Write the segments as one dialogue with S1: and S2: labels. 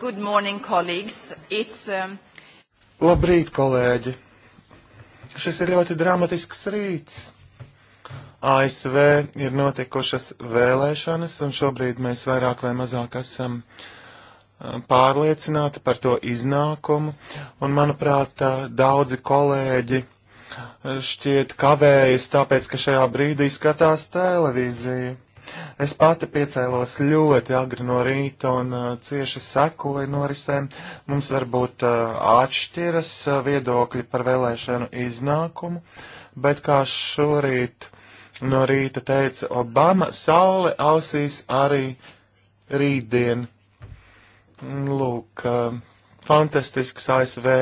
S1: Good morning, colleagues. It's, um...
S2: Labrīt, kolēģi! Šis ir ļoti dramatisks rīts. ASV ir notikušas vēlēšanas, un šobrīd mēs vairāk vai mazāk esam uh, pārliecināti par to iznākumu, un, manuprāt, uh, daudzi kolēģi uh, šķiet kavējas tāpēc, ka šajā brīdī skatās televīziju. Es pati piecēlos ļoti agri no rīta un uh, cieši sekoju norisēm. Mums varbūt uh, atšķiras uh, viedokļi par vēlēšanu iznākumu, bet kā šorīt no rīta teica Obama, saule ausīs arī rītdien. Lūk, uh, fantastisks ASV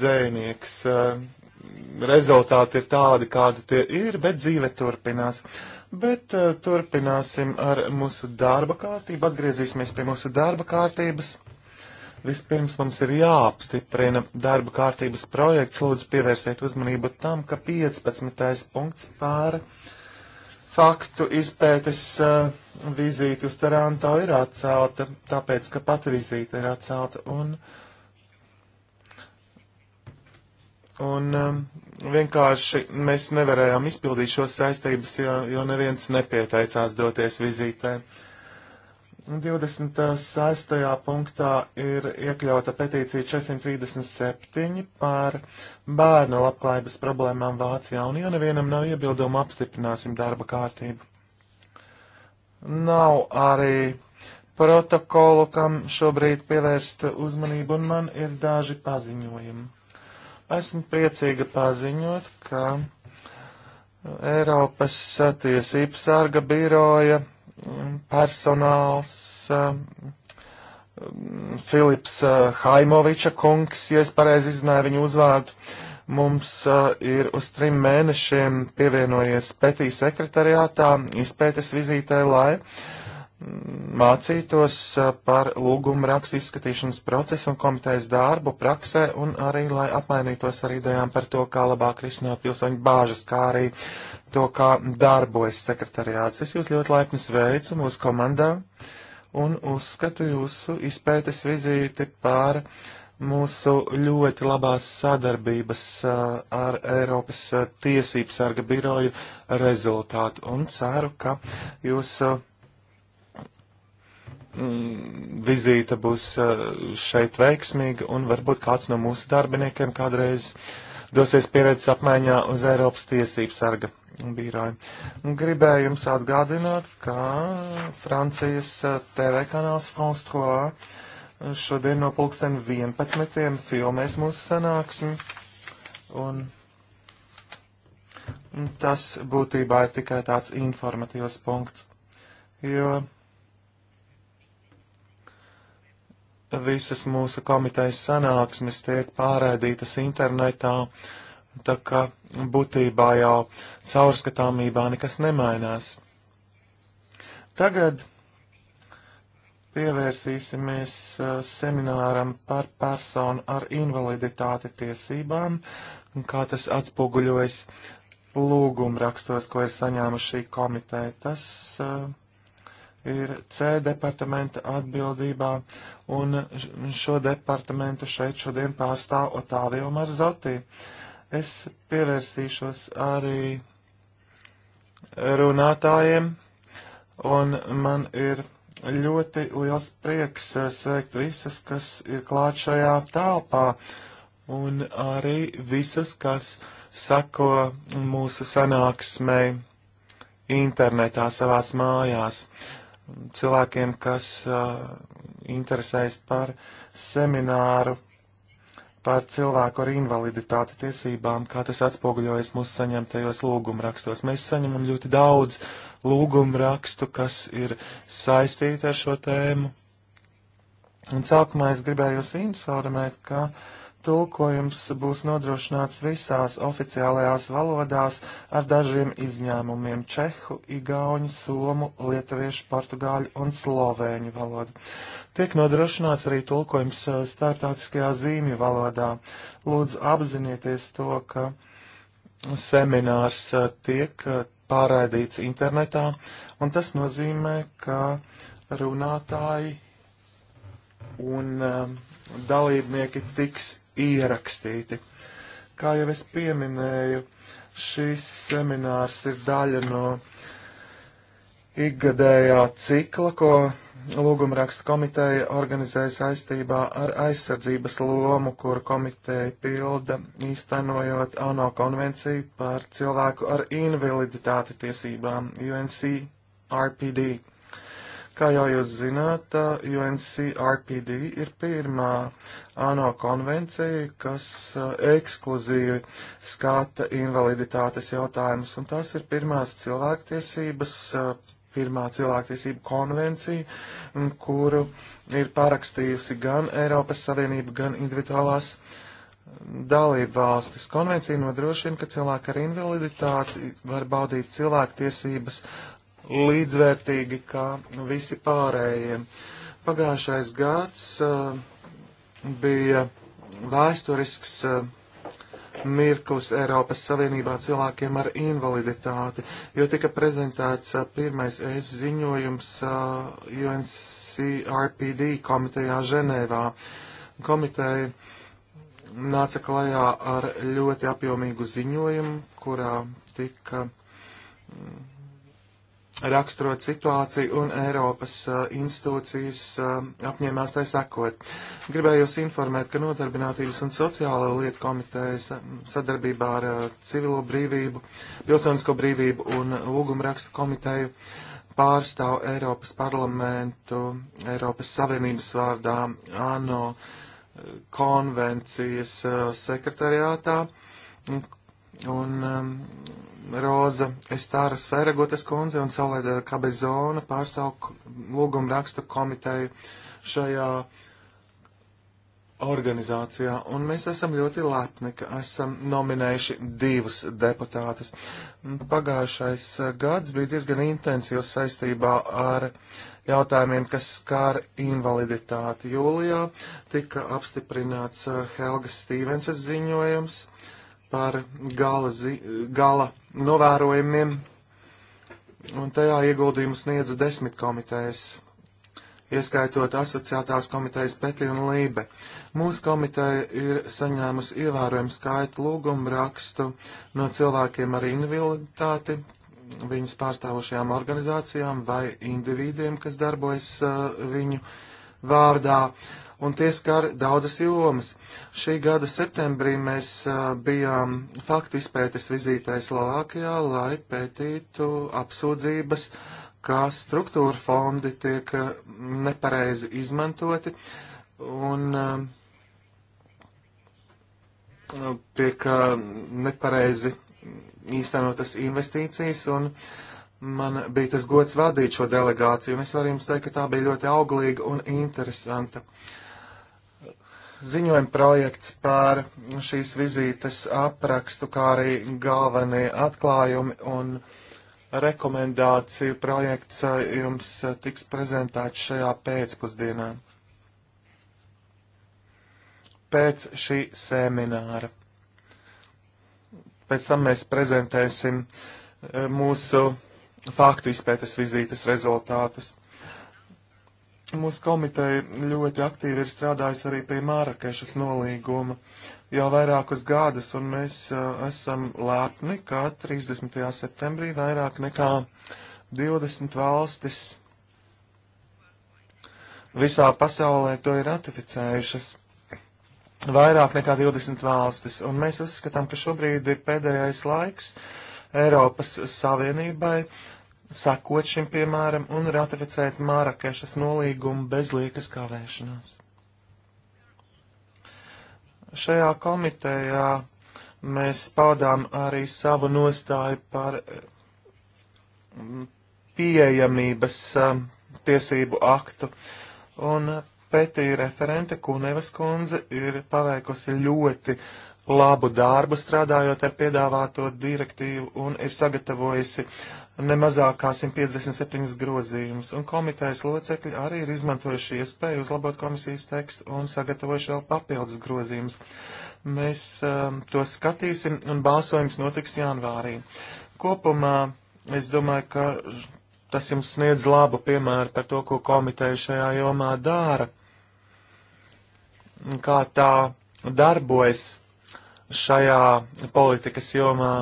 S2: dzēnieks. Uh, rezultāti ir tādi, kādi tie ir, bet dzīve turpinās. Uh, Bet uh, turpināsim ar mūsu darba kārtību, atgriezīsimies pie mūsu darba kārtības. Vispirms mums ir jāapstiprina darba kārtības projekts. Lūdzu, pievērsiet uzmanību tam, ka 15. punkts pār faktu izpētes uh, vizīti uz Taranto ir atcelta, tāpēc, ka pat vizīte ir atcelta. Un, uh, Un um, vienkārši mēs nevarējām izpildīt šos saistības, jo, jo neviens nepieteicās doties vizītē. 26. punktā ir iekļauta petīcija 437 par bērnu labklājības problēmām Vācijā, un ja nevienam nav iebildumu, apstiprināsim darba kārtību. Nav arī protokolu, kam šobrīd pievērst uzmanību, un man ir daži paziņojumi. Esmu priecīga paziņot, ka Eiropas tiesības sarga biroja mm, personāls mm, Filips mm, Haimoviča kungs, ja es pareizi izrunāju viņu uzvārdu, mums uh, ir uz trim mēnešiem pievienojies Petī sekretariātā izpētes vizītē, lai mācītos par lūgumu rakstu izskatīšanas procesu un komitejas darbu praksē un arī, lai apmainītos ar idejām par to, kā labāk risināt pilsoņu bāžas, kā arī to, kā darbojas sekretariāts. Es jūs ļoti laipni sveicu mūsu komandā un uzskatu jūsu izpētes vizīti par mūsu ļoti labās sadarbības uh, ar Eiropas uh, tiesības sarga biroju rezultātu un ceru, ka jūs uh, Mm, vizīte būs uh, šeit veiksmīga un varbūt kāds no mūsu darbiniekiem kādreiz dosies pieredzes apmaiņā uz Eiropas tiesību sarga bīrāju. Gribēju jums atgādināt, ka Francijas uh, TV kanāls France 3 uh, šodien no pulksten 11. filmēs mūsu sanāksmi un tas būtībā ir tikai tāds informatīvs punkts, jo visas mūsu komitejas sanāksmes tiek pārēdītas internetā, tā ka būtībā jau caurskatāmībā nekas nemainās. Tagad pievērsīsimies uh, semināram par personu ar invaliditāti tiesībām, kā tas atspoguļojas lūgumrakstos, ko ir saņēmuši šī komiteja. Tas uh, ir C departamenta atbildībā, un šo departamentu šeit šodien pārstāv Otālio Marzoti. Es pievērsīšos arī runātājiem, un man ir ļoti liels prieks eh, sveikt visus, kas ir klāt šajā telpā, un arī visus, kas sako mūsu sanāksmei internetā savās mājās. Uh, cilvēkiem, kas uh, interesējas par semināru par cilvēku ar invaliditāti tiesībām, kā tas atspoguļojas mūsu saņemtajos lūgumrakstos. Mēs saņemam ļoti daudz lūgumrakstu, kas ir saistīti ar šo tēmu. Un sākumā es gribēju jūs informēt, ka uh, tulkojums būs nodrošināts visās oficiālajās valodās ar dažiem izņēmumiem - čehu, igauņu, somu, lietuviešu, portugāļu un slovēņu valodu. Tiek nodrošināts arī tulkojums uh, starptautiskajā zīmju valodā. Lūdzu apzinieties to, ka seminārs uh, tiek uh, pārraidīts internetā, un tas nozīmē, ka runātāji un um, dalībnieki tiks ierakstīti. Kā jau es pieminēju, šis seminārs ir daļa no ikgadējā cikla, ko lūgumraksta komiteja organizēja saistībā ar aizsardzības lomu, kur komiteja pilda īstenojot ANO konvenciju par cilvēku ar invaliditāti tiesībām UNCRPD. Kā jau jūs zināt, UNCRPD ir pirmā ANO konvencija, kas eh, ekskluzīvi skata invaliditātes jautājumus, un tās ir pirmās cilvēktiesības, eh, pirmā cilvēktiesība konvencija, kuru ir parakstījusi gan Eiropas Savienība, gan individuālās eh, dalību valstis. Konvencija nodrošina, ka cilvēki ar invaliditāti var baudīt cilvēktiesības līdzvērtīgi kā visi pārējie. Pagājušais gads uh, bija vēsturisks uh, mirklis Eiropas Savienībā cilvēkiem ar invaliditāti, jo tika prezentēts uh, pirmais es ziņojums uh, UNCRPD komitejā Ženēvā. Komiteja nāca klajā ar ļoti apjomīgu ziņojumu, kurā tika mm, raksturot situāciju un Eiropas uh, institūcijas uh, apņēmās tai sakot. Gribēju jūs informēt, ka Nodarbinātības un sociālo lietu komitejas sadarbībā ar uh, civilo brīvību, pilsonisko brīvību un lūgumrakstu komiteju pārstāv Eiropas parlamentu, Eiropas Savienības vārdā ANO konvencijas sekretariātā. Un, um, Roza Estāras Feragotas kundze un Saulēda Kabezona pārstāv lūgumu raksta komiteju šajā organizācijā, un mēs esam ļoti lepni, ka esam nominējuši divus deputātus. Pagājušais gads bija diezgan intensīvs saistībā ar jautājumiem, kas skāra invaliditāti. Jūlijā tika apstiprināts Helgas Stīvenses ziņojums par gala, zi gala novērojumiem, un tajā ieguldījumu sniedza desmit komitejas, ieskaitot asociētās komitejas Petri un Lībe. Mūsu komiteja ir saņēmusi ievērojumu skaitu lūgumu rakstu no cilvēkiem ar invaliditāti, viņas pārstāvošajām organizācijām vai individiem, kas darbojas uh, viņu vārdā. Uh, un tie skar daudzas jomas. Šī gada septembrī mēs uh, bijām faktu izpētes vizītē Slovākijā, lai pētītu apsūdzības, kā struktūra fondi tiek uh, nepareizi izmantoti un uh, tiek nepareizi īstenotas investīcijas un man bija tas gods vadīt šo delegāciju, un es varu jums teikt, ka tā bija ļoti auglīga un interesanta. Uh, ziņojuma projekts par šīs vizītes aprakstu, kā arī galvenie atklājumi un rekomendāciju projekts eh, jums eh, tiks prezentēts šajā pēcpusdienā. Pēc šī semināra. Pēc tam mēs prezentēsim eh, mūsu faktu izpētes vizītes rezultātus. Mūsu komiteja ļoti aktīvi ir strādājusi arī pie Mārakešas nolīguma jau vairākus gadus, un mēs uh, esam lēpni, ka 30. septembrī vairāk nekā 20 valstis visā pasaulē to ir ratificējušas. Vairāk nekā 20 valstis, un mēs uzskatām, ka šobrīd ir pēdējais laiks Eiropas Savienībai uh, sakot šim piemēram un ratificēt Mārakešas nolīgumu bez liekas kavēšanās. Šajā komitejā mēs paudām arī savu nostāju par mm, pieejamības mm, tiesību aktu, un pētī referente Kunevas kundze ir paveikusi ļoti labu darbu strādājot ar piedāvāto direktīvu un ir sagatavojusi nemazākā 157 grozījumus, un komitejas locekļi arī ir izmantojuši iespēju uzlabot komisijas tekstu un sagatavojuši vēl papildus grozījumus. Mēs um, uh, to skatīsim, un balsojums notiks janvārī. Kopumā es domāju, ka tas jums sniedz labu piemēru par to, ko komiteja šajā jomā dara, kā tā darbojas šajā politikas jomā,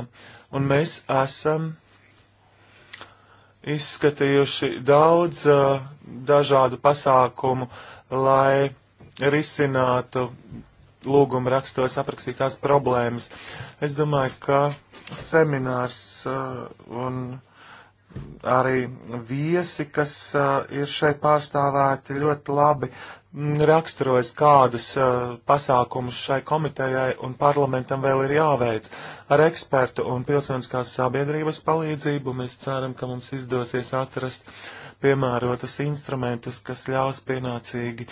S2: un mēs esam izskatījuši daudz uh, dažādu pasākumu, lai risinātu lūguma rakstos aprakstītās problēmas. Es domāju, ka seminārs uh, un arī viesi, kas uh, ir šeit pārstāvēti ļoti labi mm, raksturojas, kādas uh, pasākumus šai komitejai un parlamentam vēl ir jāveic. Ar ekspertu un pilsoniskās sabiedrības palīdzību mēs ceram, ka mums izdosies atrast piemērotas instrumentus, kas ļaus pienācīgi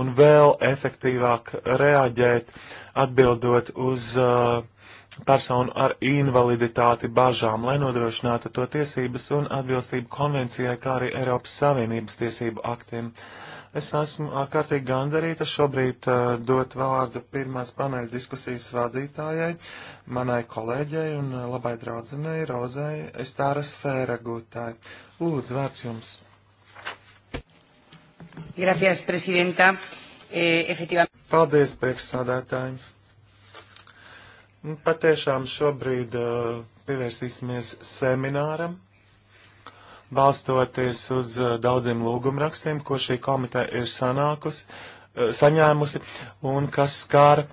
S2: un vēl efektīvāk reaģēt, atbildot uz uh, personu ar invaliditāti bažām, lai nodrošinātu to tiesības un atbilstību konvencijai, kā arī Eiropas Savienības tiesību aktiem. Es esmu ārkārtīgi gandarīta šobrīd uh, dot vārdu pirmās paneļa diskusijas vadītājai, manai kolēģei un labai draudzenei Rozai Estāras Fēragutai. Lūdzu, vārds jums.
S1: Gracias, presidenta. E,
S2: Paldies, priekšsādātāji. Nu, patiešām šobrīd uh, pievērsīsimies semināram, balstoties uz uh, daudziem lūgumrakstiem, ko šī komiteja ir sanākusi, uh, saņēmusi un kas skāra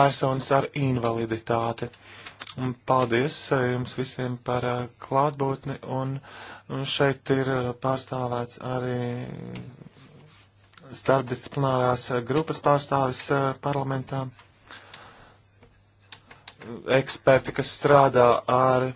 S2: personas ar invaliditāti. Un paldies uh, jums visiem par uh, klātbūtni un, un šeit ir uh, pārstāvēts arī starpdisciplinārās grupas pārstāvis parlamentā eksperti, kas strādā ar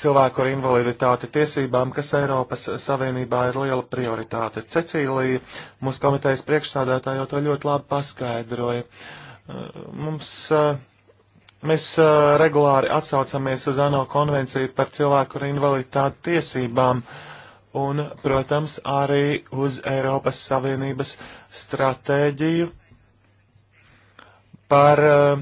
S2: cilvēku ar invaliditāti tiesībām, kas Eiropas Savienībā ir liela prioritāte. Cecīlija, mūsu komitejas priekšsādātāja, jau to ļoti labi paskaidroja. Uh, mums, uh, mēs uh, regulāri atsaucamies uz ANO konvenciju par cilvēku ar invaliditāti tiesībām un, protams, arī uz Eiropas Savienības stratēģiju par uh,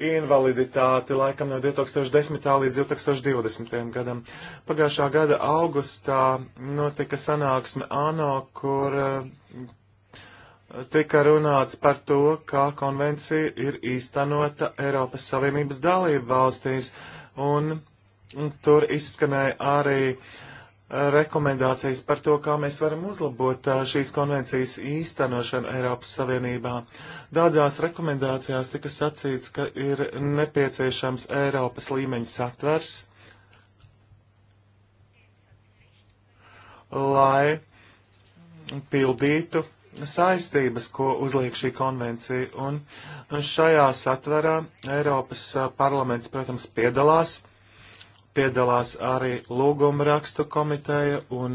S2: invaliditāti laikam no 2010. līdz 2020. gadam. Pagājušā gada augustā notika sanāksme ANO, kur eh, tika runāts par to, kā konvencija ir īstenota Eiropas Savienības dalību valstīs, un, un tur izskanēja arī uh, rekomendācijas par to, kā mēs varam uzlabot šīs konvencijas īstenošanu Eiropas Savienībā. Daudzās rekomendācijās tika sacīts, ka ir nepieciešams Eiropas līmeņa satvers, lai pildītu saistības, ko uzliek šī konvencija. Un šajā satverā Eiropas parlaments, protams, piedalās piedalās arī lūguma rakstu komiteja un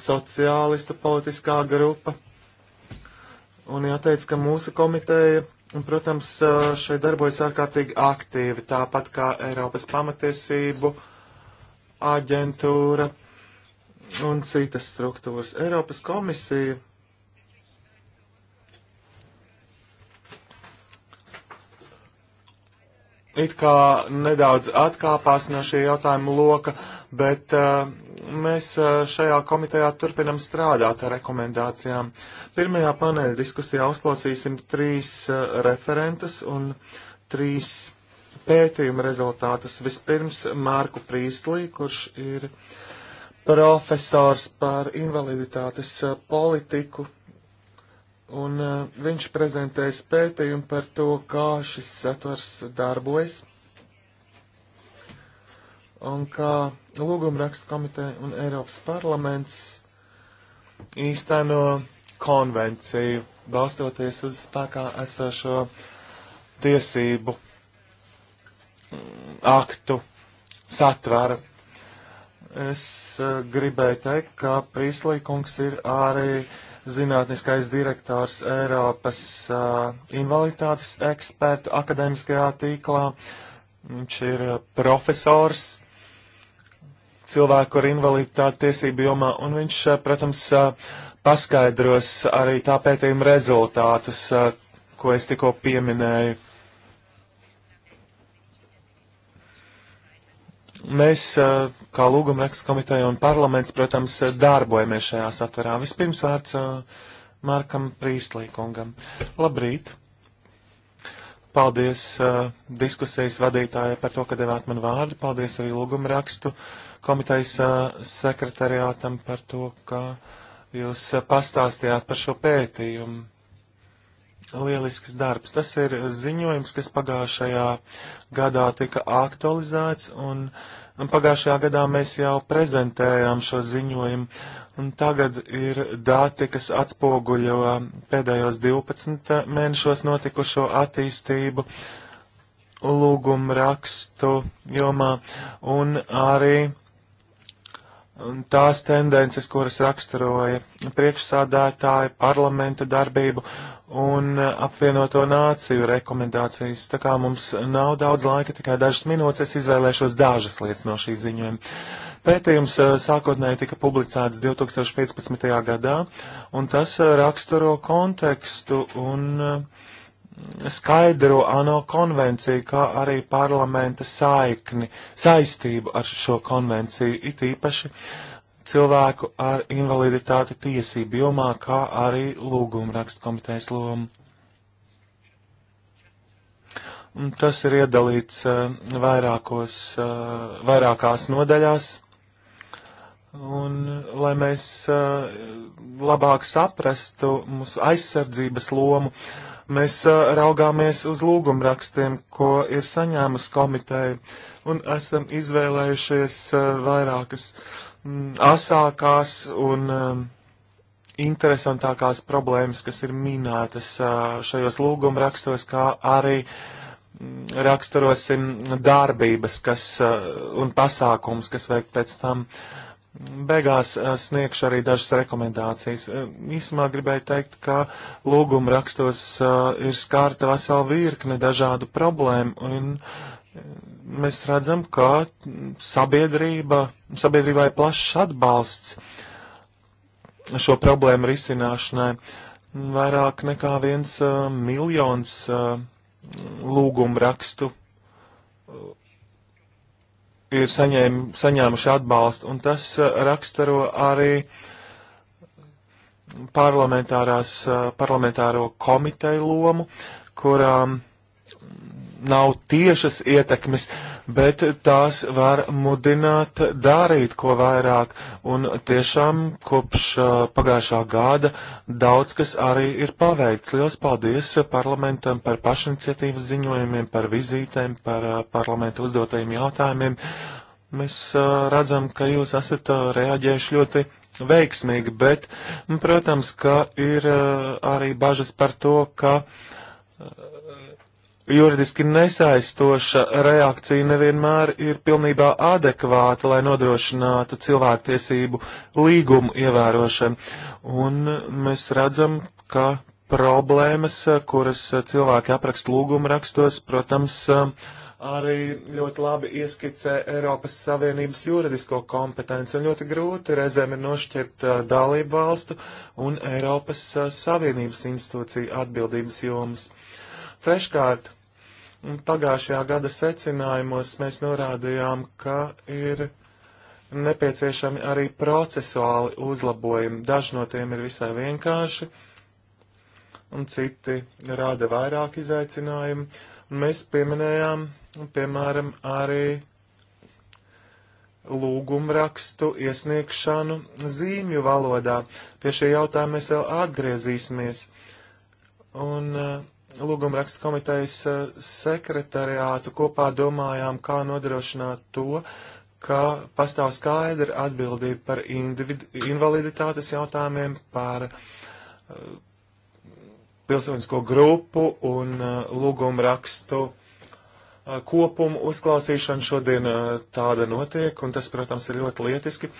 S2: sociālistu politiskā grupa. Un jāteic, ka mūsu komiteja, protams, šeit darbojas ārkārtīgi aktīvi, tāpat kā Eiropas pamatiesību aģentūra un citas struktūras. Eiropas komisija it kā nedaudz atkāpās no šī jautājuma loka, bet uh, mēs uh, šajā komitejā turpinam strādāt ar rekomendācijām. Pirmajā paneļa diskusijā uzklausīsim trīs uh, referentus un trīs pētījuma rezultātus. Vispirms Mārku Prīslī, kurš ir profesors par invaliditātes uh, politiku un uh, viņš prezentēs pētījumu par to, kā šis satvers darbojas un kā lūgumrakstu komiteja un Eiropas parlaments īsteno konvenciju, balstoties uz spēkā esošo tiesību mm, aktu satvaru. Es uh, gribēju teikt, ka Prīslīkungs ir arī uh, zinātniskais direktors Eiropas uh, invaliditātes ekspertu akadēmiskajā tīklā. Viņš ir profesors cilvēku ar invaliditāti tiesību jomā, un viņš, protams, paskaidros arī tā pētījuma rezultātus, ko es tikko pieminēju. Mēs, kā lūgumraksts komiteja un parlaments, protams, darbojamies šajā satverā. Vispirms vārds Markam Prīslīkungam. Labrīt! Paldies diskusijas vadītājai par to, ka devāt man vārdu. Paldies arī lūgumrakstu komitejas sekretariātam par to, ka jūs pastāstījāt par šo pētījumu lielisks darbs. Tas ir ziņojums, kas pagājušajā gadā tika aktualizēts, un, un pagājušajā gadā mēs jau prezentējām šo ziņojumu, un tagad ir dati, kas atspoguļo pēdējos 12 mēnešos notikušo attīstību lūgumu rakstu jomā, un arī tās tendences, kuras raksturoja priekšsādātāja parlamenta darbību un apvienoto nāciju rekomendācijas. Tā kā mums nav daudz laika, tikai dažas minūtes, es izvēlēšos dažas lietas no šī ziņojuma. Pētījums eh, sākotnēji tika publicēts 2015. gadā, un tas eh, raksturo kontekstu un eh, skaidro ANO konvenciju, kā arī parlamenta saikni, saistību ar šo konvenciju, it īpaši uh, cilvēku ar invaliditāti tiesību jomā, kā arī lūguma rakstu komitejas lomu. Tas ir iedalīts eh, vairākos, eh, vairākās nodaļās. Un, lai mēs eh, labāk saprastu mūsu aizsardzības lomu, mēs raugāmies uz lūgumrakstiem, ko ir saņēmusi komiteja, un esam izvēlējušies vairākas uh, Mm, asākās un um, interesantākās problēmas, kas ir minētas uh, šajos lūgumrakstos, kā arī mm, raksturosim darbības kas, uh, un pasākums, kas veikt pēc tam. Beigās uh, sniegšu arī dažas rekomendācijas. Īsumā gribēju teikt, ka lūguma rakstos ir skārta vesela virkne dažādu problēmu, un mēs redzam, ka sabiedrība, sabiedrībai plašs atbalsts šo problēmu risināšanai. Vairāk nekā viens uh, miljons uh, lūgumu rakstu uh, ir saņēm, saņēmuši atbalstu, un tas uh, raksturo arī parlamentārās, uh, parlamentāro komiteju lomu, kurām nav tiešas ietekmes, bet tās var mudināt darīt ko vairāk. Un tiešām kopš pagājušā gada daudz kas arī ir paveikts. Liels paldies parlamentam par pašiniciatīvas ziņojumiem, par vizītēm, par parlamentu uzdotajiem jautājumiem. Mēs redzam, ka jūs esat reaģējuši ļoti veiksmīgi, bet, protams, ka ir arī bažas par to, ka juridiski nesaistoša reakcija nevienmēr ir pilnībā adekvāta, lai nodrošinātu cilvēktiesību līgumu ievērošanu. Un mēs redzam, ka problēmas, kuras cilvēki aprakst lūgumu rakstos, protams, arī ļoti labi ieskicē Eiropas Savienības juridisko kompetenci, un ļoti grūti reizēm ir nošķirt dalību valstu un Eiropas Savienības institūciju atbildības jomas. Treškārt, Pagājušajā gada secinājumos mēs norādījām, ka ir nepieciešami arī procesuāli uzlabojumi. Daži no tiem ir visai vienkārši, un citi rāda vairāk izaicinājumu. Un mēs pieminējām, piemēram, arī lūgumrakstu iesniegšanu zīmju valodā. Pie šī jautājuma mēs vēl atgriezīsimies. Un uh, lūgumrakstu komitejas eh, sekretariātu kopā domājām, kā nodrošināt to, ka pastāv skaidra atbildība par invaliditātes jautājumiem, par uh, pilsonisko grupu un uh, eh, lūgumrakstu uh, kopumu uzklausīšanu. Šodien tāda notiek, un tas, protams, ir ļoti lietiski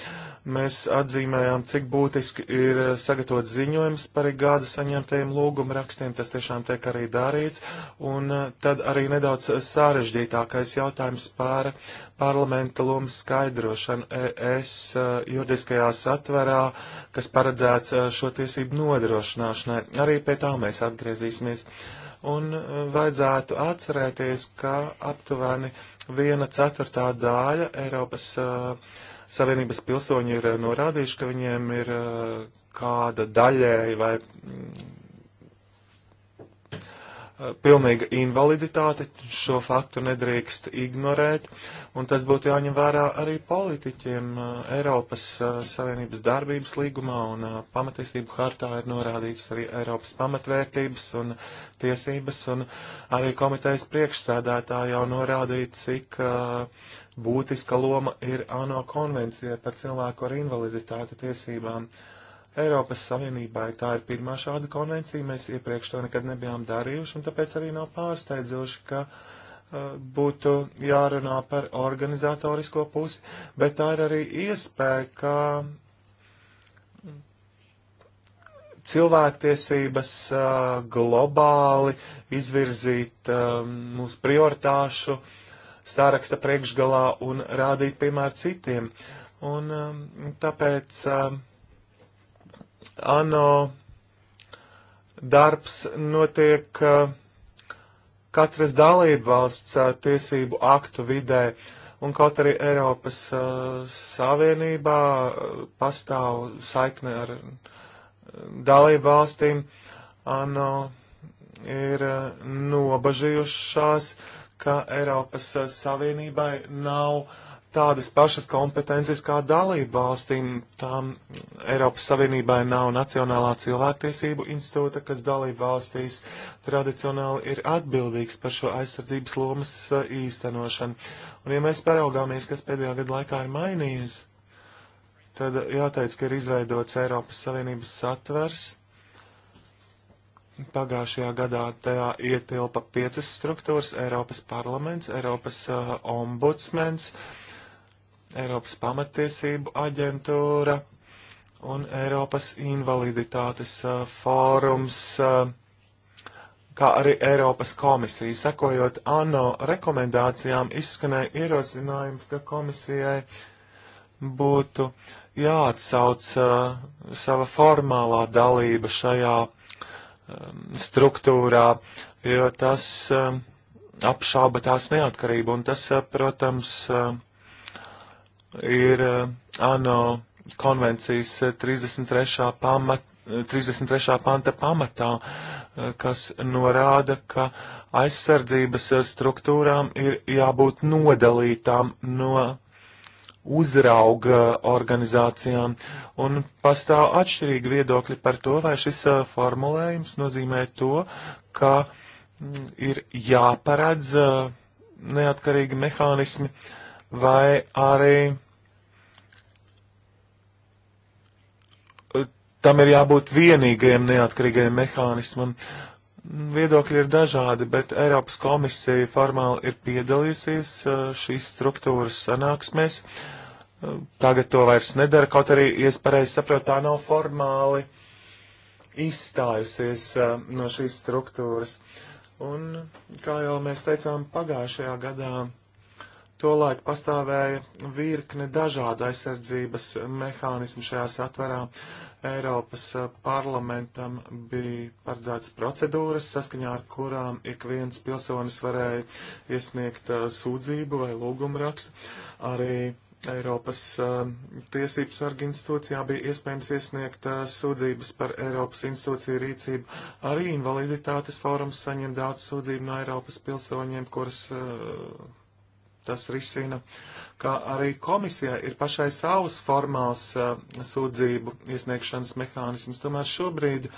S2: mēs atzīmējām, cik būtiski ir eh, sagatavot ziņojums par gada saņemtajiem lūguma rakstiem. Tas tiešām tiek arī darīts. Un eh, tad arī nedaudz sārežģītākais jautājums par parlamenta lomu skaidrošanu ES eh, juridiskajā satverā, kas paredzēts šo tiesību nodrošināšanai. Arī pie tā mēs atgriezīsimies. Un vajadzētu atcerēties, ka aptuveni viena ceturtā daļa Eiropas uh, Savienības pilsoņi ir eh, norādījuši, ka viņiem ir eh, kāda daļēji vai mm, eh, pilnīga invaliditāte, šo faktu nedrīkst ignorēt, un tas būtu jāņem vērā arī politiķiem. Eiropas Savienības darbības līgumā un pamatīstību hartā ir norādīts arī Eiropas pamatvērtības un tiesības, un arī komitejas priekšsēdētā jau norādīja, cik uh, būtiska loma ir ANO konvencija par cilvēku ar invaliditāti tiesībām. Eiropas Savienībai tā ir pirmā šāda konvencija, mēs iepriekš to nekad nebijām darījuši, un tāpēc arī nav pārsteidzoši, ka uh, būtu jārunā par organizatorisko pusi, bet tā ir arī iespēja, ka cilvēktiesības uh, globāli izvirzīt uh, mūsu prioritāšu uh, sāraksta priekšgalā un rādīt piemēru citiem. Un um, tāpēc um, ANO darbs notiek uh, katras dalību valsts uh, tiesību aktu vidē. Un kaut arī Eiropas uh, Savienībā uh, pastāv saikne ar um, dalību valstīm, ANO ir nobažījušās uh, ka Eiropas eh, Savienībai nav tādas pašas kompetences kā dalību valstīm. Tām Eiropas Savienībai nav Nacionālā cilvēktiesību institūta, kas dalību valstīs tradicionāli ir atbildīgs par šo aizsardzības lomas eh, īstenošanu. Un ja mēs paraugāmies, kas pēdējā gada laikā ir mainījies, tad jāteic, ka ir izveidots Eiropas Savienības satvers Pagājušajā gadā tajā ietilpa piecas struktūras - Eiropas parlaments, Eiropas uh, ombudsmens, Eiropas pamatiesību aģentūra un Eiropas invaliditātes uh, fórums, uh, kā arī Eiropas komisija. Sekojot ANO rekomendācijām, izskanēja ierosinājums, ka komisijai būtu jāatsauc uh, sava formālā dalība šajā uh, Um, struktūrā, jo tas um, apšauba tās neatkarību, un tas, uh, protams, uh, ir uh, ANO konvencijas 33. pamat, 33. panta pamatā, kas norāda, ka aizsardzības struktūrām ir jābūt nodalītām no uzrauga organizācijām, un pastāv atšķirīgi viedokļi par to, vai šis formulējums nozīmē to, ka mm, ir jāparedz neatkarīgi mehānismi, vai arī tam ir jābūt vienīgajam neatkarīgajam mehānismam. Uh, Viedokļi ir dažādi, bet Eiropas komisija formāli ir piedalīsies uh, šīs struktūras sanāksmēs. Uh, tagad to vairs nedara, kaut arī, ja es pareizi saprotu, tā nav formāli izstājusies uh, no šīs struktūras. Un, kā jau mēs teicām, pagājušajā gadā tolaik pastāvēja virkne dažādu aizsardzības mehānismu šajā satverā. Eiropas eh, parlamentam bija paredzētas procedūras, saskaņā ar kurām ik viens pilsonis varēja iesniegt uh, sūdzību vai lūgumu rakstu. Arī Eiropas uh, tiesības sarga institūcijā bija iespējams iesniegt uh, sūdzības par Eiropas institūciju rīcību. Arī invaliditātes fórums saņem daudz sūdzību no Eiropas pilsoņiem, kuras uh, tas risina, ka arī komisijai ir pašai savs formāls uh, sūdzību iesniegšanas mehānisms. Tomēr šobrīd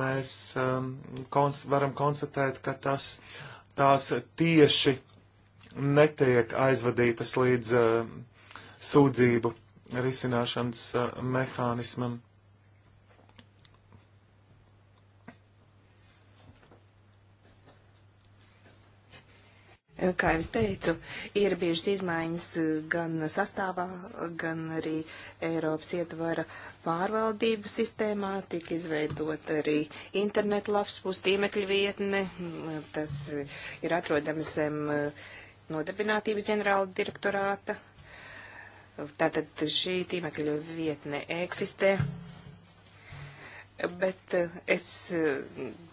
S2: mēs um, kons varam konstatēt, ka tas, tās tieši netiek aizvadītas līdz uh, sūdzību risināšanas uh, mehānismam.
S1: Kā jau es teicu, ir bijušas izmaiņas eh, gan sastāvā, gan arī Eiropas ietvara pārvaldības sistēmā. Tika izveidot arī internetu lapspus, tīmekļa vietne. Tas ir atrodams zem eh, nodarbinātības ģenerāla direktorāta. Tātad šī tīmekļa vietne eksistē. Bet eh, es eh,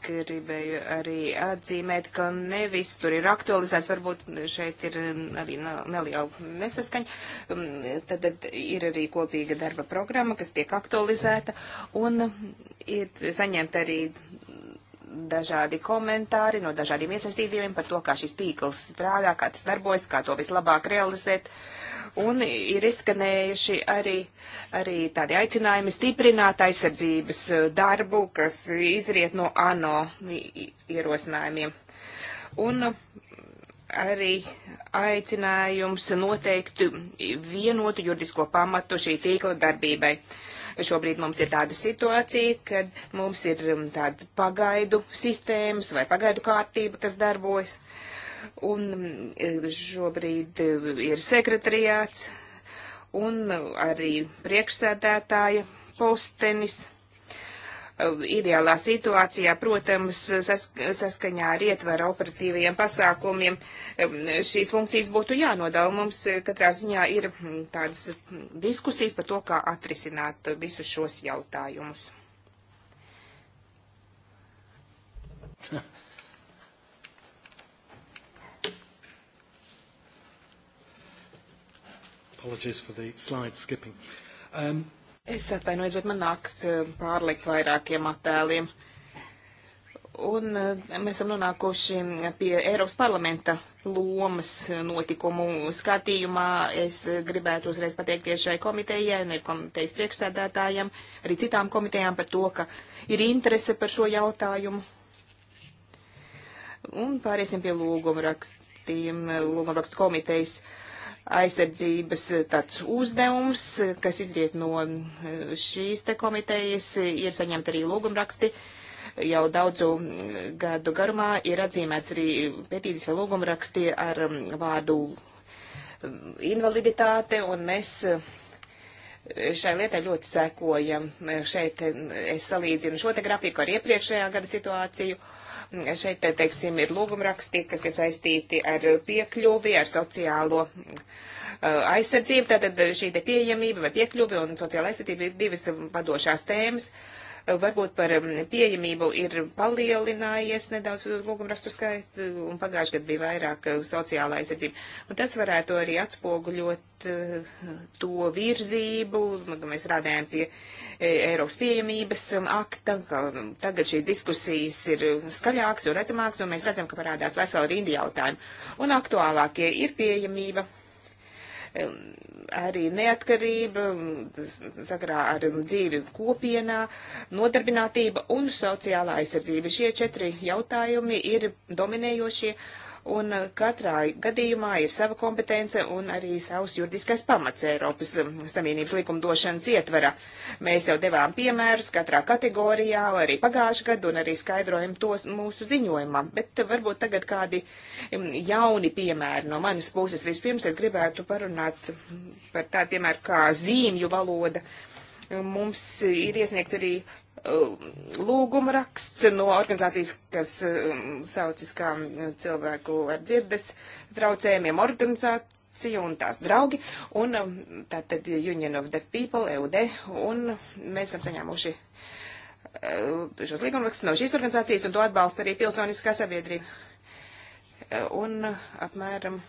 S1: gribēju arī atzīmēt, ka nevis tur ir aktualizēts, varbūt šeit ir mm, arī neliela nesaskaņa. Mm, tad, tad ir arī kopīga darba programma, kas tiek aktualizēta, un ir saņemta arī dažādi komentāri no dažādiem iesaistītiem par to, kā šis tīkls strādā, kā tas darbojas, kā to vislabāk realizēt. Un ir izskanējuši arī, arī tādi aicinājumi stiprināt aizsardzības eh, darbu, kas izriet no ANO ierosinājumiem. Un eh, arī aicinājums noteikti vienotu juridisko pamatu šī tīkla darbībai. Uh, Šobrīd mums ir tāda situācija, kad mums ir um, tāda pagaidu sistēmas vai pagaidu kārtība, kas darbojas. Un um, šobrīd um, ir sekretariāts un arī priekšsēdētāja postenis ideālā situācijā, protams, saskaņā ar ietveru operatīvajiem pasākumiem, šīs funkcijas būtu jānodala. Mums eh, katrā ziņā ir mm, tādas mm, diskusijas par to, kā atrisināt visus šos jautājumus.
S3: Apologies for the slide skipping.
S1: Um, Es atvainojos, bet man nāks eh, pārlikt vairākiem attēliem. Un eh, mēs esam nonākuši eh, pie Eiropas parlamenta lomas notikumu skatījumā. Es gribētu uzreiz pateikties šai komitejai un komitejas priekšsēdētājiem, arī citām komitejām par to, ka ir interese par šo jautājumu. Un pāriesim pie lūguma rakstiem, lūguma rakstu komitejas uh, aizsardzības eh, tāds uzdevums, eh, kas izriet no eh, šīs te komitejas, ir saņemt arī lūgumraksti. Jau daudzu mm, gadu garumā ir atzīmēts arī pētīcijas vai lūgumraksti ar mm, vārdu mm, invaliditāte, un mēs šai lietai ļoti sekojam. Šeit es salīdzinu šo te grafiku ar iepriekšējā gada situāciju. Uh, Šeit, te, teiksim, ir lūgumraksti, kas ir saistīti ar piekļuvi, ar sociālo uh, aizsardzību. Tātad šī te pieejamība vai piekļuvi un sociāla aizsardzība ir divas vadošās tēmas. Uh, Varbūt par um, pieejamību ir palielinājies nedaudz lūgumrakstu skaits, un pagājušajā gadā bija vairāk uh, sociālā aizsardzība. Un tas varētu arī atspoguļot uh, to virzību, nu, ka mēs rādējām pie e, Eiropas pieejamības um, akta, ka um, tagad šīs diskusijas ir skaļākas un redzamākas, un mēs redzam, ka parādās vesela rindi jautājumu. Un aktuālākie ir pieejamība arī neatkarība, sakarā ar dzīvi kopienā, nodarbinātība un sociālā aizsardzība. Šie četri jautājumi ir dominējošie. Uh, un uh, katrā gadījumā ir sava kompetence un arī savs juridiskais pamats Eiropas um, Savienības likumdošanas ietvara. Mēs jau devām piemērus katrā kategorijā, arī pagājušajā gadu, un arī skaidrojam tos mūsu ziņojumā. Bet uh, varbūt tagad kādi um, jauni piemēri no manas puses. Vispirms es gribētu parunāt um, par tādu piemēru kā zīmju valoda. Mums ir iesniegts arī lūguma raksts no organizācijas, kas um, saucas kā um, cilvēku ar dzirdes traucējumiem organizācija un tās draugi, un um, tātad Union of Deaf People, EUD, un mēs esam saņēmuši uh, šos līgumrakstus no šīs organizācijas, un to atbalsta arī pilsoniskā sabiedrība. Uh, un uh, apmēram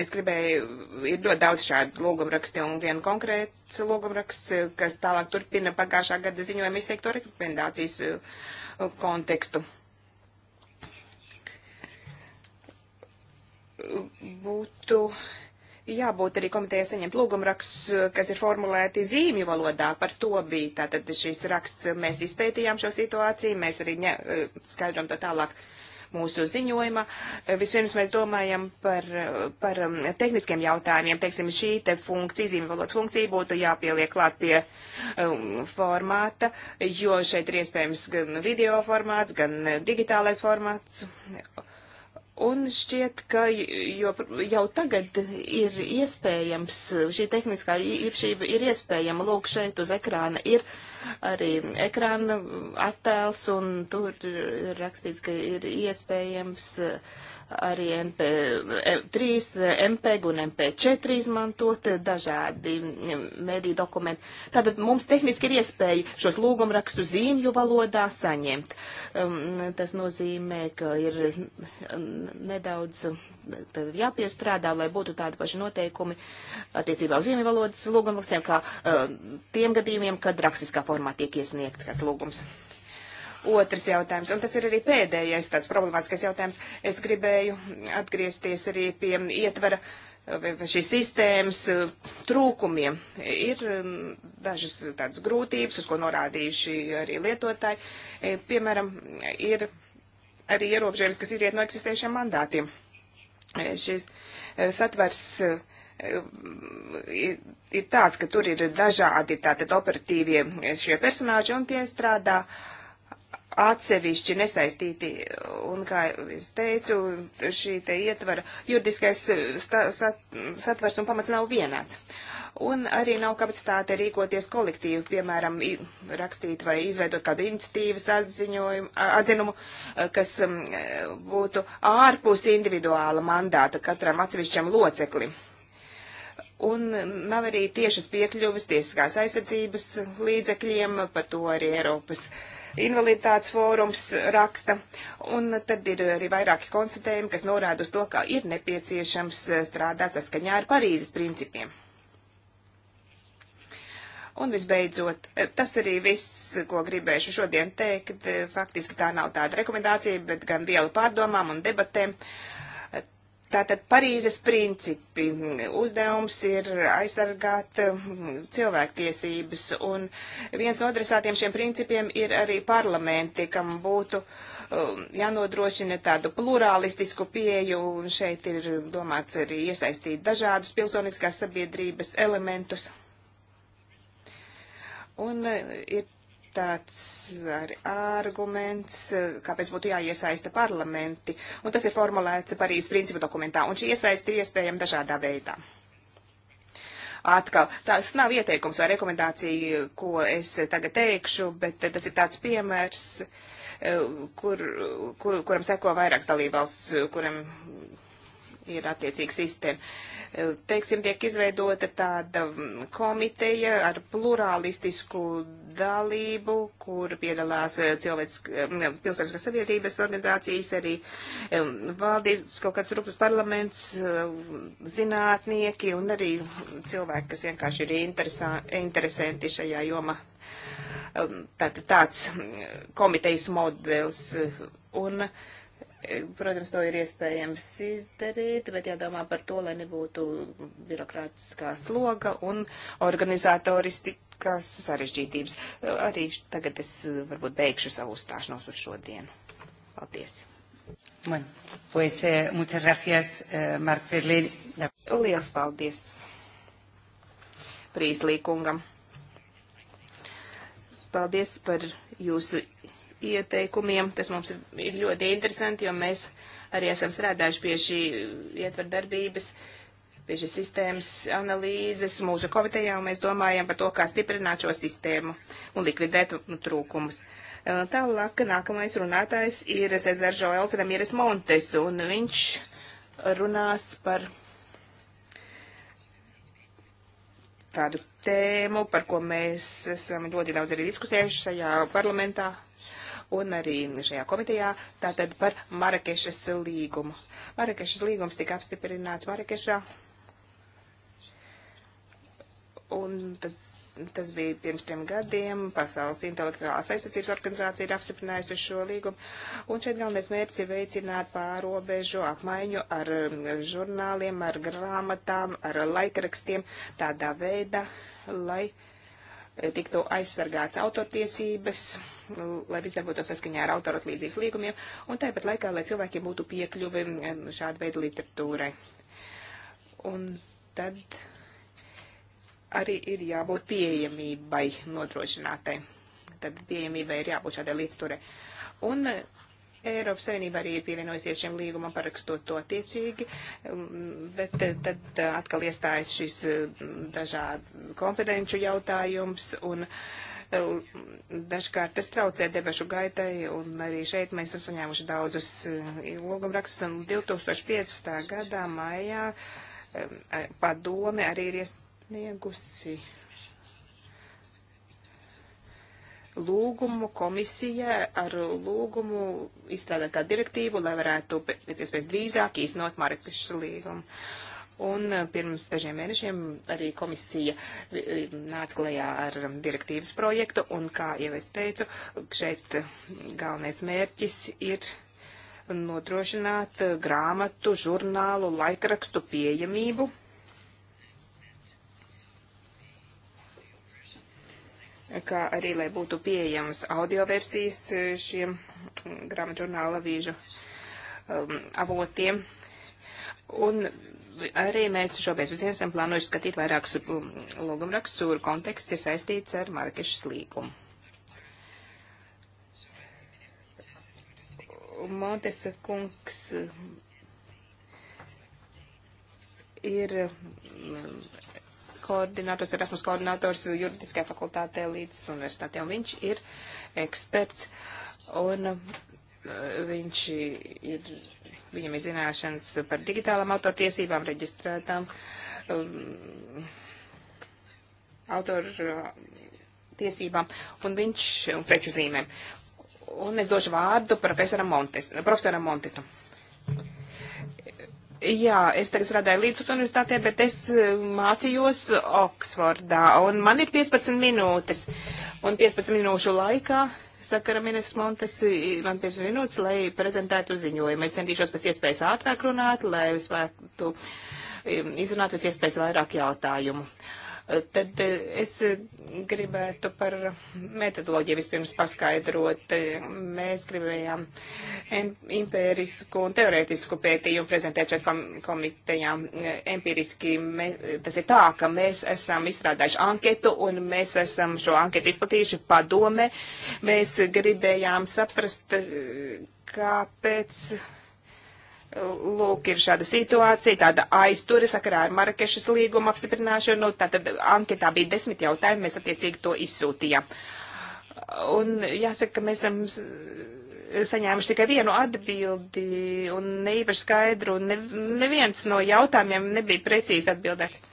S1: es gribēju, ir ļoti daudz šādu lūgumrakstu un viena konkrēts lūgumraksts, kas tālāk turpina pagājušā gada ziņojuma izteikto rekomendācijas uh, kontekstu. Būtu jābūt arī komitejai saņemt lūgumraksts, kas ir formulēti zīmju valodā. Par to bija tātad šis raksts. Mēs izpētījām šo situāciju, mēs arī ņa, uh, skaidrojam to tālāk. Uh, mūsu ziņojuma. Eh, vispirms mēs domājam par, par um, tehniskiem jautājumiem. Teiksim, šī te funkcija, zīmju valodas funkcija būtu jāpieliek klāt pie um, formāta, jo šeit ir iespējams gan video formāts, gan eh, digitālais formāts. Un šķiet, ka jo, jau tagad ir iespējams, šī tehniskā īpašība ir iespējama. Lūk, šeit uz ekrāna ir arī ekrāna attēls, un tur rakstīts, ka ir iespējams uh, arī MP, 3, MPEG un MP4 izmantot dažādi mm, mediju dokumenti. Tātad mums tehniski ir iespēja šos lūgumrakstu zīmju valodā saņemt. Um, tas nozīmē, ka ir nedaudz jāpiestrādā, lai būtu tādi paši noteikumi attiecībā uz zīmju valodas lūgumrakstiem, kā uh, tiem gadījumiem, kad rakstiskā formā tiek iesniegts kāds lūgums. Otrs jautājums, un tas ir arī pēdējais tāds problemātiskais jautājums. Es gribēju atgriezties arī pie ietvara šīs sistēmas eh, trūkumiem. Ir mm, dažas tādas grūtības, uz ko norādījuši arī lietotāji. Eh, piemēram, ir arī ierobežojums, kas ir iet no eksistējušiem mandātiem. Eh, šis satvers ir tāds, ka tur ir dažādi tātad operatīvie šie personāži un tie strādā uh, atsevišķi nesaistīti. Un, kā es teicu, šī te ietvara juridiskais eh, sat satvers un pamats nav vienāds. Un arī nav kapacitāte rīkoties kolektīvi, piemēram, rakstīt vai izveidot kādu iniciatīvas atzinumu, eh, kas mm, eh, būtu ārpus individuāla mandāta katram atsevišķam loceklim un nav arī tiešas piekļuvis tiesiskās aizsardzības līdzekļiem, par to arī Eiropas invaliditātes fórums raksta. Un tad ir arī vairāki konstatējumi, kas norāda uz to, ka ir nepieciešams eh, strādāt saskaņā ar Parīzes principiem. Un visbeidzot, eh, tas arī viss, ko gribēšu šodien teikt. Eh, faktiski tā nav tāda rekomendācija, bet gan viela pārdomām un debatēm. Uh, Tātad Parīzes principi uzdevums ir aizsargāt mm, cilvēktiesības, un viens no adresātiem šiem principiem ir arī parlamenti, kam būtu um, jānodrošina tādu plurālistisku pieju, un šeit ir domāts arī iesaistīt dažādus pilsoniskās sabiedrības elementus. Un uh, ir tāds ar arguments, kāpēc būtu jāiesaista parlamenti, un tas ir formulēts Parīzes principu dokumentā, un šī iesaista ir iespējama dažādā veidā. Atkal, tas nav ieteikums vai rekomendācija, ko es tagad teikšu, bet tas ir tāds piemērs, eh, kur, kur, kuram seko vairākas dalībvalsts, kuram ir attiecīga sistēma. Teiksim, tiek izveidota tāda mm, komiteja ar plurālistisku dalību, kur piedalās eh, cilvēks, eh, mm, pilsētiskās sabiedrības organizācijas, arī eh, mm, valdības kaut kāds rūpas parlaments, zinātnieki un arī cilvēki, kas vienkārši ir interesanti šajā jomā. Tātad tāds komitejas modelis. Un, uh, Protams, to ir iespējams izdarīt, bet jādomā par to, lai nebūtu birokrātiskā sloga un organizatoristikas sarežģītības. Arī tagad es eh, varbūt beigšu savu uzstāšanos uz šodienu. Paldies! Bueno, pues, eh, muchas gracias, eh, Mark Presley. Lielas paldies Prīslī kungam. Paldies par jūsu ieteikumiem. Tas mums ir ļoti interesanti, jo mēs arī esam strādājuši pie šī ietver darbības, pie šīs sistēmas analīzes mūsu komitejā, un mēs domājam par to, kā stiprināt šo sistēmu un likvidēt nu, trūkumus. Tālāk nākamais runātājs ir Cezar Žoels Ramires Montes, un viņš runās par tādu tēmu, par ko mēs esam ļoti daudz arī diskusējuši šajā parlamentā, un arī šajā komitejā, tātad par Marakešas līgumu. Marakešas līgums tika apstiprināts Marakešā, un tas, tas bija pirms trim gadiem. Pasaules intelektuālās aizsardzības organizācija ir apstiprinājusi šo līgumu, un šeit galvenais mērķis ir veicināt pārobežu apmaiņu ar um, žurnāliem, ar grāmatām, ar laikrakstiem tādā veidā, lai. Uh, tiktu aizsargāts autortiesības, lai viss darbotos saskaņā ar autoratlīdzības līgumiem, un tāpat laikā, lai cilvēkiem būtu piekļuvi mm, šāda veida literatūrai. Un tad arī ir jābūt pieejamībai nodrošinātai. Tad pieejamībai ir jābūt šādai literatūrai. Un Eiropas Savienība arī ir pievienojusies šiem līgumam, parakstot to tiecīgi, um, bet eh, tad eh, atkal iestājas šis eh, dažādu kompetenču jautājums un dažkārt tas traucē debašu gaitai un arī šeit mēs esam saņēmuši daudzus lūgumrakstus un 2015. gadā maijā padome arī ir iesniegusi lūgumu komisijai ar lūgumu izstrādāt kā direktīvu, lai varētu pēc iespējas drīzāk īstenot Marekešu līgumu. Un eh, pirms dažiem mēnešiem arī komisija eh, nāca klajā ar um, direktīvas projektu, un, kā jau es teicu, šeit eh, galvenais mērķis ir nodrošināt grāmatu, žurnālu, laikrakstu pieejamību kā arī, lai būtu pieejamas audio versijas e, šiem mm, grāmatžurnāla avīžu um, avotiem. Un arī mēs šopēcpusdien esam plānojuši skatīt vairākus um, lūgumrakstus, kuru konteksts ir saistīts ar Marakešas līgumu. Montes kungs e, ir mm, koordinators, Erasmus koordinators juridiskajā fakultātē līdz universitātē, un viņš ir eksperts, un uh, viņš ir, viņam ir zināšanas par digitālām autortiesībām, reģistrētām um, autoru uh, tiesībām, un viņš, un preču zīmēm. Un es došu vārdu profesoram Montes, profesoram Montesam. Jā, es tagad strādāju Līdzsvaru universitātē, bet es eh, mācījos Oksfordā, un man ir 15 minūtes. Un 15 minūšu laikā, saka Minis Montes, man 15 minūtes, lai prezentētu ziņojumu. Es centīšos pēc iespējas ātrāk runāt, lai es varētu izrunāt pēc iespējas vairāk jautājumu. Uh, Tad eh, es gribētu par metodoloģiju vispirms paskaidrot. Mēs gribējām empīrisku un teorētisku pētījumu prezentēt šeit komitejām. Empīriski mē, tas ir tā, ka mēs esam izstrādājuši anketu un mēs esam šo anketu izplatījuši padome. Mēs gribējām saprast, eh, kāpēc Lūk, ir šāda situācija, tāda aizture sakarā ar Marakešas līgumu apstiprināšanu. Tātad anketā bija desmit jautājumi, mēs attiecīgi to izsūtījām. Un jāsaka, ka mēs esam saņēmuši tikai vienu atbildi un neīpaši skaidru, un ne, neviens no jautājumiem nebija precīzi atbildēts.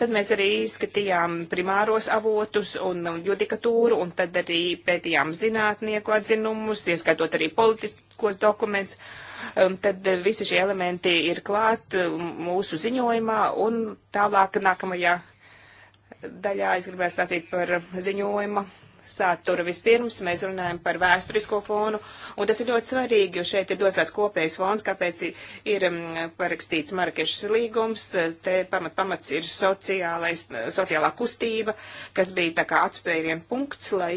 S1: Tad mēs arī izskatījām primāros avotus un judikatūru, un tad arī pētījām zinātnieku atzinumus, ieskaitot arī politiskos dokumentus. Uh, Um, tad eh, visi šie elementi ir klāt um, mūsu ziņojumā un tālāk nākamajā daļā es gribētu stāstīt par ziņojuma satura. Vispirms mēs runājam par vēsturisko fonu, un tas ir ļoti svarīgi, jo šeit ir dots tāds kopējs fons, kāpēc ir um, parakstīts Marakešas līgums, te pamat, pamats ir sociālais, sociālā kustība, kas bija tā kā atspērien punkts, lai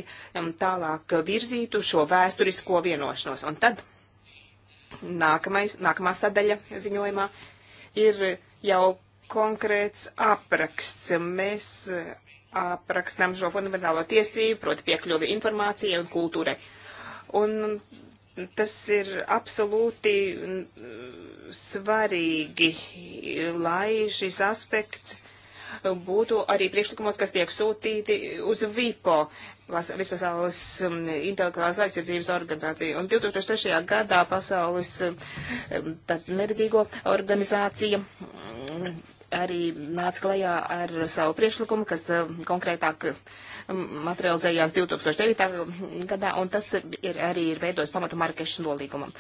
S1: tālāk virzītu šo vēsturisko vienošanos. Un tad nākamais, nākamā sadaļa ziņojumā ir jau konkrēts apraksts. Mēs eh, aprakstam šo fundamentālo tiesību, proti piekļuvi informācijai un kultūrai. Un tas ir absolūti mm, svarīgi, lai šis aspekts būtu arī priekšlikumos, kas tiek sūtīti uz VIPO, Vispasaules um, intelektuālās aizsardzības organizācija. Un 2003. gadā Pasaules um, neredzīgo organizācija um, arī nāca klajā ar savu priekšlikumu, kas konkrētāk materializējās 2009. gadā, un tas ir, arī ir veidojis pamatu Marakešas nolīgumam.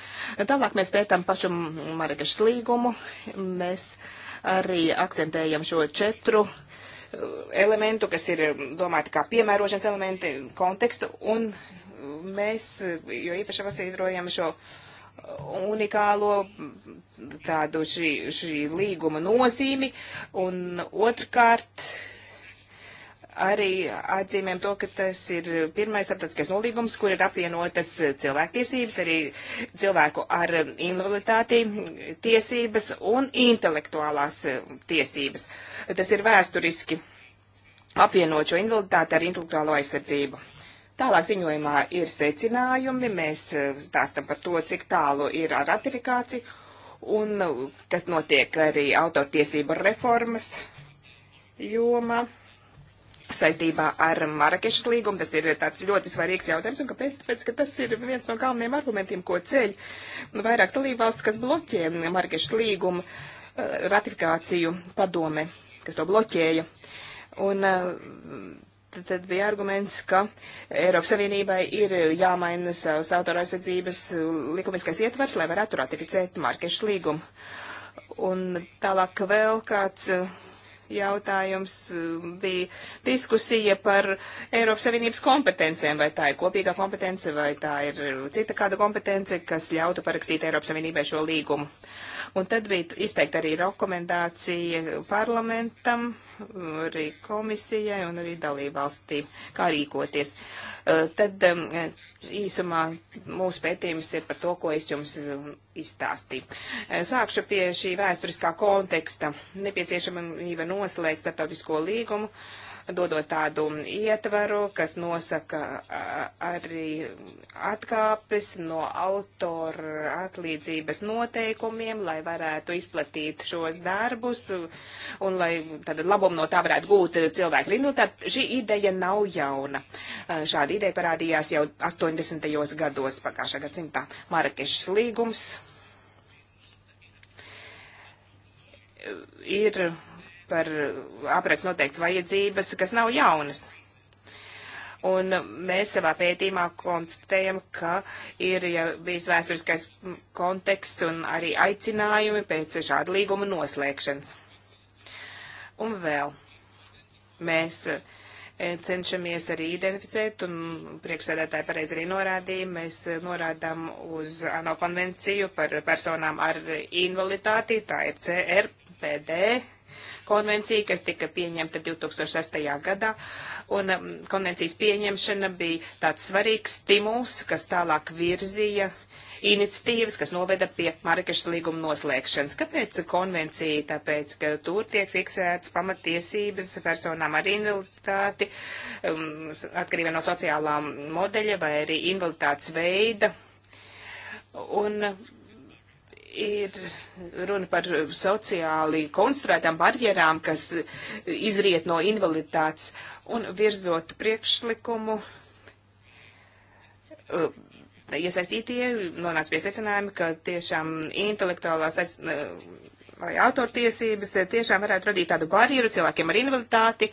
S1: Tālāk mēs pētām pašu Marakešas līgumu. Mēs uh, arī akcentējam šo četru eh, elementu, kas ir domāti kā piemērošanas elementi kontekstu, un mēs jo īpaši pasītrojam šo eh, unikālo tādu šī, šī līguma nozīmi, un otrkārt arī atzīmēm to, ka tas ir pirmais starptautiskais nolīgums, kur ir apvienotas cilvēktiesības, arī cilvēku ar invaliditāti tiesības un intelektuālās tiesības. Tas ir vēsturiski apvienot šo invaliditāti ar intelektuālo aizsardzību. Tālāk ziņojumā ir secinājumi, mēs eh, stāstam par to, cik tālu ir ar ratifikāciju un eh, kas notiek arī autortiesību reformas joma saistībā ar Marakešas līgumu. Tas ir tāds ļoti svarīgs jautājums, un kāpēc? Tāpēc, ka tas ir viens no galvenajiem argumentiem, ko ceļ vairākas dalībvalstis, kas bloķē Marakešas līgumu eh, ratifikāciju padome, kas to bloķēja. Un eh, tad, tad bija arguments, ka Eiropas Savienībai ir jāmaina savas autoraizsardzības eh, likumiskais ietvers, lai varētu ratificēt Markešu līgumu. Un tālāk vēl kāds jautājums um, bija diskusija par Eiropas Savienības kompetencēm, vai tā ir kopīgā kompetence, vai tā ir cita kāda kompetence, kas ļautu parakstīt Eiropas Savienībai šo līgumu. Uh, Un tad bija izteikta arī rekomendācija parlamentam, arī komisijai un arī dalībvalstīm, kā rīkoties. Tad īsumā mūsu pētījums ir par to, ko es jums izstāstīju. Sākšu pie šī vēsturiskā konteksta. Nepieciešamība noslēgt starptautisko līgumu dodot tādu ietvaru, kas nosaka arī atkāpes no autora atlīdzības noteikumiem, lai varētu izplatīt šos darbus un lai tad labumu no tā varētu gūt cilvēki. Nu, tad šī ideja nav jauna. Šāda ideja parādījās jau 80. gados pagājušā gadsimtā Marakešas līgums. ir par uh, apraks noteikts vajadzības, kas nav jaunas. Un mēs savā pētījumā konstatējam, ka ir ja bijis vēsturiskais konteksts un arī aicinājumi pēc šāda līguma noslēgšanas. Un vēl mēs uh, cenšamies arī identificēt, un priekšsēdētāji pareizi arī norādīja, mēs uh, norādām uz ANO konvenciju par personām ar invaliditāti, tā ir CR NPD konvencija, kas tika pieņemta 2006. gadā, un um, konvencijas pieņemšana bija tāds svarīgs stimuls, kas tālāk virzīja iniciatīvas, kas noveda pie Marakešas līguma noslēgšanas. Kāpēc konvencija? Tāpēc, ka tur tiek fiksētas pamatiesības personām ar invaliditāti, um, atkarībā no sociālā modeļa vai arī invaliditātes veida. Un ir runa par sociāli konstruētām barjerām, kas izriet no invaliditātes un virzot priekšlikumu. Uh, iesaistītie nonāca pie secinājuma, ka tiešām intelektuālās aiz, vai autortiesības eh, tiešām varētu radīt tādu barjeru cilvēkiem ar invaliditāti,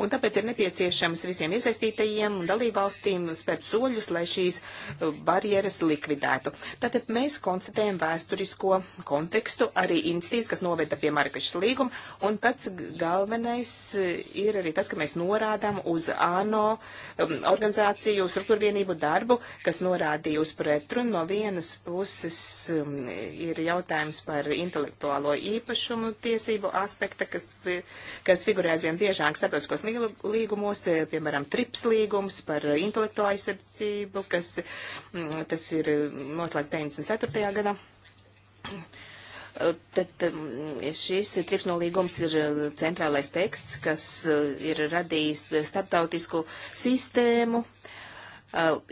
S1: un tāpēc ir nepieciešams visiem iesaistītajiem un dalībvalstīm spērt soļus, lai šīs eh, barjeras likvidētu. Tātad mēs konstatējam vēsturisko kontekstu, arī institīvas, kas noveda pie Marikešas līguma, un pats galvenais eh, ir arī tas, ka mēs norādām uz ANO um, organizāciju struktūrvienību darbu, kas norādīja uz pretrunu. No vienas puses um, ir jautājums par intelektuālo īpašumu tiesību aspekta, kas, kas figurē aizvien biežāk starptautiskos līgumos, eh, piemēram, trips līgums par intelektuālu aizsardzību, kas mm, tas ir noslēgts 94. gadā. Eh, tad mm, šis tripsnolīgums ir eh, centrālais teksts, kas ir radījis starptautisku sistēmu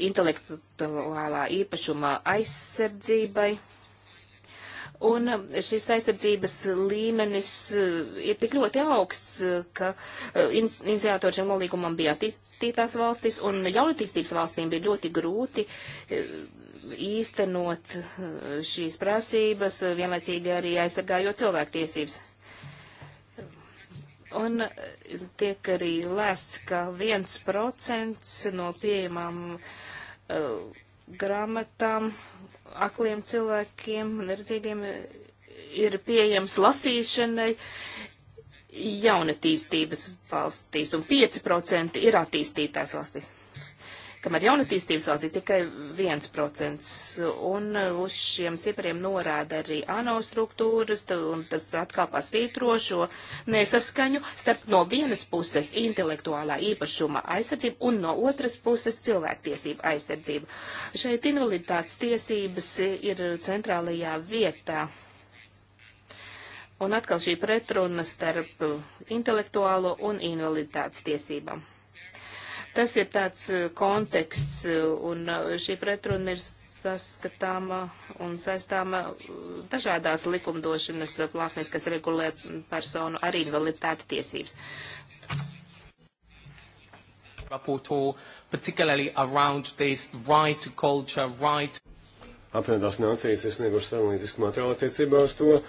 S1: intelektuālā īpašuma aizsardzībai. Un um, šis aizsardzības līmenis uh, ir tik ļoti augsts, uh, ka uh, iniciatori šiem nolīgumam bija attīstītās valstis, un jaunatīstības valstīm bija ļoti grūti īstenot šīs prasības, vienlaicīgi arī aizsargājot cilvēktiesības. Un tiek arī lēsts, ka viens procents no pieejamām uh, grāmatām akliem cilvēkiem un redzīgiem
S3: ir pieejams
S1: lasīšanai jaunatīstības valstīs, un 5% ir attīstītās valstīs kamēr jaunatīstības valstī tikai 1%. Un uh, uz šiem cipriem norāda arī ANO struktūras, un tas atkal pasvītro šo nesaskaņu starp no vienas puses intelektuālā īpašuma aizsardzību un no otras puses cilvēktiesību aizsardzību. Šeit invaliditātes tiesības ir centrālajā vietā. Un atkal šī pretruna starp intelektuālo un invaliditātes tiesībām. Tas ir tāds uh, konteksts, uh, un uh, šī pretruna ir saskatāma un saistāma dažādās likumdošanas plāksnēs, kas regulē personu ar invaliditāti tiesības. Rapporteur, particularly around this right to culture, right.
S3: Apvienotās nācijas ir sniegušas analītisku materiālu attiecībā uz to,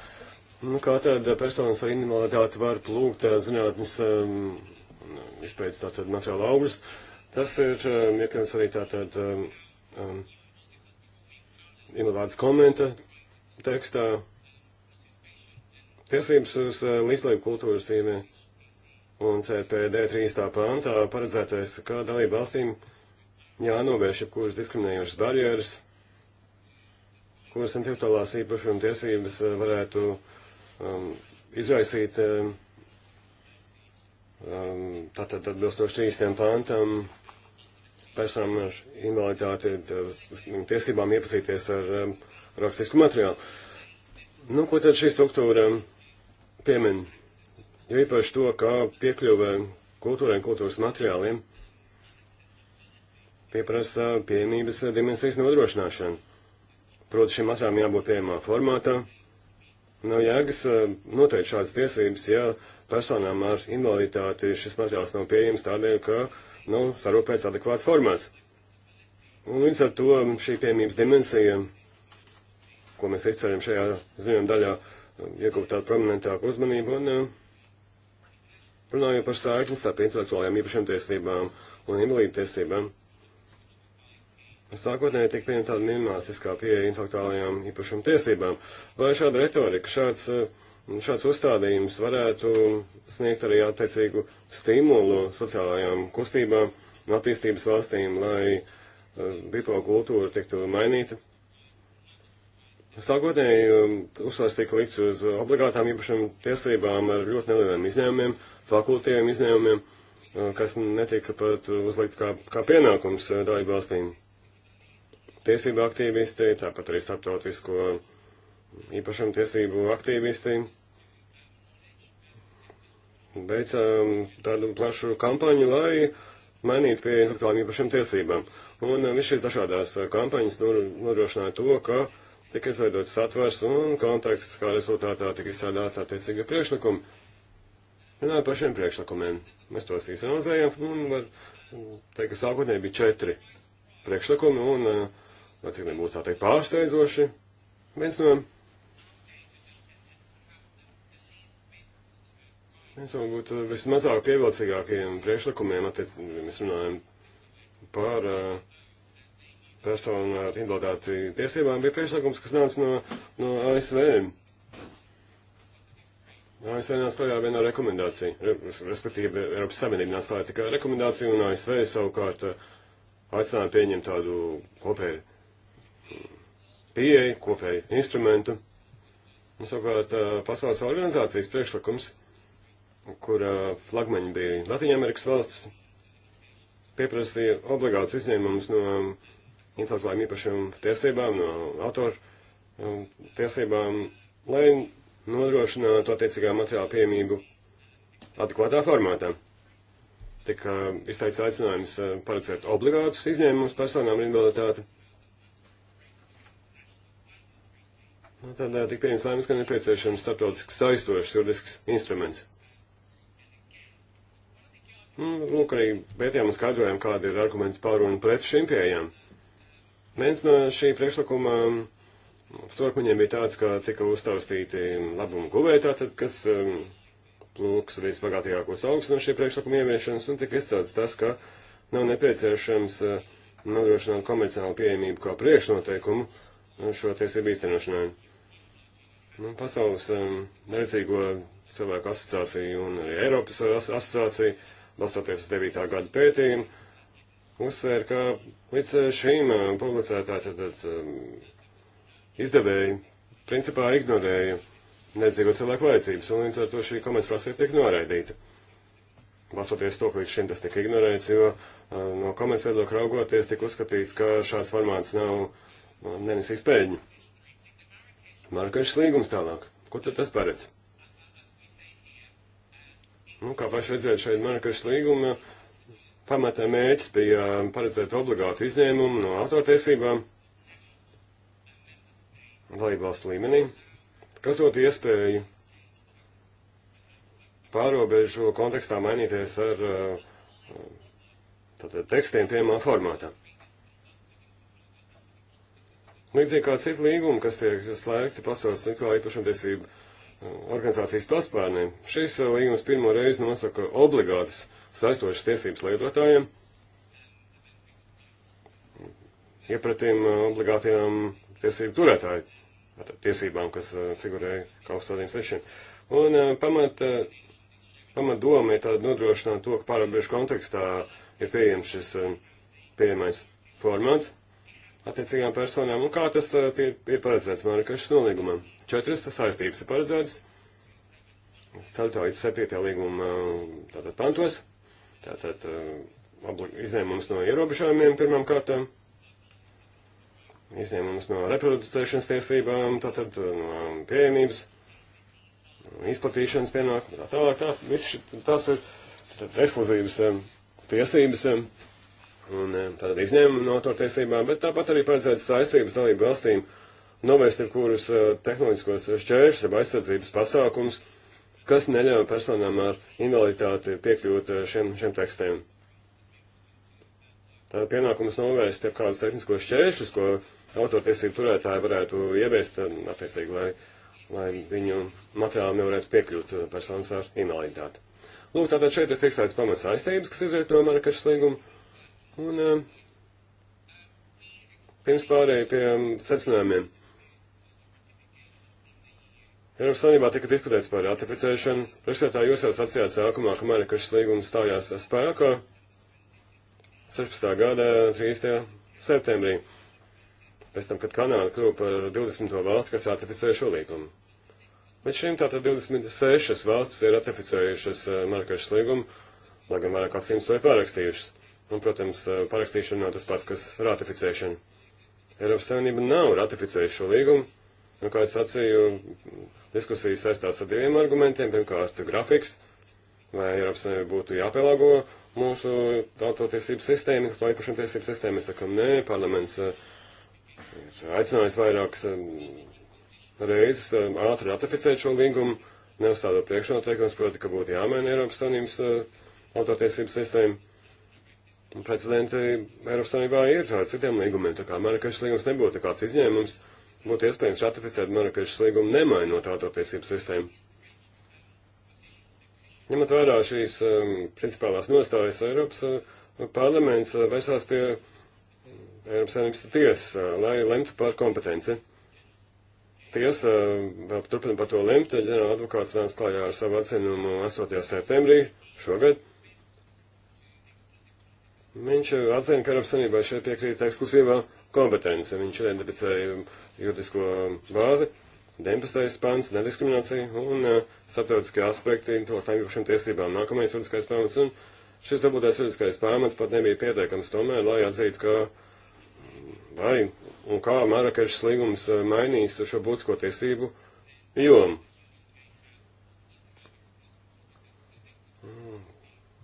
S3: nu, kā tāda personas ar invaliditāti var plūgt zinātnes um, Um, izpēc tātad materiāla augļus. Tas ir um, iekļauts arī tātad um, um, inovācijas komenta tekstā. Tiesības uz uh, līdzlību kultūras zīmē un CPD 3. pāntā paredzētais, ka dalību valstīm jānovērš jebkuras diskriminējošas barjeras, kuras intelektuālās īpašuma tiesības uh, varētu um, izraisīt um, Um, tātad atbilstoši 30. pantam personām ar invaliditāti um, tiesībām iepazīties ar um, rakstisku materiālu. Nu, ko tad šī struktūra piemin? Jo īpaši to, kā piekļuvē kultūrai un kultūras materiāliem pieprasa pieejamības dimensijas nodrošināšanu. Proti šim materiālam jābūt pieejamā formātā. Nav jēgas noteikt šādas tiesības, ja personām ar invaliditāti šis materiāls nav pieejams tādēļ, ka nav nu, sarūpēts adekvāts formāts. Un līdz ar to šī piemības dimensija, ko mēs izceļam šajā ziņojuma daļā, iegūt tādu prominentāku uzmanību un eh, runājot par saiknes starp intelektuālajām īpašām tiesībām un invalīdu tiesībām. Sākotnēji tika pieņemta tāda minimālistiskā pieeja intelektuālajām īpašām tiesībām, vai šāda retorika, šāds uh, Un šāds uzstādījums varētu sniegt arī attiecīgu stimulu sociālajām kustībām un attīstības valstīm, lai uh, eh, bipolu kultūra tiktu mainīta. Sākotnēji um, uzsvars tika likts uz obligātām īpašām tiesībām ar ļoti nelieliem izņēmumiem, fakultīviem izņēmumiem, uh, kas netika pat uzlikt kā, kā pienākums uh, eh, daļu valstīm. Tiesība aktīvisti, tāpat arī starptautisko īpašam tiesību aktīvisti veicām tādu plašu kampaņu, lai mainītu pie intelektuāliem īpašiem tiesībām. Un eh, viss šīs dažādās eh, kampaņas nodrošināja to, ka tika izveidots satvers un konteksts, kā rezultātā tika izstrādāta attiecīga priekšlikuma. Runājot par šiem priekšlikumiem, mēs tos izanalizējām un var teikt, ka sākotnēji bija četri priekšlikumi un, eh, cik nebūtu tā teikt, pārsteidzoši. Viens no Viens no būt vismazāk pievilcīgākajiem priekšlikumiem, attiec, mēs runājam par eh, personu ar invaliditāti tiesībām, bija priekšlikums, kas nāca no, no ASV. ASV nāca klajā vienā rekomendācija, respektīvi Eiropas Savienība nāca klajā tikai rekomendācija, un ASV savukārt eh, aicināja pieņemt tādu kopēju mm, pieeju, kopēju instrumentu. Un savukārt eh, pasaules organizācijas priekšlikums kur flagmaņi bija Latvijas valsts, pieprasīja obligātus izņēmumus no intelektuālajiem īpašiem tiesībām, no autoru tiesībām, lai nodrošinātu attiecīgā materiāla pieejamību adekvātā formātā. Tika izteicis aicinājums paredzēt obligātus izņēmumus personām ar invaliditāti. Nu, Tādā tik pieņems lēmums, ka nepieciešams starptautisks saistošs juridisks instruments. Nu, lūk, arī pētījām un skaidrojām, kādi ir argumenti par un pret šim pieejam. Viens no šī priekšlikuma stūrkmeņiem bija tāds, ka tika uztaustīti labumu guvēji, tātad, kas plūks visbagātīgākos augstus no šī priekšlikuma ieviešanas, un tika izcēlts tas, ka nav nepieciešams e, nodrošināt komerciālu pieejamību kā priekšnoteikumu e, šo tiesību īstenošanai. Nu, pasaules um, neredzīgo cilvēku asociācija un arī Eiropas asociācija uh, balstoties uz 9. gada pētījumu, uzsver, ka līdz eh, šīm eh, publicētā tad, tad um, izdevēji principā ignorēja nedzīvo cilvēku vajadzības, un līdz ar to šī komerces prasība tiek noraidīta. Balstoties to, ka līdz šim tas tika ignorēts, jo eh, no komerces viedokļa raugoties tika uzskatīts, ka šāds formāts nav nenesīs pēļņu. Markešs līgums tālāk. Ko tad tas paredz? Nu, kā paši redzēt, šeit Marakešas līguma pamatā mērķis bija paredzēt obligātu izņēmumu no autortiesībām dalībvalstu līmenī, kas dot iespēju pārobežu kontekstā mainīties ar tātad, tekstiem pieejamā formātā. Līdzīgi kā citi līgumi, kas tiek slēgti pasaules likvā īpašumtiesību organizācijas paspārnēm. Šis eh, līgums pirmo reizi nosaka obligātas saistošas tiesības lietotājiem iepratīm eh, obligātajām tiesību turētāju tiesībām, kas eh, figurēja kaustādiem sešiem. Un pamat, pamat doma ir tāda nodrošināt to, ka pārobežu kontekstā ir pieejams šis pieejamais formāts attiecīgām personām, un kā tas ir paredzēts Mārakešas nolīgumam. Četras saistības ir paredzētas 4. līdz 7. līguma eh, tātad pantos, tātad eh, izņēmums no ierobežojumiem pirmām kārtām, izņēmums no reproducēšanas tiesībām, tātad eh, no pieejamības, izplatīšanas pienākumu, tā tālāk, tās, viss, tās ir tātad ekskluzīvas tiesības, un tātad izņēmumi no autortiesībām, bet tāpat arī paredzētas saistības dalību valstīm novērst jau kurus eh, tehnoloģiskos šķēršus vai aizsardzības pasākums, kas neļauj personām ar invaliditāti piekļūt eh, šiem, šiem tekstiem. Tā pienākums novērst jau kādus tehniskos šķēršus, ko autortiesību turētāji varētu ieviest, eh, attiecīgi, lai, lai viņu materiāli nevarētu piekļūt personas ar invaliditāti. Lūk, tātad šeit ir fiksētas pamats saistības, kas izriet no Marakešas līguma. Un, uh, pirms pārēju pie secinājumiem. Eiropas Savienībā tika diskutēts par ratificēšanu. Priekšsētā jūs jau sacījāt sākumā, ka Amerikas līgums stājās spēkā 16. gada 30. septembrī, pēc tam, kad Kanāda kļuva par 20. valsti, kas ratificēja šo līgumu. Līdz šim tātad 26 valstis ir ratificējušas eh, Marakešas līgumu, lai gan vairāk kā 100 to ir pārakstījušas. Un, protams, eh, pārakstīšana nav tas pats, kas ratificēšana. Eiropas Savienība nav ratificējusi šo līgumu, un, kā es sacīju, Diskusijas saistās ar diviem argumentiem. Pirmkārt, grafiks, vai Eiropas Savienībai būtu jāpielāgo mūsu tautotiesību sistēmu, to īpašuma tiesību sistēmu. Mēs sakām, nē, parlaments eh, ir aicinājis vairākas eh, reizes eh, ātri ratificēt šo līgumu, neuzstādot priekšnoteikumus, proti, ka būtu jāmaina Eiropas Savienības tautotiesību sistēmu. Precedenti Eiropas Savienībā ir ar citiem līgumiem, tā kā Amerikas līgums nebūtu kāds izņēmums būtu iespējams ratificēt Marakešas līgumu nemainot autortiesību sistēmu. Ņemot vērā šīs um, principālās nostājas, Eiropas uh, parlaments uh, vērsās pie um, Eiropas Savienības tiesas, uh, lai lemtu par kompetenci. Tiesa uh, vēl turpina par to lemt, ģenerāla advokāts nāca klājā ar savu atzinumu 8. septembrī šogad. Viņš atzina, ka Eiropas Savienībā šeit piekrīt ekskluzīvā kompetence. Viņš identificēja juridisko bāzi, 19. pants, nediskriminācija un uh, starptautiskie aspekti intelektuālām īpašām tiesībām. Nākamais juridiskais pamats un šis dabūtais juridiskais pamats pat nebija pietiekams tomēr, lai atzītu, ka vai un kā Marakešas līgums uh, mainīs šo būtisko tiesību jomu.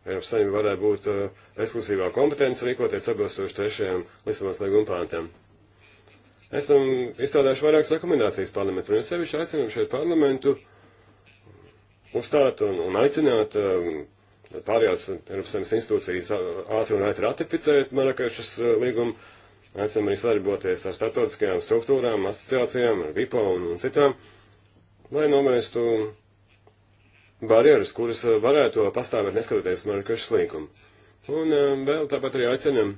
S3: Eiropas Savienība varētu būt uh, ekskluzīvā kompetence rīkoties atbilstoši trešajam Lisabonas līguma pāntiem. Esam izstrādājuši vairākas rekomendācijas parlamentam, un sevišķi aicinām šeit parlamentu uzstāt un, un aicināt uh, pārējās Eiropas Savienības institūcijas ātri un ātri ratificēt Marakešas uh, līgumu, aicinām arī sadarboties ar starptautiskajām struktūrām, asociācijām, ar VIPO un, un citām, lai novērstu barjeras, kuras eh, varētu pastāvēt neskatoties Marrakešas līgumu. Un eh, vēl tāpat arī aicinam,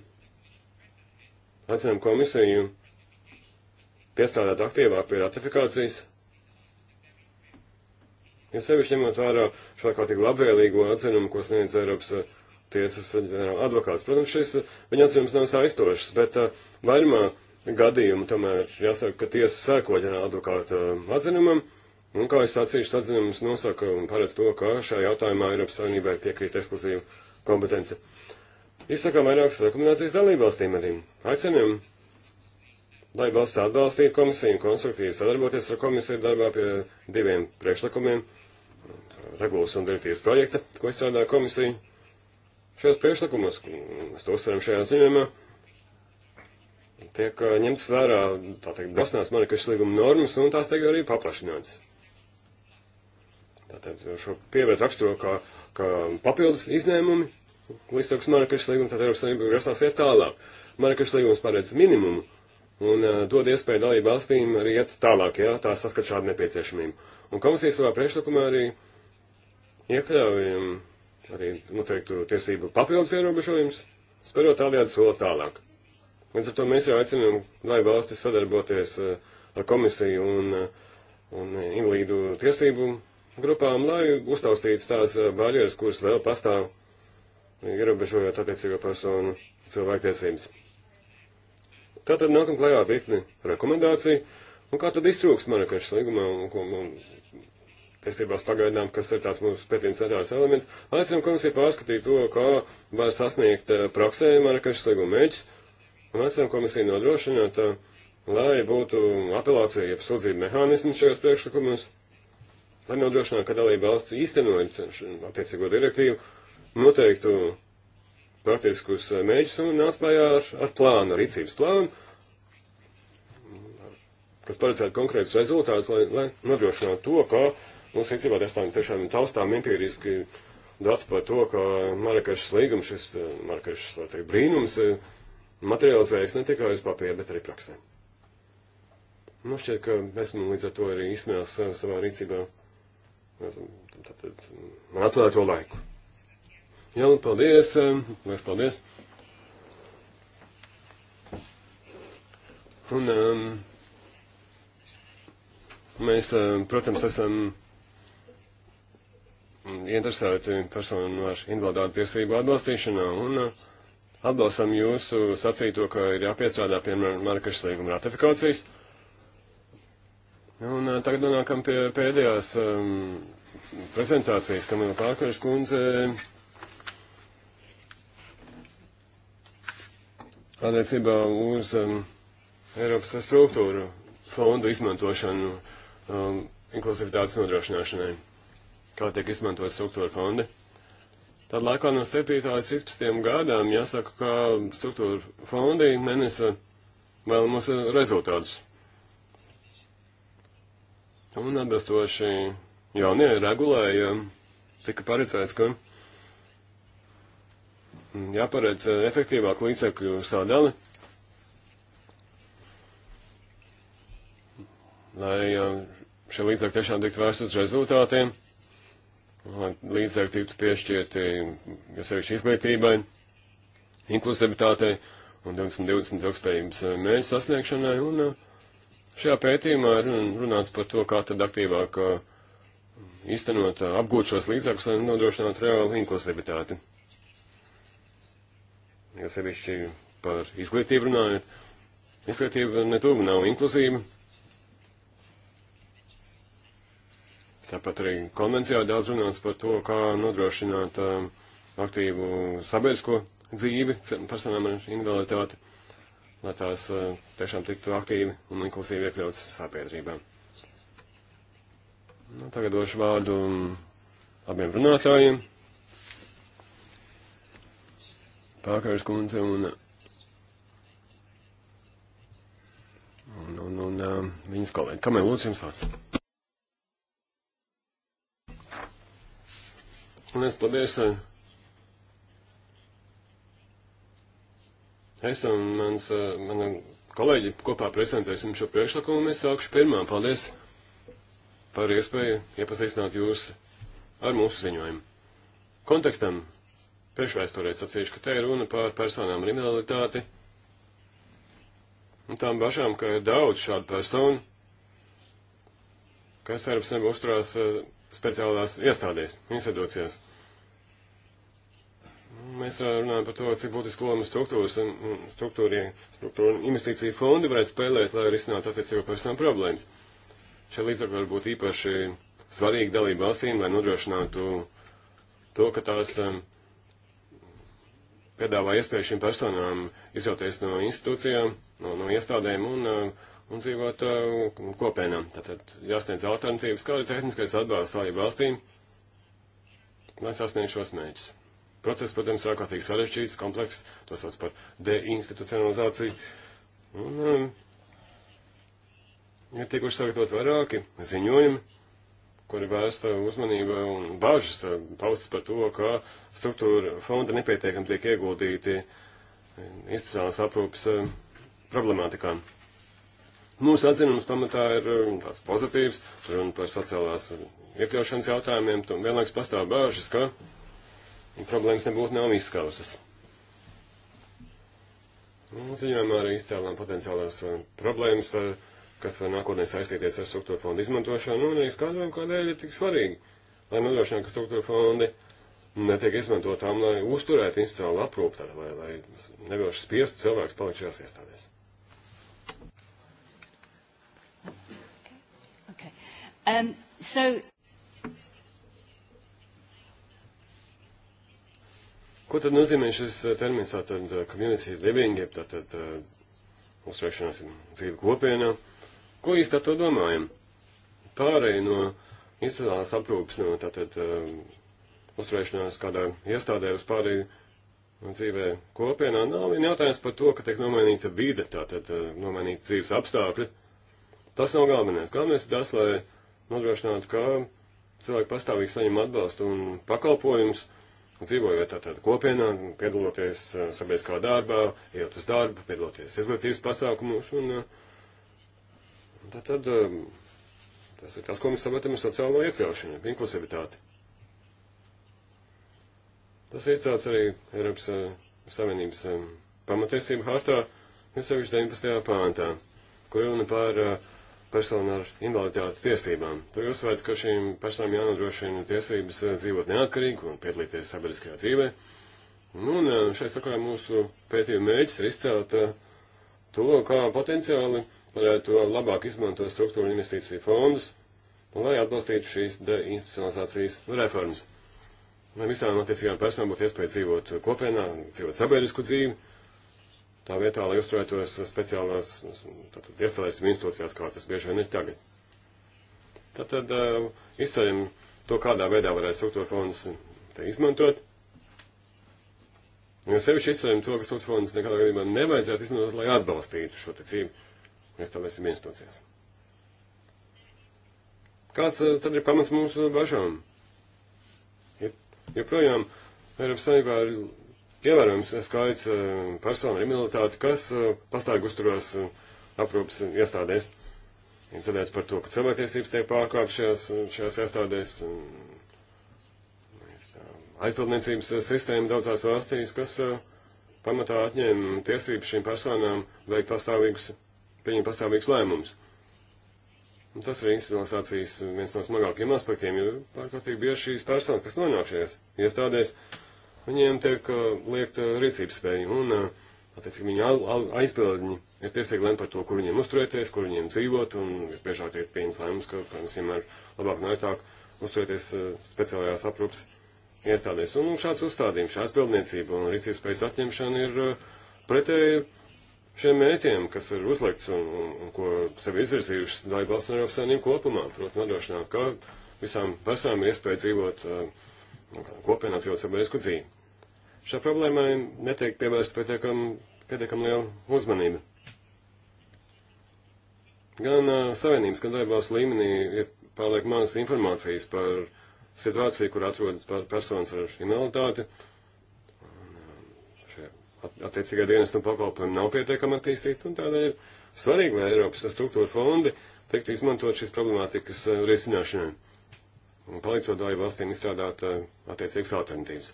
S3: aicinam komisiju piestrādāt aktīvāk pie ratifikācijas. Ja sevišķi ņemot vērā šo kā tik labvēlīgo atzinumu, ko sniedz Eiropas eh, tiesas advokāts. Protams, šis viņa atzinums nav saistošs, bet vairumā gadījumu tomēr jāsaka, ka tiesa sēko ģenerāla advokāta atzinumam. Uh, Un, kā es sacīšu, atzinums nosaka un paredz to, ka šajā jautājumā Eiropas Savienībai piekrīt ekskluzīva kompetence. Izsakām vairākas rekomendācijas dalībvalstīm arī. Aicinām, lai valsts atbalstītu komisiju un konstruktīvi sadarboties ar komisiju darbā pie diviem priekšlikumiem regulas un direktīvas projekta, ko izstrādā komisija. Šajos priekšlikumos, mēs to uzsveram šajā ziņojumā, tiek uh, ņemtas vērā, tā teikt, dosnās Marakešas līguma normas un tās tiek arī paplašināts tātad šo pievērtu raksturo kā, kā papildus izņēmumi, līdztekus Marakešas līguma, tad Eiropas Savienība grasās iet tālāk. Marakešas līgums paredz minimumu un uh, dod iespēju dalību valstīm arī iet tālāk, ja tā saskat šādu nepieciešamību. Un komisija savā priekšlikumā arī iekļauj um, arī noteiktu nu, tiesību papildus ierobežojumus, spērot tādējādi soli tālāk. Līdz ar to mēs jau aicinām, lai valstis sadarboties uh, ar komisiju un, uh, un invalīdu tiesību grupām, lai uztaustītu tās eh, baļieras, kuras vēl pastāv, ierobežojot attiecīgo personu cilvēktiesības. Tātad nākam klajā virkni rekomendāciju, un kā tad iztrūks Marakešas līgumā, un, un, un tiesībās pagaidām, kas ir tās mūsu pētījums centrālais elements, aicinām komisiju pārskatīt to, kā var sasniegt eh, praksē Marakešas līguma mēģis, un aicinām komisiju nodrošināt, eh, lai būtu apelācija, jeb sūdzību mehānismu šajos priekšlikumus lai nodrošinātu, ka dalība valsts īstenojot attiecīgo direktīvu noteiktu praktiskus mēģus un nāk klajā ar, ar plānu, ar rīcības plānu, kas paredzētu konkrētus rezultātus, lai, lai nodrošinātu to, ka mums rīcībā tiešām, tiešām taustām empiriski dati par to, ka Marakešas līgums, šis eh, Marakešas, lai teikt, brīnums eh, materializējas ne tikai uz papīra, bet arī praksē. Man nu, šķiet, ka esmu līdz ar to arī izsmējās savā rīcībā tātad, man atvēlēto laiku. Jā, un paldies, liels paldies. Un um, mēs, protams, esam interesēti personu ar invaliditāti tiesību atbalstīšanā un eh, atbalstam jūsu sacīto, ka ir jāpiestrādā pie Marakešas līguma ratifikācijas. Un tagad nonākam pie pēdējās um, prezentācijas, kam jau Pārkars kundze attiecībā uz um, Eiropas struktūru fondu izmantošanu um, inklusivitātes nodrošināšanai. Kā tiek izmantot struktūra fondi? Tad laikā no 7. līdz 16. gadam jāsaka, ka struktūra fondi nenesa vēlamos rezultātus. Un atbilstoši jaunie regulējumi tika paredzēts, ka jāparedz efektīvāk līdzekļu sadali, lai šie līdzekļi tiešām tiktu vērst uz rezultātiem, lai līdzekļi tiktu piešķirti, jo sevišķi izglītībai, inklusivitātei un 2020 ilgspējības mērķu sasniegšanai, un Šajā pētījumā runāts par to, kā tad aktīvāk uh, īstenot, uh, apgūt šos līdzekļus, lai nodrošinātu reālu inklusivitāti. Jo sevišķi par izglītību runājot, izglītība netuvu nav inklusīva. Tāpat arī konvencijā daudz runāts par to, kā nodrošināt uh, aktīvu sabiedrisko dzīvi personām ar invaliditāti lai tās eh, tiešām tiktu aktīvi un inklusīvi iekļautas sabiedrībā. Nu, tagad došu vārdu abiem runātājiem. Pārkārs kundze un, un, un, un eh, viņas kolēģi. Kam ir lūdzu jums vārds? Un es paldies. Uh, Es un mans, eh, mana kolēģi kopā prezentēsim šo priekšlikumu. Es sākušu pirmā. Paldies par iespēju iepazīstināt jūs ar mūsu ziņojumu. Kontekstam priekšvēsturē sacīšu, ka te ir runa par personām ar invaliditāti. Un tām bažām, ka ir daudz šādu personu, kas Eiropas nebūs uzturās eh, speciālās iestādēs, institūcijās. Mēs runājam par to, cik būtisku lomu struktūras un struktūra investīcija fondi varētu spēlēt, lai risinātu attiecīgo personām problēmas. Šie līdzekļi var būt īpaši svarīgi dalību valstīm, lai nodrošinātu to, ka tās piedāvā iespēju šīm personām izjauties no institūcijām, no, no iestādēm un, un dzīvot kopienām. Tātad jāsniedz alternatīvas, kā arī tehniskais atbalsts dalību valstīm, lai sasniegtu šos mērķus. Process, protams, ir ārkārtīgi sarežģīts, komplekss, to sauc par deinstitucionalizāciju. Un, um, ir tikuši sagatavot vairāki ziņojumi, kuri vērsta uzmanība un bažas uh, paustas par to, ka struktūra fonda nepietiekami tiek ieguldīti institucionālās aprūpas uh, problemātikām. Mūsu atzinums pamatā ir um, tāds pozitīvs, runa par sociālās iekļaušanas jautājumiem, un vienlaiks pastāv bāžas, ka ja problēmas nebūtu nav izskausas. Un ziņojumā arī izcēlām potenciālās uh, problēmas, ar, uh, kas var nākotnē saistīties ar struktūra fondu izmantošanu, un arī skaidrojam, kādēļ ir tik svarīgi, lai nodrošinātu, ka struktūra fondi netiek izmantotām, lai uzturētu institucionālu aprūpu, tādā, lai, lai nevilši spiestu cilvēks palikt šajās iestādēs. Okay. Okay. Um, so... Ko tad nozīmē šis eh, termins, tātad eh, community living, jeb tātad eh, uzturēšanās dzīve kopienā? Ko īsti ar to domājam? Pārēj no izcēlās aprūpas, no tātad uzturēšanās kādā iestādē uz pārēju dzīvē kopienā nav vien jautājums par to, ka tiek nomainīta vide, tātad nomainīta dzīves apstākļi. Tas nav galvenais. Galvenais ir tas, lai nodrošinātu, ka cilvēki pastāvīgi saņem atbalstu un pakalpojumus, dzīvojot tātad kopienā, piedaloties eh, sabiedriskā darbā, iet uz darbu, piedaloties izglītības pasākumus, un eh, tātad eh, tas ir tas, ko mēs saprotam ar sociālo iekļaušanu, inklusivitāti. Tas ir izcēlts arī Eiropas Savienības pamatiesību hartā, 19. pāntā, kur runa par uh, personu ar invaliditāti tiesībām. Tur uzsvērts, ka šīm personām jānodrošina tiesības eh, dzīvot neatkarīgi un piedalīties sabiedriskajā dzīvē. Nu, un eh, šai sakarā mūsu pētījuma mērķis ir izcelt eh, to, kā potenciāli varētu labāk izmantot struktūra investīciju fondus, lai atbalstītu šīs deinstitucionalizācijas reformas. Lai visām attiecīgām personām būtu iespēja dzīvot kopienā, dzīvot sabiedrisku dzīvi tā vietā, lai uzturētos speciālās iestādēs un institūcijās, kā tas bieži vien ir tagad. Tātad uh, izceļam to, kādā veidā varētu struktūra fondus izmantot. Un ja sevišķi izceļam to, ka struktūra fondus nekādā gadījumā nevajadzētu izmantot, lai atbalstītu šo ticību iestādēs un institūcijās. Kāds uh, tad ir pamats mūsu bažām? Ja, joprojām Eiropas Savienībā ir ievērojams skaits eh, personu ar invaliditāti, kas eh, pastāvīgi uzturās eh, aprūpas iestādēs. Ir dzirdēts par to, ka cilvēktiesības tiek pārkāptas šajās, šajās iestādēs. Aizpildniecības sistēma daudzās valstīs, kas pamatā atņem tiesības šīm personām veikt pastāvīgus, pieņemt pastāvīgus lēmumus. Un tas ir institucionalizācijas viens no smagākajiem aspektiem, jo pārkārtīgi bieži šīs personas, kas nonāk šajās iestādēs, ja viņiem tiek uh, liekta uh, rīcības spēja, un, uh, attiecīgi, viņu aizbildņi ir tiesīgi lēmt par to, kur viņiem uzturēties, kur viņiem dzīvot, un visbiežāk ir pieņems lēmums, ka, protams, vienmēr labāk un ērtāk uzturēties speciālajās aprūpas iestādēs. Un nu, šāds uzstādījums, šāds bildniecība un rīcības spējas atņemšana ir pretēji šiem mēķiem, kas ir uzlikts un, un, un ko sev izvirzījušas dalībvalsts un Eiropas saimnību kopumā, proti nodrošināt, ka visām personām ir iespēja dzīvot uh, nu, kopienā dzīvot sabiedrisku dzīvi. Šā problēmai netiek pievērsta pietiekam, pietiekam liela uzmanība. Gan uh, savienības, gan darbās līmenī ir pārliek maz informācijas par situāciju, kur atrodas personas ar invaliditāti. Šie attiecīgā dienas un pakalpojumi nav pietiekami attīstīti, un tādēļ ir svarīgi, lai Eiropas struktūra fondi tiktu izmantot šīs problemātikas risināšanai un palīdzot dalību valstīm izstrādāt attiecīgas alternatīvas.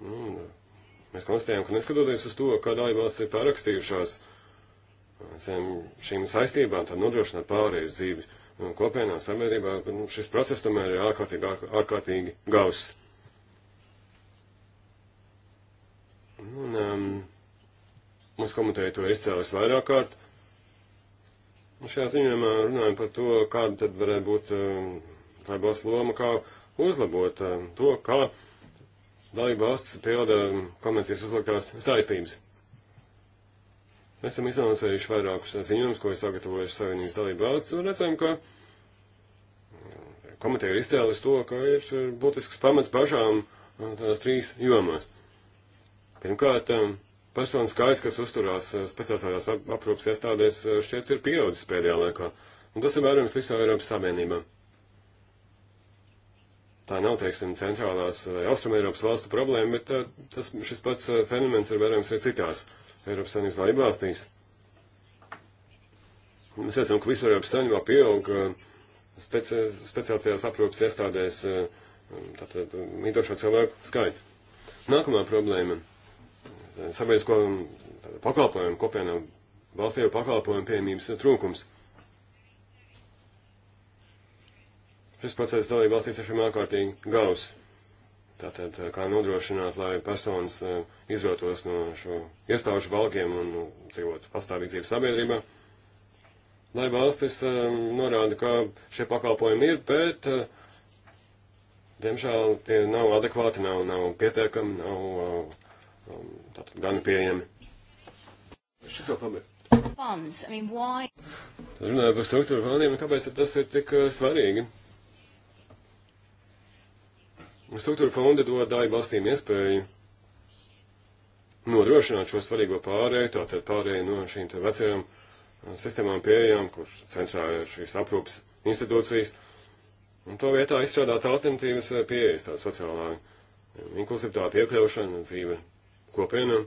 S3: Mm, Un, nu. mēs konstatējam, ka neskatoties uz to, kā dalībās ir pārakstījušās zem šīm saistībām, tad nodrošināt pārēju dzīvi kopienā sabiedrībā, nu, šis process tomēr ir ārkārtīgi, ārkārtīgi gauss. Un, um, mums komiteja to ir izcēlis vairāk kārt. Un šajā ziņojumā runājam par to, kāda tad varētu būt um, tā balss loma, kā uzlabot um, to, kā dalība valsts pilda konvencijas uzliktās saistības. Esam izanalizējuši vairākus ziņojumus, ko ir sagatavojuši Savienības dalība valsts, un redzam, ka mm, komiteja ir izcēlusi to, ka ir būtisks pamats bažām uh, tās trīs jomās. Pirmkārt, um, personu skaits, kas uzturās uh, specializētās aprūpas iestādēs, uh, šķiet ir pieaudzis pēdējā laikā, un tas ir vērojams visā Eiropas Savienībā tā nav, teiksim, centrālās vai austrumēropas valstu problēma, bet tā, uh, tas, šis pats uh, fenomens ir vērojams arī citās Eiropas Savienības laika valstīs. Mēs redzam, ka visur Eiropas Savienībā pieaug uh, speci speciālajās aprūpas iestādēs tātad mītošo cilvēku skaits. Nākamā problēma - sabiedrisko pakalpojumu kopienam, valstievu pakalpojumu pieejamības trūkums. Šis process dalība valstīs ir šim ārkārtīgi gaus. Tātad, eh, kā nodrošināt, lai personas eh, izrotos no šo iestāžu valgiem un nu, dzīvotu pastāvīgi dzīves sabiedrībā. Lai valstis eh, norāda, ka šie pakalpojumi ir, bet, diemžēl, tie nav adekvāti, nav, nav pietiekami, nav um, tātad, gan pieejami. Šito pabeigšu. Funds, I mean, why? Runājot par struktūru fondiem, kāpēc tas ir tik svarīgi? Struktūra fonda dod daļu valstīm iespēju nodrošināt šo svarīgo pārēju, tātad pārēju no šīm te vecajām uh, sistēmām pieejām, kur centrā ir šīs aprūpas institūcijas, un to vietā izstrādāt alternatīvas uh, pieejas, tāda sociālā um, inklusivitāte, iekļaušana, dzīve kopienā.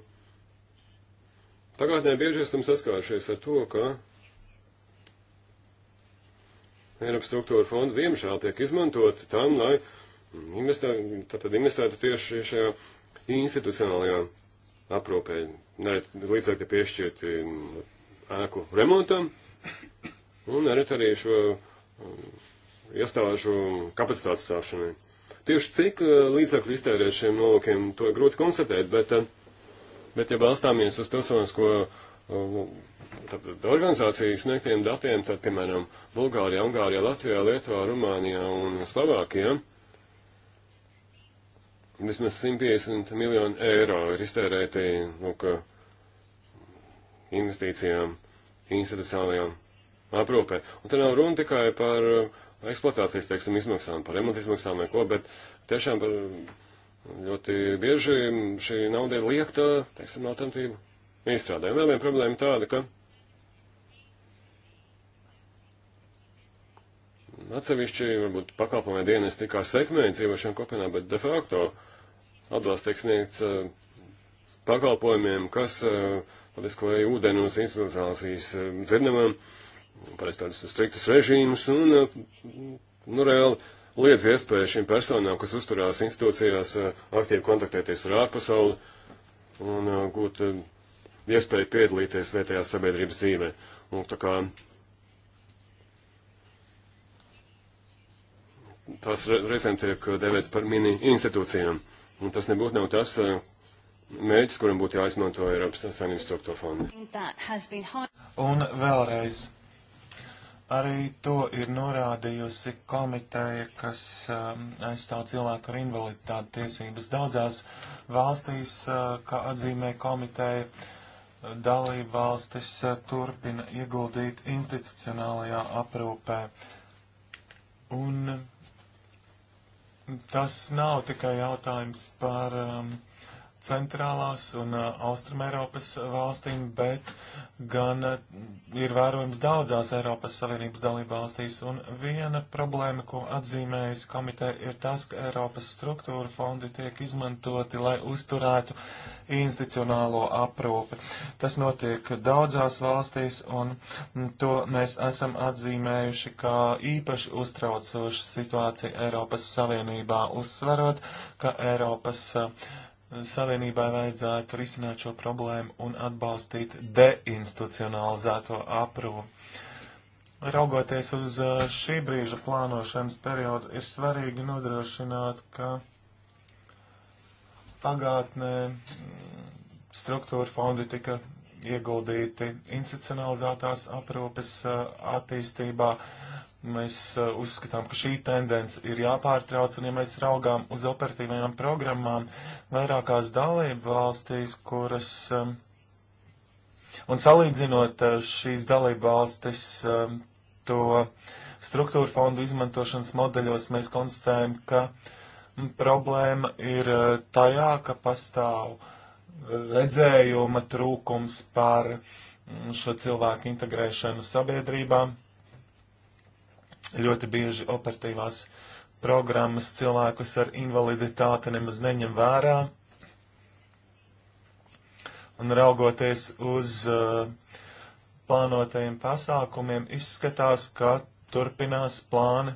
S3: Pagātnē bieži esam saskārušies ar to, ka Eiropas struktūra fonda diemžēl tiek izmantot tam, lai investē, tātad investētu tieši šajā institucionālajā aprūpē. Līdzekļi piešķirti ēku remontam un arī šo um, iestāžu kapacitātes stāšanai. Tieši cik uh, līdzekļu iztērēt šiem nolūkiem, to ir grūti konstatēt, bet, uh, bet ja balstāmies uz pilsonisko uh, organizāciju sniegtiem datiem, tad, piemēram, Bulgārijā, Ungārijā, Latvijā, Lietuvā, Rumānijā un Slovākijā, vismaz 150 miljoni eiro ir iztērēti lūk, investīcijām, institucionālajām aprūpē. Un te nav runa tikai par uh, eksploatācijas, teiksim, izmaksām, par remontu izmaksām vai ko, bet tiešām par uh, ļoti bieži šī nauda ir liekta, teiksim, no alternatīvu izstrādēm. Vēl viena problēma tāda, ka atsevišķi, varbūt pakalpojumā dienas tikā sekmē dzīvošana kopienā, bet de facto uh, atbalsts tiek sniegts eh, pakalpojumiem, kas eh, atveskoja ūdeni uz institucionalizācijas eh, dzirdamam, parasti tādus striktus režīmus, un, nu, reāli liedz iespēju šīm personām, kas uzturās institūcijās, aktīvi kontaktēties ar ārpasauli un gūt iespēju piedalīties vietējās sabiedrības dzīvē. Un, tā kā tās reizēm tiek devēts par mini institūcijām. Un tas nebūtu nav tas eh, mērķis, kuram būtu jāizmanto Eiropas Savienības struktūra fondi.
S2: Un vēlreiz. Arī to ir norādījusi komiteja, kas um, aizstāv cilvēku ar invaliditāti tiesības. Daudzās valstīs, uh, kā atzīmē komiteja, dalība valstis uh, turpina ieguldīt institucionālajā aprūpē. Un uh, tas nav tikai jautājums par um, centrālās un uh, austrumēropas valstīm, bet gan uh, ir vērojams daudzās Eiropas Savienības dalībvalstīs. Un viena problēma, ko atzīmējusi komiteja, ir tas, ka Eiropas struktūra fondi tiek izmantoti, lai uzturētu institucionālo aprūpi. Tas notiek daudzās valstīs, un to mēs esam atzīmējuši kā īpaši uztraucošu situāciju Eiropas Savienībā, uzsverot, ka Eiropas uh, Savienībai vajadzētu risināt šo problēmu un atbalstīt deinstitucionalizēto aprūpi. Raugoties uz uh, šī brīža plānošanas periodu, ir svarīgi nodrošināt, ka Pagātnē struktūra fondi tika ieguldīti institucionalizētās aprūpes attīstībā. Mēs uzskatām, ka šī tendence ir jāpārtrauc, un ja mēs raugām uz operatīvajām programmām vairākās dalību valstīs, kuras, un salīdzinot šīs dalību valstis to struktūra fondu izmantošanas modeļos, mēs konstatējam, ka uh, Problēma ir e, tajā, ka pastāv redzējuma trūkums par mm, šo cilvēku integrēšanu sabiedrībā. Ļoti bieži operatīvās programmas cilvēkus ar invaliditāti nemaz neņem vērā. Un raugoties uz uh, plānotajiem pasākumiem, izskatās, ka turpinās plāni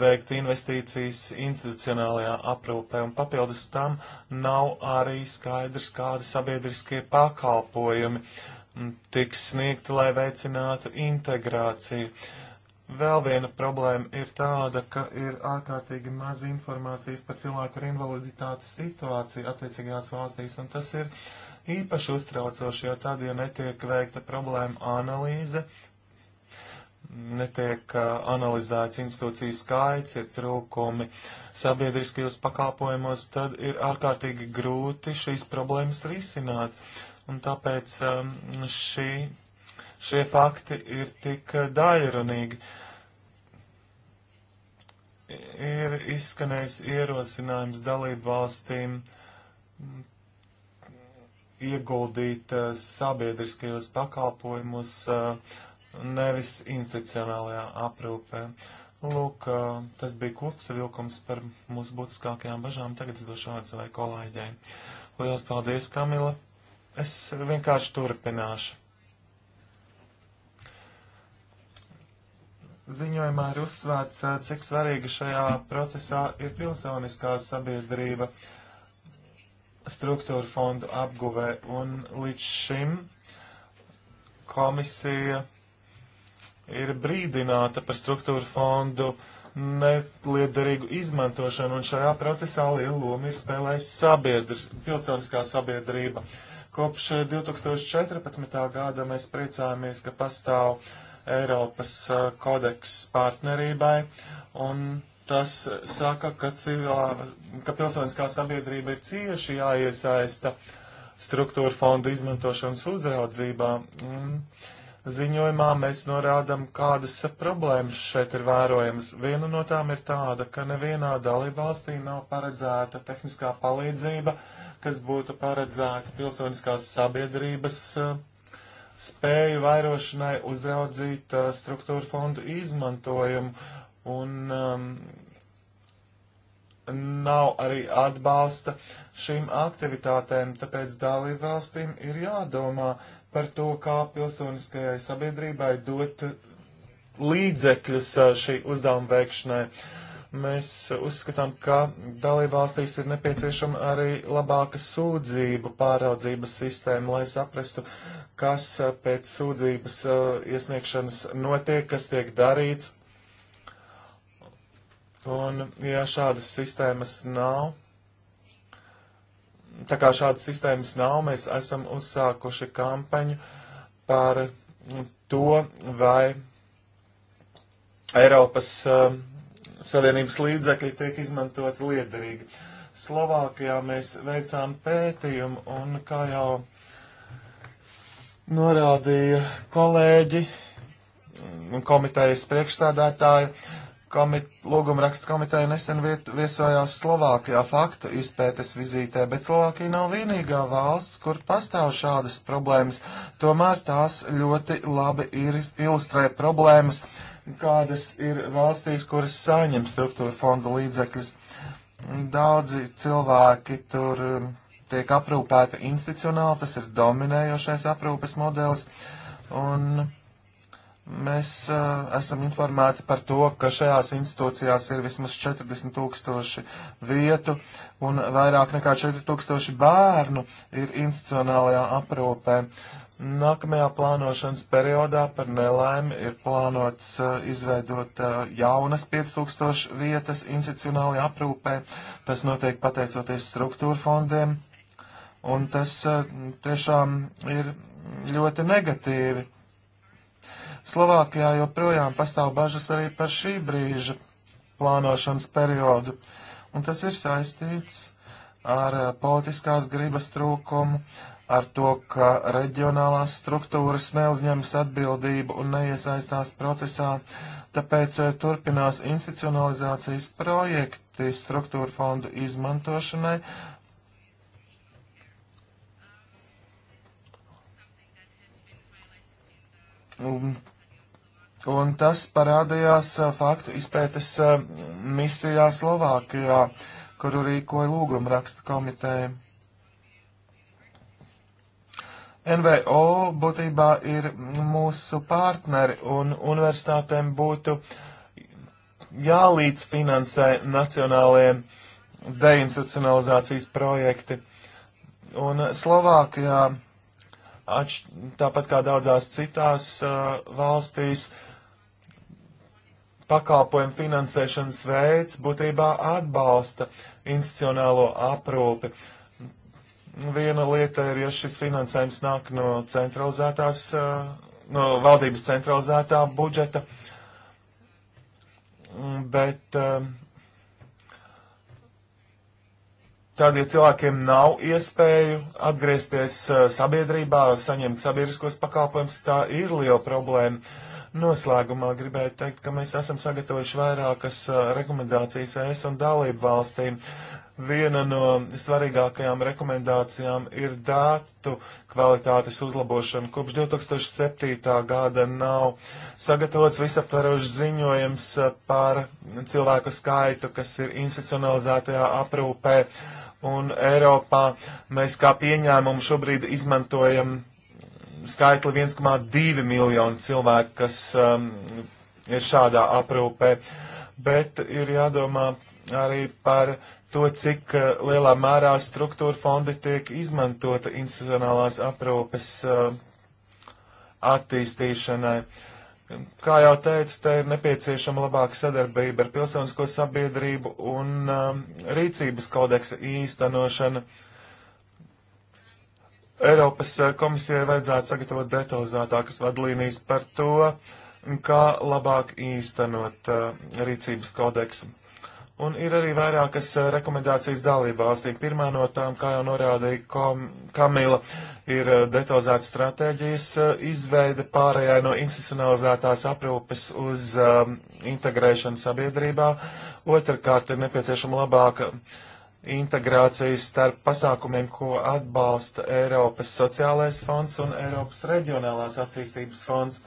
S2: veikt investīcijas institucionālajā aprūpē, un papildus tam nav arī skaidrs, kādi sabiedriskie pakalpojumi tiks sniegti, lai veicinātu integrāciju. Vēl viena problēma ir tāda, ka ir ārkārtīgi maz informācijas par cilvēku ar invaliditāti situāciju attiecīgās valstīs, un tas ir īpaši uztraucoši, jo tad, ja netiek veikta problēma analīze, netiek uh, analizēts institūciju skaits, ir trūkumi sabiedriskajos pakalpojumos, tad ir ārkārtīgi grūti šīs problēmas risināt. Un tāpēc um, šī, šie fakti ir tik daļrunīgi. Ir izskanējis ierosinājums dalību valstīm ieguldīt uh, sabiedriskajos pakalpojumus, uh, nevis institucionālajā aprūpē. Lūk, tas bija kopsavilkums par mūsu būtiskākajām bažām. Tagad es došu vārdu savai kolēģei. Lielas paldies, Kamila. Es vienkārši turpināšu. Ziņojumā ir uzsvērts, cik svarīga šajā procesā ir pilsoniskā sabiedrība struktūra fondu apguvē, un līdz šim komisija ir brīdināta par struktūru fondu neliederīgu izmantošanu, un šajā procesā lielu lomu ir spēlējusi sabiedri, pilsoniskā sabiedrība. Kopš 2014. Eh, gada mēs priecājamies, ka pastāv Eiropas eh, kodeks partnerībai, un tas saka, ka, civilā, ka pilsoniskā sabiedrība ir cieši jāiesaista struktūra fondu izmantošanas uzraudzībā. Mm ziņojumā mēs norādam, kādas problēmas šeit ir vērojamas. Viena no tām ir tāda, ka nevienā dalībvalstī nav paredzēta tehniskā palīdzība, kas būtu paredzēta pilsoniskās sabiedrības uh, spēju vairošanai uzraudzīt uh, struktūra fondu izmantojumu. Un, um, nav arī atbalsta šīm aktivitātēm, tāpēc dalībvalstīm ir jādomā, par to, kā pilsoniskajai sabiedrībai dot līdzekļus uh, šī uzdevuma veikšanai. Mēs uzskatām, ka dalībvalstīs ir nepieciešama arī labāka sūdzību pāraudzības sistēma, lai saprastu, kas uh, pēc sūdzības uh, iesniegšanas notiek, kas tiek darīts. Un, ja šādas sistēmas nav, tā kā šādas sistēmas nav, mēs esam uzsākuši kampaņu par to, vai Eiropas uh, Savienības līdzekļi tiek izmantoti liederīgi. Slovākijā mēs veicām pētījumu un, kā jau norādīja kolēģi un komitejas priekšstādātāji, komit, lūgumrakstu komiteja nesen viet, viesojās Slovākijā faktu izpētes vizītē, bet Slovākija nav vienīgā valsts, kur pastāv šādas problēmas. Tomēr tās ļoti labi ir, ilustrē problēmas, kādas ir valstīs, kuras saņem struktūra fondu līdzekļus. Daudzi cilvēki tur um, tiek aprūpēti institucionāli, tas ir dominējošais aprūpes modelis. Un, Mēs uh, esam informēti par to, ka šajās institūcijās ir vismaz 40 tūkstoši vietu un vairāk nekā 4 tūkstoši bērnu ir institucionālajā aprūpē. Nākamajā plānošanas periodā par nelaimi ir plānots uh, izveidot uh, jaunas 5000 vietas institucionālajā aprūpē. Tas notiek pateicoties struktūra fondiem, un tas uh, tiešām ir ļoti negatīvi Slovākijā joprojām pastāv bažas arī par šī brīža plānošanas periodu, un tas ir saistīts ar eh, politiskās gribas trūkumu, ar to, ka reģionālās struktūras neuzņemas atbildību un neiesaistās procesā, tāpēc eh, turpinās institucionalizācijas projekti struktūra fondu izmantošanai. Un Un tas parādījās faktu izpētes misijā Slovākijā, kuru rīkoja lūguma raksta komiteja. NVO būtībā ir mūsu partneri un universitātēm būtu jālīdzfinansē nacionālajie deinstitucionalizācijas projekti. Un Slovākijā, atš, tāpat kā daudzās citās uh, valstīs, uh, pakalpojumu finansēšanas veids būtībā atbalsta institucionālo aprūpi. Viena lieta ir, ja šis finansējums nāk no centralizētās, eh, no valdības centralizētā budžeta, bet eh, tad, ja cilvēkiem nav iespēju atgriezties eh, sabiedrībā, saņemt sabiedriskos pakalpojumus, tā ir liela problēma Noslēgumā gribēju teikt, ka mēs esam sagatavojuši vairākas rekomendācijas ES un dalību valstīm. Viena no svarīgākajām rekomendācijām ir datu kvalitātes uzlabošana. Kopš 2007. gada nav sagatavots visaptverošs ziņojums par cilvēku skaitu, kas ir institucionalizētajā aprūpē. Un Eiropā mēs kā pieņēmumu šobrīd izmantojam skaitli 1,2 miljonu cilvēku, kas um, ir šādā aprūpē, bet ir jādomā arī par to, cik uh, lielā mērā struktūra fondi tiek izmantota institucionālās aprūpes uh, attīstīšanai. Kā jau teicu, te ir nepieciešama labāka sadarbība ar pilsonisko sabiedrību un um, rīcības kodeksa īstenošana. Uh, Eiropas eh, komisijai vajadzētu sagatavot detalizētākas vadlīnijas par to, kā labāk īstenot uh, rīcības kodeksu. Un ir arī vairākas uh, rekomendācijas dalība valstīm. Pirmā no tām, kā jau norādīja kom, Kamila, ir uh, detalizēta stratēģijas izveide pārējai no institucionalizētās aprūpes uz integrēšanu sabiedrībā. Otrakārt ir nepieciešama labāka uh, integrāciju starp pasākumiem, ko atbalsta Eiropas sociālais fonds un Eiropas reģionālās attīstības fonds.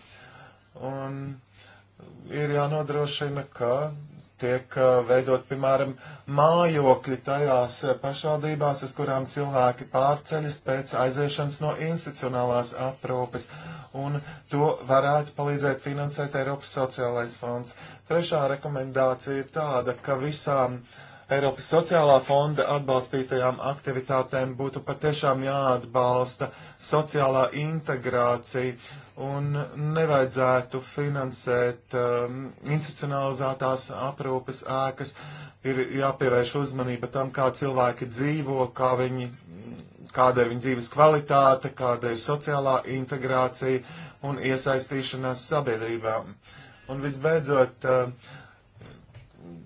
S2: Un ir jānodrošina, ka tiek uh, veidot, piemēram, mājokļi tajās uh, pašvaldībās, uz kurām cilvēki pārceļas pēc aiziešanas no institucionālās aprūpes, un to varētu palīdzēt finansēt Eiropas sociālais fonds. Trešā rekomendācija ir tāda, ka visām uh, Eiropas sociālā fonda atbalstītajām aktivitātēm būtu patiešām jāatbalsta sociālā integrācija un nevajadzētu finansēt um, institucionalizētās aprūpes ēkas. Ir jāpievērš uzmanība tam, kā cilvēki dzīvo, kā viņi, kāda ir viņa dzīves kvalitāte, kāda ir sociālā integrācija un iesaistīšanās sabiedrībām. Un visbeidzot, uh,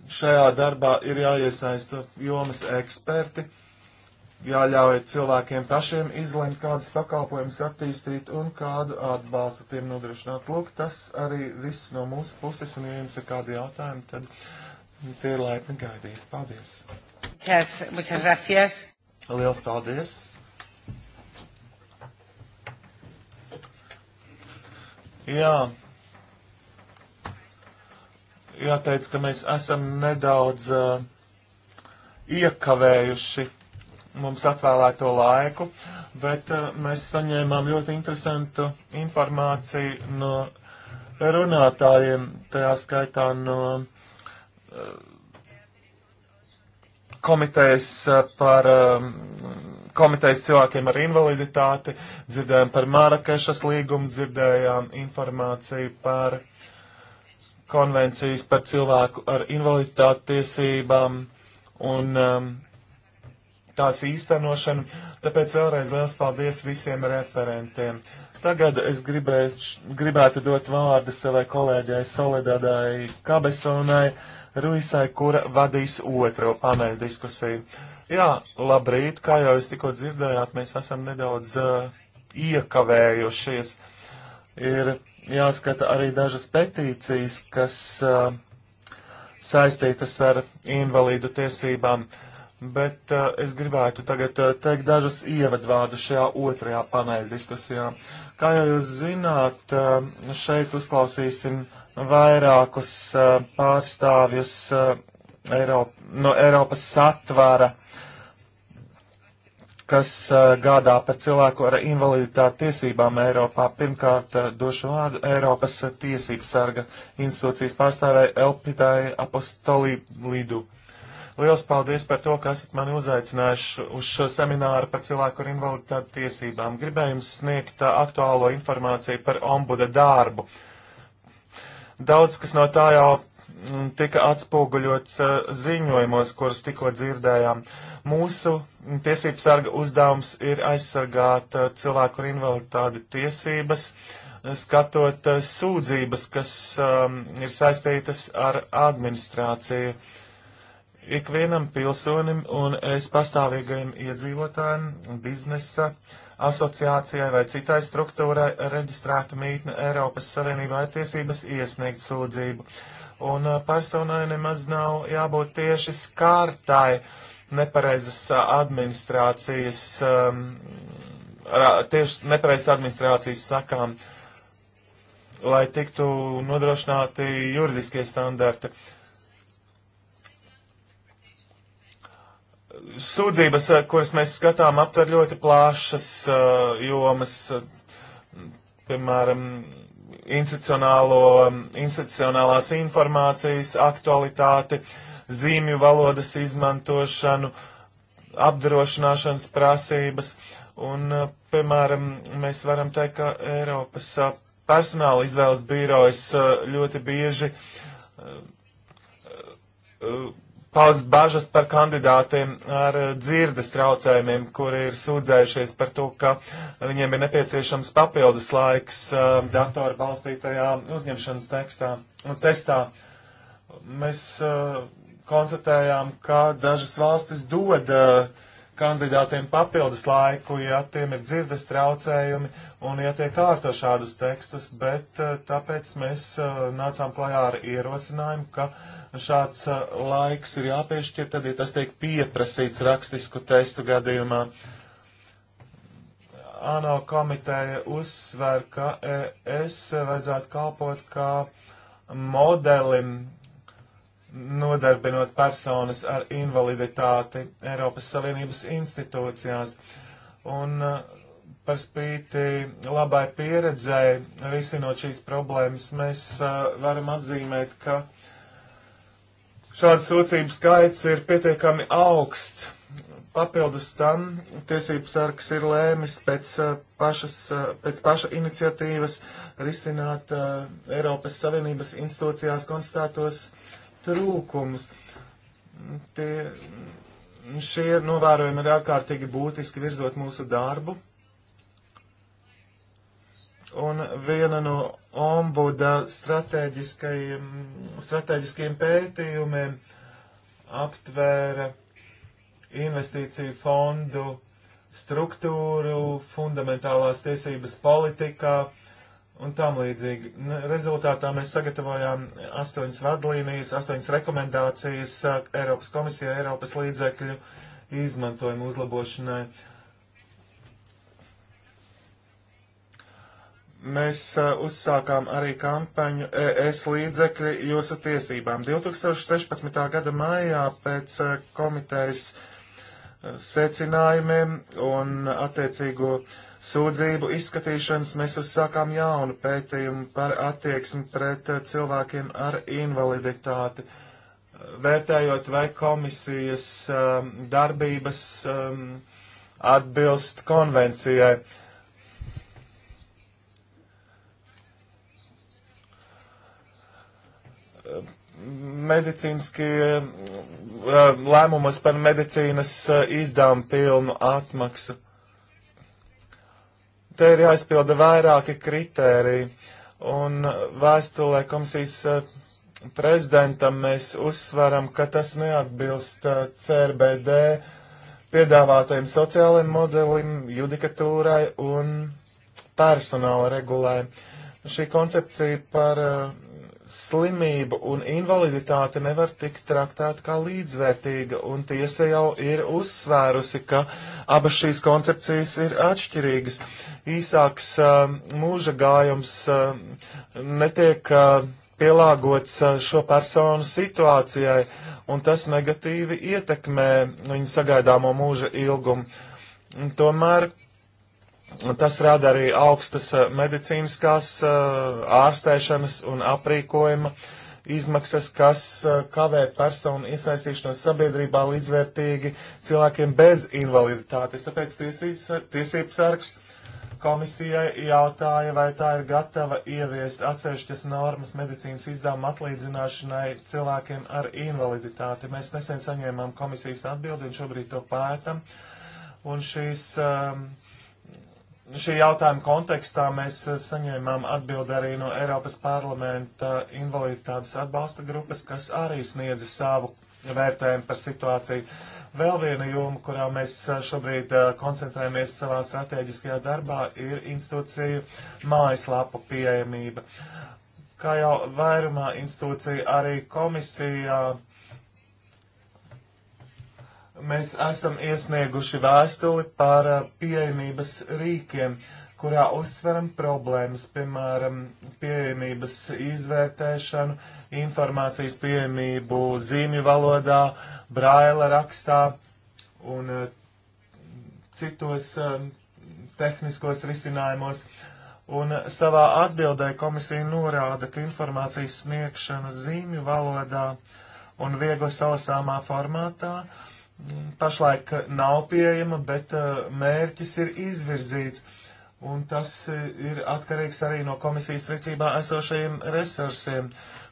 S2: Šajā darbā ir jāiesaista jomas eksperti, jāļauj cilvēkiem pašiem izlemt, kādus pakalpojumus attīstīt un kādu atbalstu tiem nodrošināt. Lūk, tas arī viss no mūsu puses, un ja jums ir kādi jautājumi, tad tie ir laipni gaidīti. Paldies!
S1: Muchas, muchas gracias.
S2: Liels paldies! Jā, jāteic, ka mēs esam nedaudz uh, iekavējuši mums atvēlēto laiku, bet uh, mēs saņēmām ļoti interesantu informāciju no runātājiem, tajā skaitā no uh, komitejas uh, par um, komitejas cilvēkiem ar invaliditāti, dzirdējām par Mārakešas līgumu, dzirdējām informāciju par uh, konvencijas par cilvēku ar invaliditāti tiesībām un um, tās īstenošanu. Tāpēc vēlreiz liels paldies visiem referentiem. Tagad es gribēš, gribētu dot vārdu savai kolēģai Soledadai Kabesonai Ruisai, kura vadīs otro paneļu diskusiju. Jā, labrīt, kā jau jūs tikko dzirdējāt, mēs esam nedaudz uh, iekavējušies. Ir jāskata arī dažas petīcijas, kas uh, saistītas ar invalīdu tiesībām, bet uh, es gribētu tagad uh, teikt dažas ievadvārdus šajā otrajā paneļa diskusijā. Kā jau jūs zināt, uh, šeit uzklausīsim vairākus uh, pārstāvjus uh, Eiropa, no Eiropas satvara uh, kas gādā par cilvēku ar invaliditāti tiesībām Eiropā. Pirmkārt, došu vārdu Eiropas tiesības sarga institūcijas pārstāvēja Elpitai Apostolīdu. Liels paldies par to, ka esat mani uzaicinājuši uz šo semināru par cilvēku ar invaliditāti tiesībām. Gribēju jums sniegt aktuālo informāciju par ombuda darbu. Daudz, kas no tā jau tika atspoguļots ziņojumos, kurus tikko dzirdējām. Mūsu tiesību sarga uzdevums ir aizsargāt uh, cilvēku ar invaliditāti tiesības, uh, skatot uh, sūdzības, kas um, ir saistītas ar administrāciju. Ikvienam pilsonim un es pastāvīgajiem iedzīvotājiem biznesa asociācijai vai citai struktūrai reģistrēta mītne Eiropas Savienībā ir tiesības iesniegt sūdzību. Un personai nemaz nav jābūt tieši skārtai. Uh, nepareizas administrācijas, um, tieši nepareizas administrācijas sakām, lai tiktu nodrošināti juridiskie standarti. Sūdzības, kuras mēs skatām, aptver ļoti plašas uh, jomas, piemēram, institucionālo, institucionālās informācijas aktualitāti, uh, zīmju valodas izmantošanu, apdrošināšanas prasības. Un, eh, piemēram, mēs varam teikt, ka Eiropas eh, personāla izvēles birojas eh, ļoti bieži pauz bažas par kandidātiem ar dzirdes traucējumiem, kuri ir sūdzējušies par to, ka viņiem ir nepieciešams papildus laiks uh, datora balstītajā uzņemšanas tekstā un testā. Mēs uh, konstatējām, ka dažas valstis dod eh, kandidātiem papildus laiku, ja tiem ir dzirdes traucējumi un ja tie kārto šādus tekstus, bet eh, tāpēc mēs eh, nācām klajā ar ierosinājumu, ka šāds laiks ir jāpiešķir, tad, ja tas tiek pieprasīts rakstisku testu gadījumā. ANO komiteja uzsver, ka es vajadzētu kalpot kā modelim nodarbinot personas ar invaliditāti Eiropas Savienības institūcijās. Un uh, par spīti labai pieredzēji, risinot šīs problēmas, mēs uh, varam atzīmēt, ka šāds sūdzību skaits ir pietiekami augsts. Papildus tam tiesības sargs ir lēmis pēc, uh, pašas, uh, pēc paša iniciatīvas risināt uh, Eiropas Savienības institūcijās konstatētos trūkumus. Tie, šie novērojumi ir ārkārtīgi būtiski virzot mūsu darbu. Un viena no ombuda strateģiskajiem pētījumiem aptvēra investīciju fondu struktūru, fundamentālās tiesības politikā, uh, un tam līdzīgi. Rezultātā mēs sagatavojām astoņas vadlīnijas, astoņas rekomendācijas Eiropas komisijai, Eiropas līdzekļu izmantojumu uzlabošanai. Mēs uh, uzsākām arī kampaņu ES līdzekļi jūsu tiesībām. 2016. gada maijā pēc uh, komitejas secinājumiem un attiecīgo uh, sūdzību izskatīšanas mēs uzsākām jaunu pētījumu par attieksmi pret eh, cilvēkiem ar invaliditāti, vērtējot vai komisijas um, darbības um, atbilst konvencijai. medicīniskie lēmumus par medicīnas izdevumu pilnu atmaksu. Te ir jāizpilda vairāki kritēriji, un vēstulē komisijas eh, prezidentam mēs uzsveram, ka tas neatbilst eh, CRBD piedāvātajiem sociālajiem modelim, judikatūrai un personāla regulē. Šī koncepcija par uh, slimība un invaliditāte nevar tikt traktēta kā līdzvērtīga, un tiesa jau ir uzsvērusi, ka abas šīs koncepcijas ir atšķirīgas. Īsāks uh, mūža gājums uh, netiek uh, pielāgots uh, šo personu situācijai, un tas negatīvi ietekmē viņu sagaidāmo mūža ilgumu. Un tomēr Tas rada arī augstas eh, medicīniskās eh, ārstēšanas un aprīkojuma izmaksas, kas eh, kavē personu iesaistīšanos sabiedrībā līdzvērtīgi cilvēkiem bez invaliditātes. Tāpēc tiesības sargs komisijai jautāja, vai tā ir gatava ieviest atsevišķas normas medicīnas izdevuma atlīdzināšanai cilvēkiem ar invaliditāti. Mēs nesen saņēmām komisijas atbildi un šobrīd to pētam. Un šīs um, šī jautājuma kontekstā mēs eh, saņēmām atbildi arī no Eiropas parlamenta invaliditātes atbalsta grupas, kas arī sniedza savu vērtējumu par situāciju. Vēl viena joma, kurā mēs eh, šobrīd eh, koncentrējamies savā strateģiskajā darbā, ir institūciju mājaslapu pieejamība. Kā jau vairumā institūcija, arī komisija mēs esam iesnieguši vēstuli par eh, pieejamības rīkiem, kurā uzsveram problēmas, piemēram, pieejamības izvērtēšanu, informācijas pieejamību zīmju valodā, braila rakstā un eh, citos eh, tehniskos risinājumos. Un savā atbildē komisija norāda, ka informācijas sniegšana zīmju valodā un viegli salasāmā formātā uh, pašlaik nav pieejama, bet uh, mērķis ir izvirzīts. Un tas uh, ir atkarīgs arī no komisijas rīcībā esošajiem resursiem.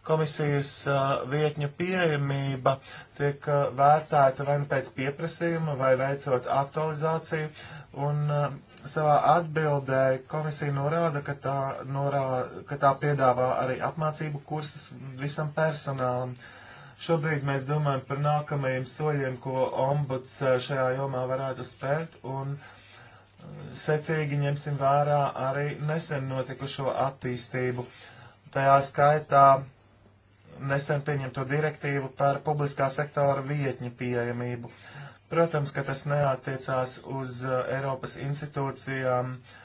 S2: Komisijas uh, vietņu pieejamība tiek vērtēta vai nu pēc pieprasījuma, vai veicot aktualizāciju. Un savā atbildē komisija norāda, ka tā, norā, ka tā piedāvā arī apmācību kursus visam personālam. Uh, Šobrīd mēs domājam par nākamajiem soļiem, ko ombuds eh, šajā jomā varētu spērt, un eh, secīgi ņemsim vērā arī nesen notikušo attīstību. Tajā skaitā nesen pieņemto direktīvu par publiskā sektora vietņu pieejamību. Protams, ka tas neatiecās uz eh, Eiropas institūcijām. Uh,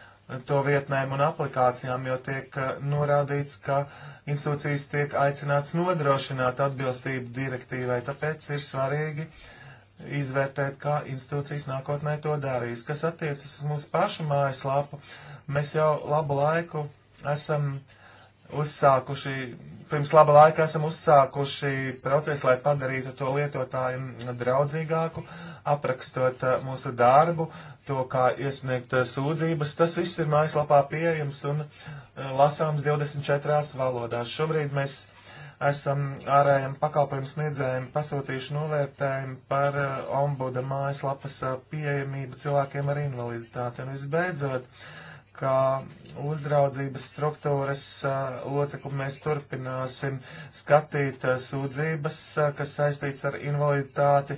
S2: to vietnēm un aplikācijām, jo tiek eh, norādīts, ka institūcijas tiek aicināts nodrošināt atbilstību direktīvai. Tāpēc ir svarīgi izvērtēt, kā institūcijas nākotnē to darīs. Kas attiecas uz mūsu pašu mājaslapu, mēs jau labu laiku esam uh, uzsākuši, pirms laba laika esam uzsākuši procesu, lai padarītu to lietotājiem draudzīgāku, aprakstot eh, mūsu darbu, to, kā iesniegt eh, sūdzības. Tas viss ir mājaslapā pieejams un eh, lasāms 24 valodās. Šobrīd mēs esam ārējiem pakalpojumu sniedzējiem pasūtījuši novērtējumu par ombuda mājaslapas pieejamību cilvēkiem ar invaliditāti. Un visbeidzot, uh, kā uzraudzības struktūras locekli mēs turpināsim skatīt sūdzības, kas saistīts ar invaliditāti,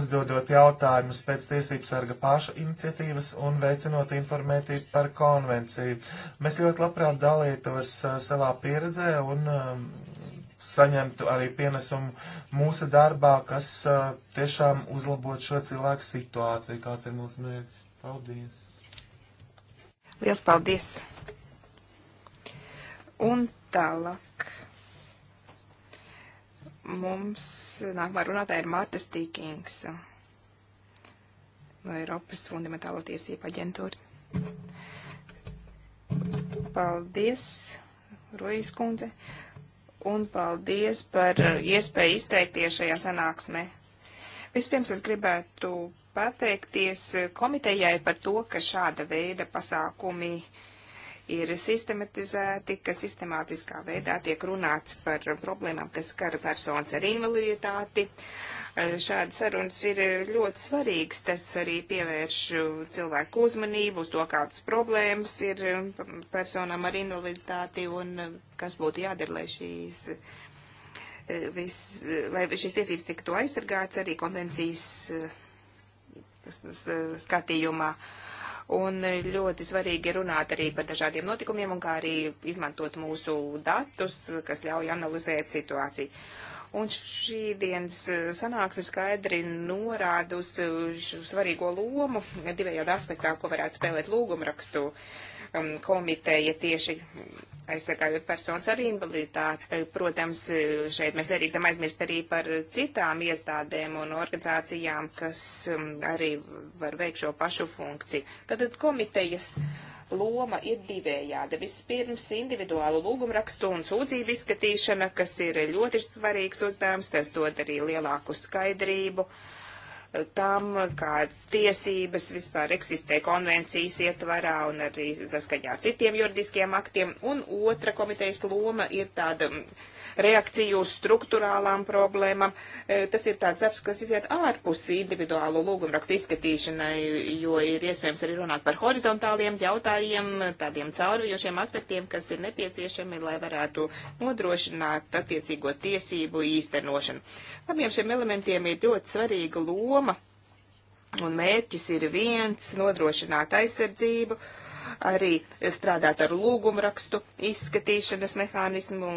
S2: uzdodot jautājumus pēc tiesību sarga paša iniciatīvas un veicinot informētību par konvenciju. Mēs ļoti labprāt dalītos savā pieredzē un saņemtu arī pienesumu mūsu darbā, kas tiešām uzlabot šo cilvēku situāciju, kāds ir mūsu mērķis. Paldies!
S1: Liels paldies! Un tālāk. Mums nākamā runātāja ir Mārta Stīkings no Eiropas fundamentālo tiesību aģentūras. Paldies, Rojas kundze, un paldies par iespēju izteikties šajā sanāksmē. Vispirms es gribētu pateikties komitejai par to, ka šāda veida pasākumi ir sistematizēti, ka sistemātiskā veidā tiek runāts par problēmām, kas skara personas ar invaliditāti. Šādas sarunas ir ļoti svarīgas. Tas arī pievērš cilvēku uzmanību uz to, kādas problēmas ir personām ar invaliditāti un kas būtu jādara, lai šīs eh, vis, lai šīs tiesības tiktu aizsargāts arī konvencijas eh, skatījumā. Un ļoti svarīgi runāt arī par dažādiem notikumiem un kā arī izmantot mūsu datus, kas ļauj analizēt situāciju. Un šī dienas sanāksme skaidri norāda uz svarīgo lomu divējādi aspektā, ko varētu spēlēt lūgumrakstu um, komiteja tieši aizsargājot personas ar invaliditāti. Protams, šeit mēs nedrīkstam aizmirst arī par citām iestādēm un organizācijām, kas um, arī var veikt šo pašu funkciju. Tātad komitejas loma ir divējāda. Vispirms individuālu lūgumrakstu un sūdzību izskatīšana, kas ir ļoti svarīgs uzdevums, tas dod arī lielāku skaidrību. Uh, tam, kādas tiesības vispār eksistē konvencijas ietvarā un arī saskaņā ar citiem juridiskiem aktiem. Un otra komitejas loma ir tāda reakciju uz struktūrālām problēmām. E, tas ir tāds darbs, kas iziet ārpus individuālu lūgumrakstu izskatīšanai, jo ir iespējams arī runāt par horizontāliem jautājiem, tādiem caurvijošiem aspektiem, kas ir nepieciešami, lai varētu nodrošināt attiecīgo tiesību īstenošanu. Abiem šiem elementiem ir ļoti svarīga loma, un mērķis ir viens - nodrošināt aizsardzību arī strādāt ar lūgumrakstu izskatīšanas mehānismu,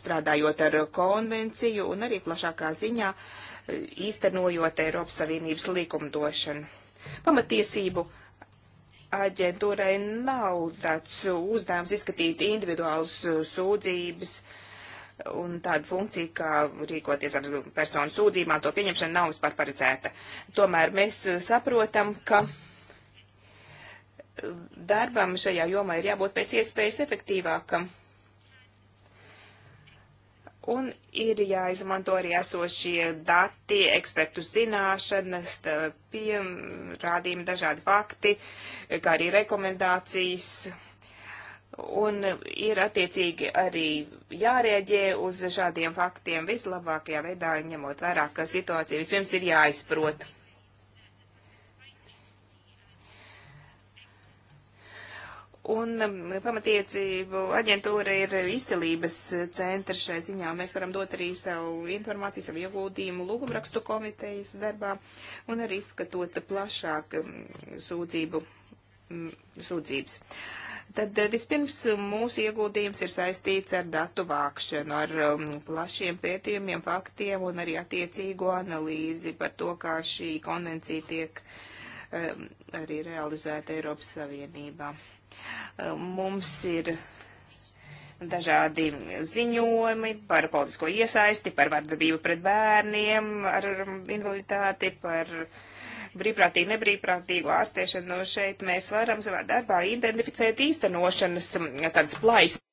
S1: strādājot ar konvenciju un arī plašākā ziņā e, īstenojot Eiropas Savienības likumdošanu. Pamatiesību aģentūrai nav tāds uzdevums izskatīt individuālus sūdzības un tāda funkcija, kā rīkoties ar personu sūdzībām, to pieņemšana nav vispār paredzēta. Tomēr mēs saprotam, ka darbam šajā jomā ir jābūt pēc iespējas efektīvākam. Un ir jāizmanto arī esošie dati, ekspertu zināšanas, pierādījumi, dažādi fakti, kā arī rekomendācijas. Un ir attiecīgi arī jārēģē uz šādiem faktiem vislabākajā veidā, ņemot vērā, ka situācija vispirms ir jāizprot. Un um, pamatiecību aģentūra ir izcelības uh, centrs šai ziņā. Mēs varam dot arī savu informāciju, savu ieguldījumu lūgumrakstu komitejas darbā un arī skatot plašāk um, sūdzību, mm, sūdzības. Tad uh, vispirms um, mūsu ieguldījums ir saistīts ar datu vākšanu, ar plašiem pētījumiem, faktiem un arī attiecīgo analīzi par to, kā šī konvencija tiek um, arī realizēta Eiropas Savienībā. Mums ir dažādi ziņojumi par politisko iesaisti, par vardarbību pret bērniem ar invaliditāti, par brīvprātīgu, nebrīvprātīgu ārstēšanu. Nu, šeit mēs varam savā darbā identificēt īstenošanas mm, tādas plaisas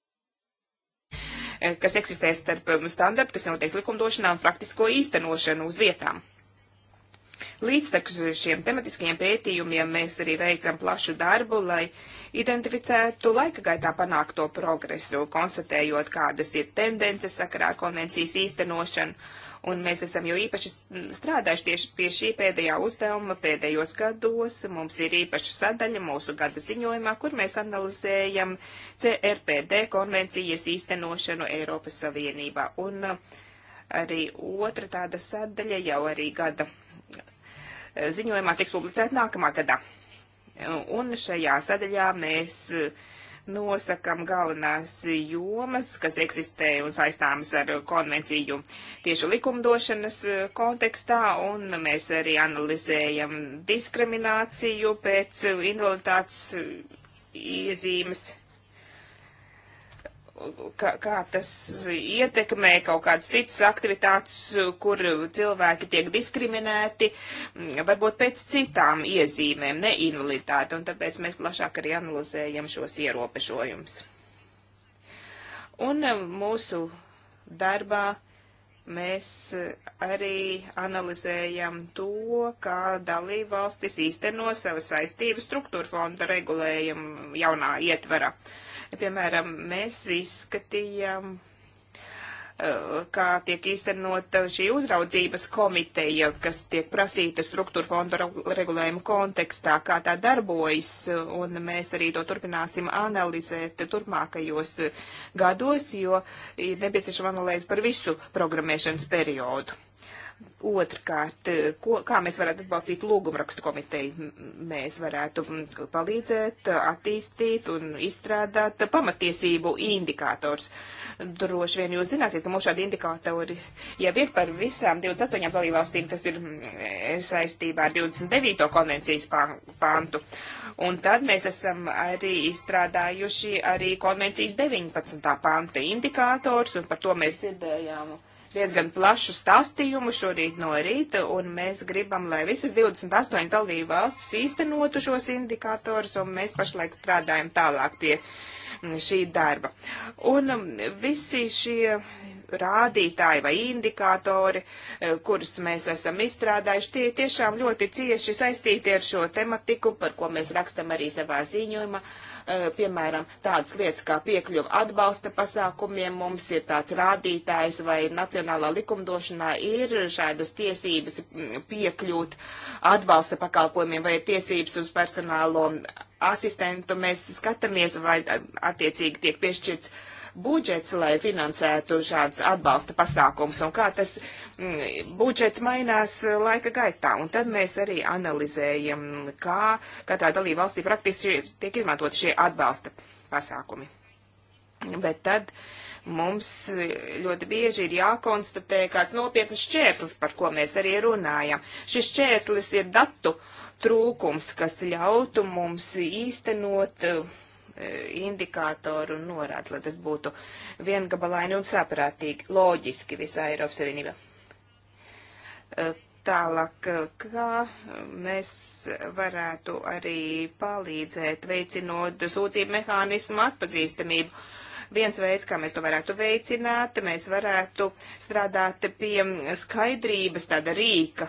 S1: kas eksistē starp standartu, kas notiek likumdošanā un praktisko īstenošanu uz vietām. Līdztekus šiem tematiskajiem pētījumiem mēs arī veicam plašu darbu, lai identificētu laika gaitā panākto progresu, konstatējot, kādas ir tendences sakarā ar konvencijas īstenošanu. Un mēs esam jau īpaši strādājuši tieši pie šī pēdējā uzdevuma pēdējos gados. Mums ir īpaša sadaļa mūsu gada ziņojumā, kur mēs analizējam CRPD konvencijas īstenošanu Eiropas Savienībā. Un uh, arī otra tāda sadaļa jau arī gada ziņojumā tiks publicēta nākamā gadā. Un šajā sadaļā mēs eh, nosakam galvenās jomas, kas eksistē un saistāmas ar konvenciju tieši likumdošanas eh, kontekstā, un mēs arī analizējam diskrimināciju pēc invaliditātes eh, iezīmes kā, kā tas ietekmē kaut kādas citas aktivitātes, kur cilvēki tiek diskriminēti, varbūt pēc citām iezīmēm, ne invaliditāti, un tāpēc mēs plašāk arī analizējam šos ierobežojumus. Un um, mūsu darbā mēs uh, arī analizējam to, kā dalībvalstis īsteno savas saistības struktūra fonda regulējumu jaunā ietvara. Uh, Piemēram, mēs izskatījām eh, kā tiek īstenota šī uzraudzības komiteja, kas tiek prasīta struktūra fonda regulējuma kontekstā, kā tā darbojas, un mēs arī to turpināsim analizēt turpmākajos gados, jo ir nepieciešama analēze par visu programmēšanas periodu. Otrkārt, ko, kā mēs varētu atbalstīt lūgumrakstu komiteju? Mēs varētu palīdzēt, attīstīt un izstrādāt pamatiesību indikators. Droši vien jūs zināsiet, ka mums šādi indikatori, ja vien par visām 28 dalībvalstīm, tas ir saistībā ar 29. konvencijas pāntu. Un tad mēs esam arī izstrādājuši arī konvencijas 19. panta indikators, un par to mēs dzirdējām. Uh, diezgan plašu stāstījumu šorīt no rīta, un mēs gribam, lai visas 28 dalība valstis īstenotu šos indikātors, un mēs pašlaik strādājam tālāk pie mm, šī darba. Un mm, visi šie rādītāji vai indikātori, eh, kurus mēs esam izstrādājuši, tie tiešām ļoti cieši saistīti ar šo tematiku, par ko mēs rakstam arī savā ziņojumā. Uh, Eh, piemēram, tādas lietas kā piekļuva atbalsta pasākumiem mums ir tāds rādītājs vai nacionālā likumdošanā ir šādas tiesības mm, piekļūt atbalsta pakalpojumiem vai ir tiesības uz personālo asistentu. Mēs skatāmies, vai eh, attiecīgi tiek piešķirts budžets, lai finansētu šādas atbalsta pasākums un kā tas mm, budžets mainās eh, laika gaitā. Un tad mēs arī analizējam, kā katrā dalība valstī praktiski tiek izmantot šie atbalsta pasākumi. Bet tad mums eh, ļoti bieži ir jākonstatē kāds nopietnas šķērslis, par ko mēs arī runājam. Šis šķērslis ir datu trūkums, kas ļautu mums īstenot uh, E, indikātoru un norādes, lai tas būtu viengabalaini un saprātīgi, loģiski visā Eiropas Savienībā. E, tālāk, e, kā mēs varētu arī palīdzēt veicinot sūdzību mehānismu atpazīstamību. Viens veids, kā mēs to varētu veicināt, mēs varētu strādāt pie skaidrības tāda rīka,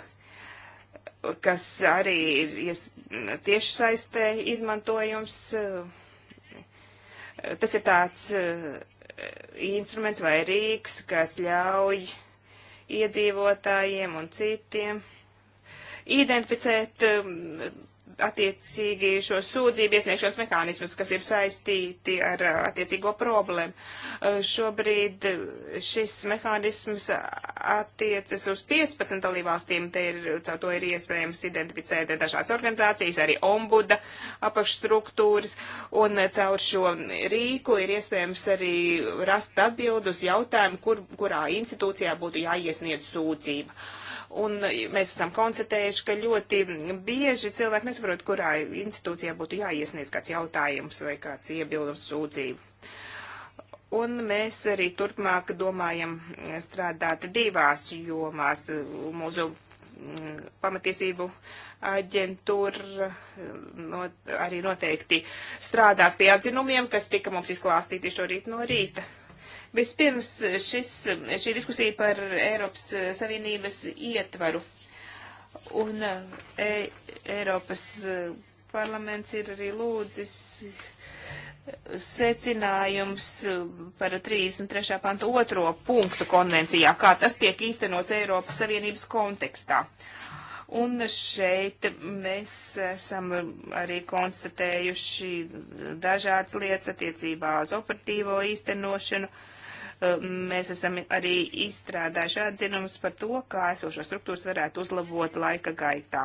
S1: kas arī ir tieši saistē izmantojums Tas ir tāds eh, instruments vai rīks, kas ļauj iedzīvotājiem un citiem identificēt um, attiecīgi šo sūdzību iesniegšanas mehānismus, kas ir saistīti ar uh, attiecīgo problēmu. Uh, šobrīd uh, šis mehānisms attiecas uz 15 dalībvalstīm, te ir, caur to ir iespējams identificēt dažādas organizācijas, arī ombuda apakšstruktūras, un caur šo rīku ir iespējams arī rast atbildus jautājumu, kur, kurā institūcijā būtu jāiesniedz sūdzība. Uh, Un mēs esam konstatējuši, ka ļoti bieži cilvēki nesaprot, kurā institūcijā būtu jāiesniedz kāds jautājums vai kāds iebildums sūdzību. Un mēs arī turpmāk domājam strādāt divās jomās. Mūsu mm, pamatiesību aģentūra not, arī noteikti strādās pie atzinumiem, kas tika mums izklāstīti šorīt no rīta. Mm Vispirms šis, šī diskusija par Eiropas Savienības ietvaru. Un e, Eiropas e, parlaments ir arī lūdzis secinājums par 33. pantu otro punktu konvencijā, kā tas tiek īstenots Eiropas Savienības kontekstā. Un šeit mēs esam arī konstatējuši dažādas lietas attiecībā uz operatīvo īstenošanu. Uh, Eh, mēs esam arī izstrādājuši atzinumus par to, kā esošo struktūras varētu uzlabot laika gaitā.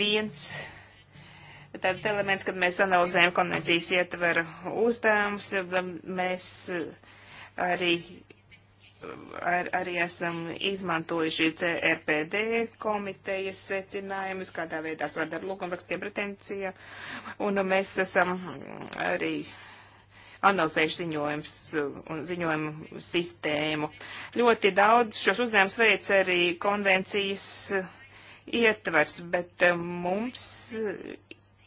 S1: Viens tāds elements, kad mēs analizējam konvencijas ietveru uzdevumus, eh, mēs eh, arī ar, arī esam izmantojuši CRPD komitejas secinājumus, kādā veidā strādā ar lūgumrakstiem pretencija, un mēs esam arī analizējuši ziņojums un ziņojumu sistēmu. Ļoti daudz šos uzdevumus veic arī konvencijas ietvers, bet eh, mums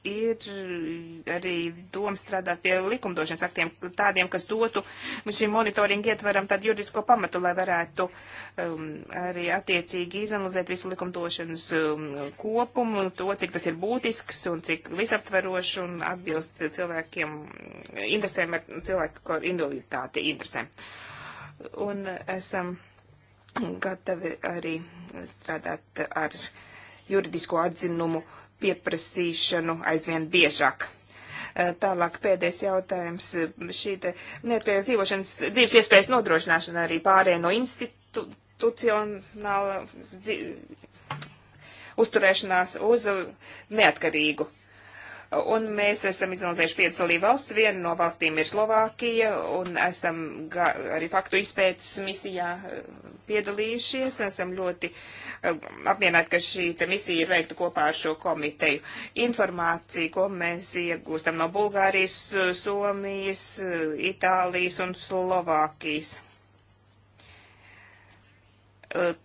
S1: ir eh, arī doma strādāt pie likumdošanas aktiem, tādiem, kas dotu šim monitoringu ietveram tādu juridisko pamatu, lai varētu um, arī attiecīgi izanalizēt visu likumdošanas um, kopumu, to, cik tas ir būtisks un cik visaptveroši un atbilst cilvēkiem interesēm ar cilvēku invaliditāti interesēm. Un esam gatavi arī strādāt ar juridisko atzinumu uh, pieprasīšanu aizvien biežāk. Eh, tālāk pēdējais jautājums. Eh, šī neatkarīgās dzīvošanas dzīves iespējas nodrošināšana arī pārējai no institucionāla dzīv... uzturēšanās uz neatkarīgu Un mēs esam izanalizējuši piecas dalību valsts. Viena no valstīm ir Slovākija, un esam arī faktu izpētes misijā eh, piedalījušies. Esam ļoti eh, apmierināti, ka šī misija ir veikta kopā ar šo komiteju. Informācija, ko mēs iegūstam no Bulgārijas, Somijas, Itālijas un Slovākijas.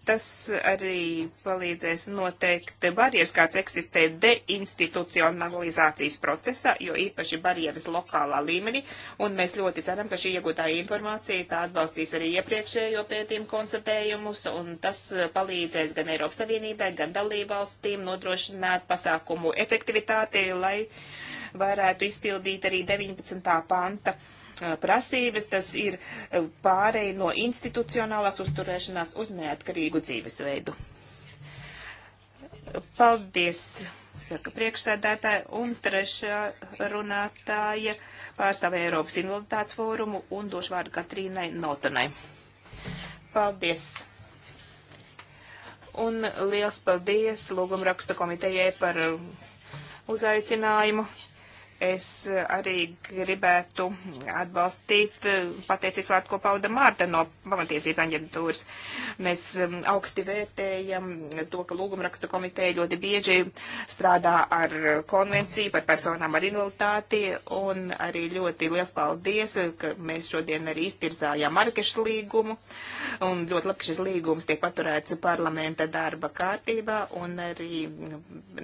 S1: Tas arī palīdzēs noteikt barjeras, kāds eksistē deinstitucionalizācijas procesā, jo īpaši barjeras lokālā līmenī, un mēs ļoti ceram, ka šī iegūtā informācija tā atbalstīs arī iepriekšējo pētījumu konstatējumus, un tas palīdzēs gan Eiropas Savienībai, gan dalībvalstīm nodrošināt pasākumu efektivitāti, lai varētu izpildīt arī 19. panta prasības, tas ir pārēj no institucionālās uzturēšanās uz neatkarīgu dzīvesveidu. Paldies, saka priekšsēdētāja, un trešā runātāja pārstāvē Eiropas invaliditātes fórumu un došu vārdu Katrīnai Notonai. Paldies! un liels paldies lūgumraksta komitejai par uzaicinājumu. Es arī gribētu atbalstīt pateicības vārdu, ko pauda Mārta no pamatiesība aģentūras. Mēs um, augsti vērtējam to, ka lūgumraksta komiteja ļoti bieži strādā ar konvenciju par personām ar invaliditāti un arī ļoti liels paldies, ka mēs šodien arī iztirzājām Markešas līgumu un ļoti labi, ka šis līgums tiek paturēts parlamenta darba kārtībā un arī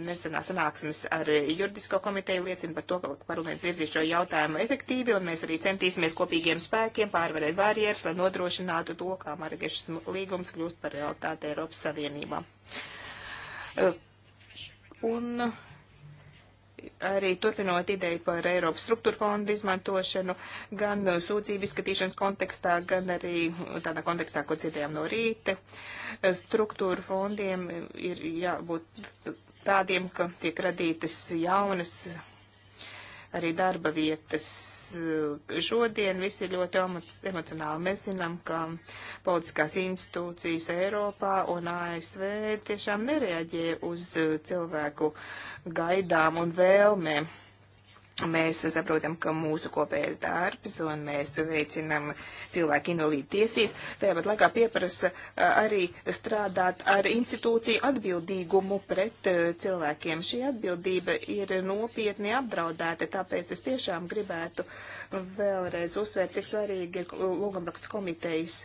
S1: nesenā sanāksmes ar juridisko komiteju liecina par to, ka parlaments virzīs šo jautājumu efektīvi, un mēs arī centīsimies kopīgiem spēkiem pārvarēt barjeras, lai nodrošinātu to, kā Marakešas līgums kļūst par realitāti Eiropas Savienībā. E, un arī turpinot ideju par Eiropas struktūra fondu izmantošanu, gan sūdzību izskatīšanas kontekstā, gan arī tādā kontekstā, ko dzirdējām no rīta, e, struktūra fondiem ir jābūt tādiem, ka tiek radītas jaunas arī darba vietas. Šodien viss ir ļoti emocionāli. Mēs zinām, ka politiskās institūcijas Eiropā un ASV tiešām nereaģē uz cilvēku gaidām un vēlmēm. Mēs saprotam, ka mūsu kopējais darbs un mēs veicinām cilvēku invalīdu tiesības, tāpat laikā pieprasa arī strādāt ar institūciju atbildīgumu pret cilvēkiem. Šī atbildība ir nopietni apdraudēta, tāpēc es tiešām gribētu vēlreiz uzsvērt, cik svarīgi ir lūgumrakstu komitejas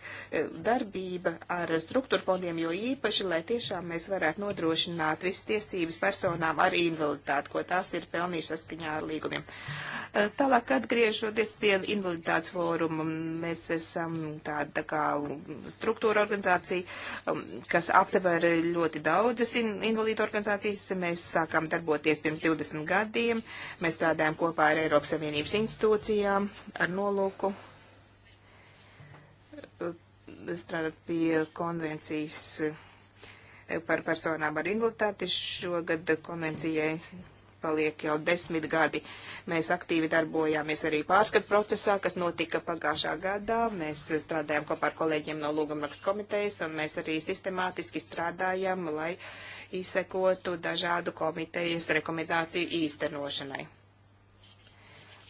S1: darbība ar struktūra fondiem, jo īpaši, lai tiešām mēs varētu nodrošināt visas tiesības personām ar invaliditāti, ko tās ir pelnījušas saskaņā ar līgumiem gadiem. Tālāk atgriežoties pie invaliditātes fóruma, mēs esam tāda kā struktūra organizācija, um, kas aptver ļoti daudzas invalīdu organizācijas. Mēs sākām darboties pirms 20 gadiem. Mēs strādājam kopā ar Eiropas Savienības institūcijām ar nolūku uh, strādāt pie konvencijas uh, par personām ar invaliditāti. Šogad konvencijai paliek jau desmit gadi. Mēs aktīvi darbojāmies arī pārskatu procesā, kas notika pagājušā gadā. Mēs strādājām kopā ar kolēģiem no Lūgumrakstu komitejas, un mēs arī sistemātiski strādājam, lai izsekotu dažādu komitejas rekomendāciju īstenošanai.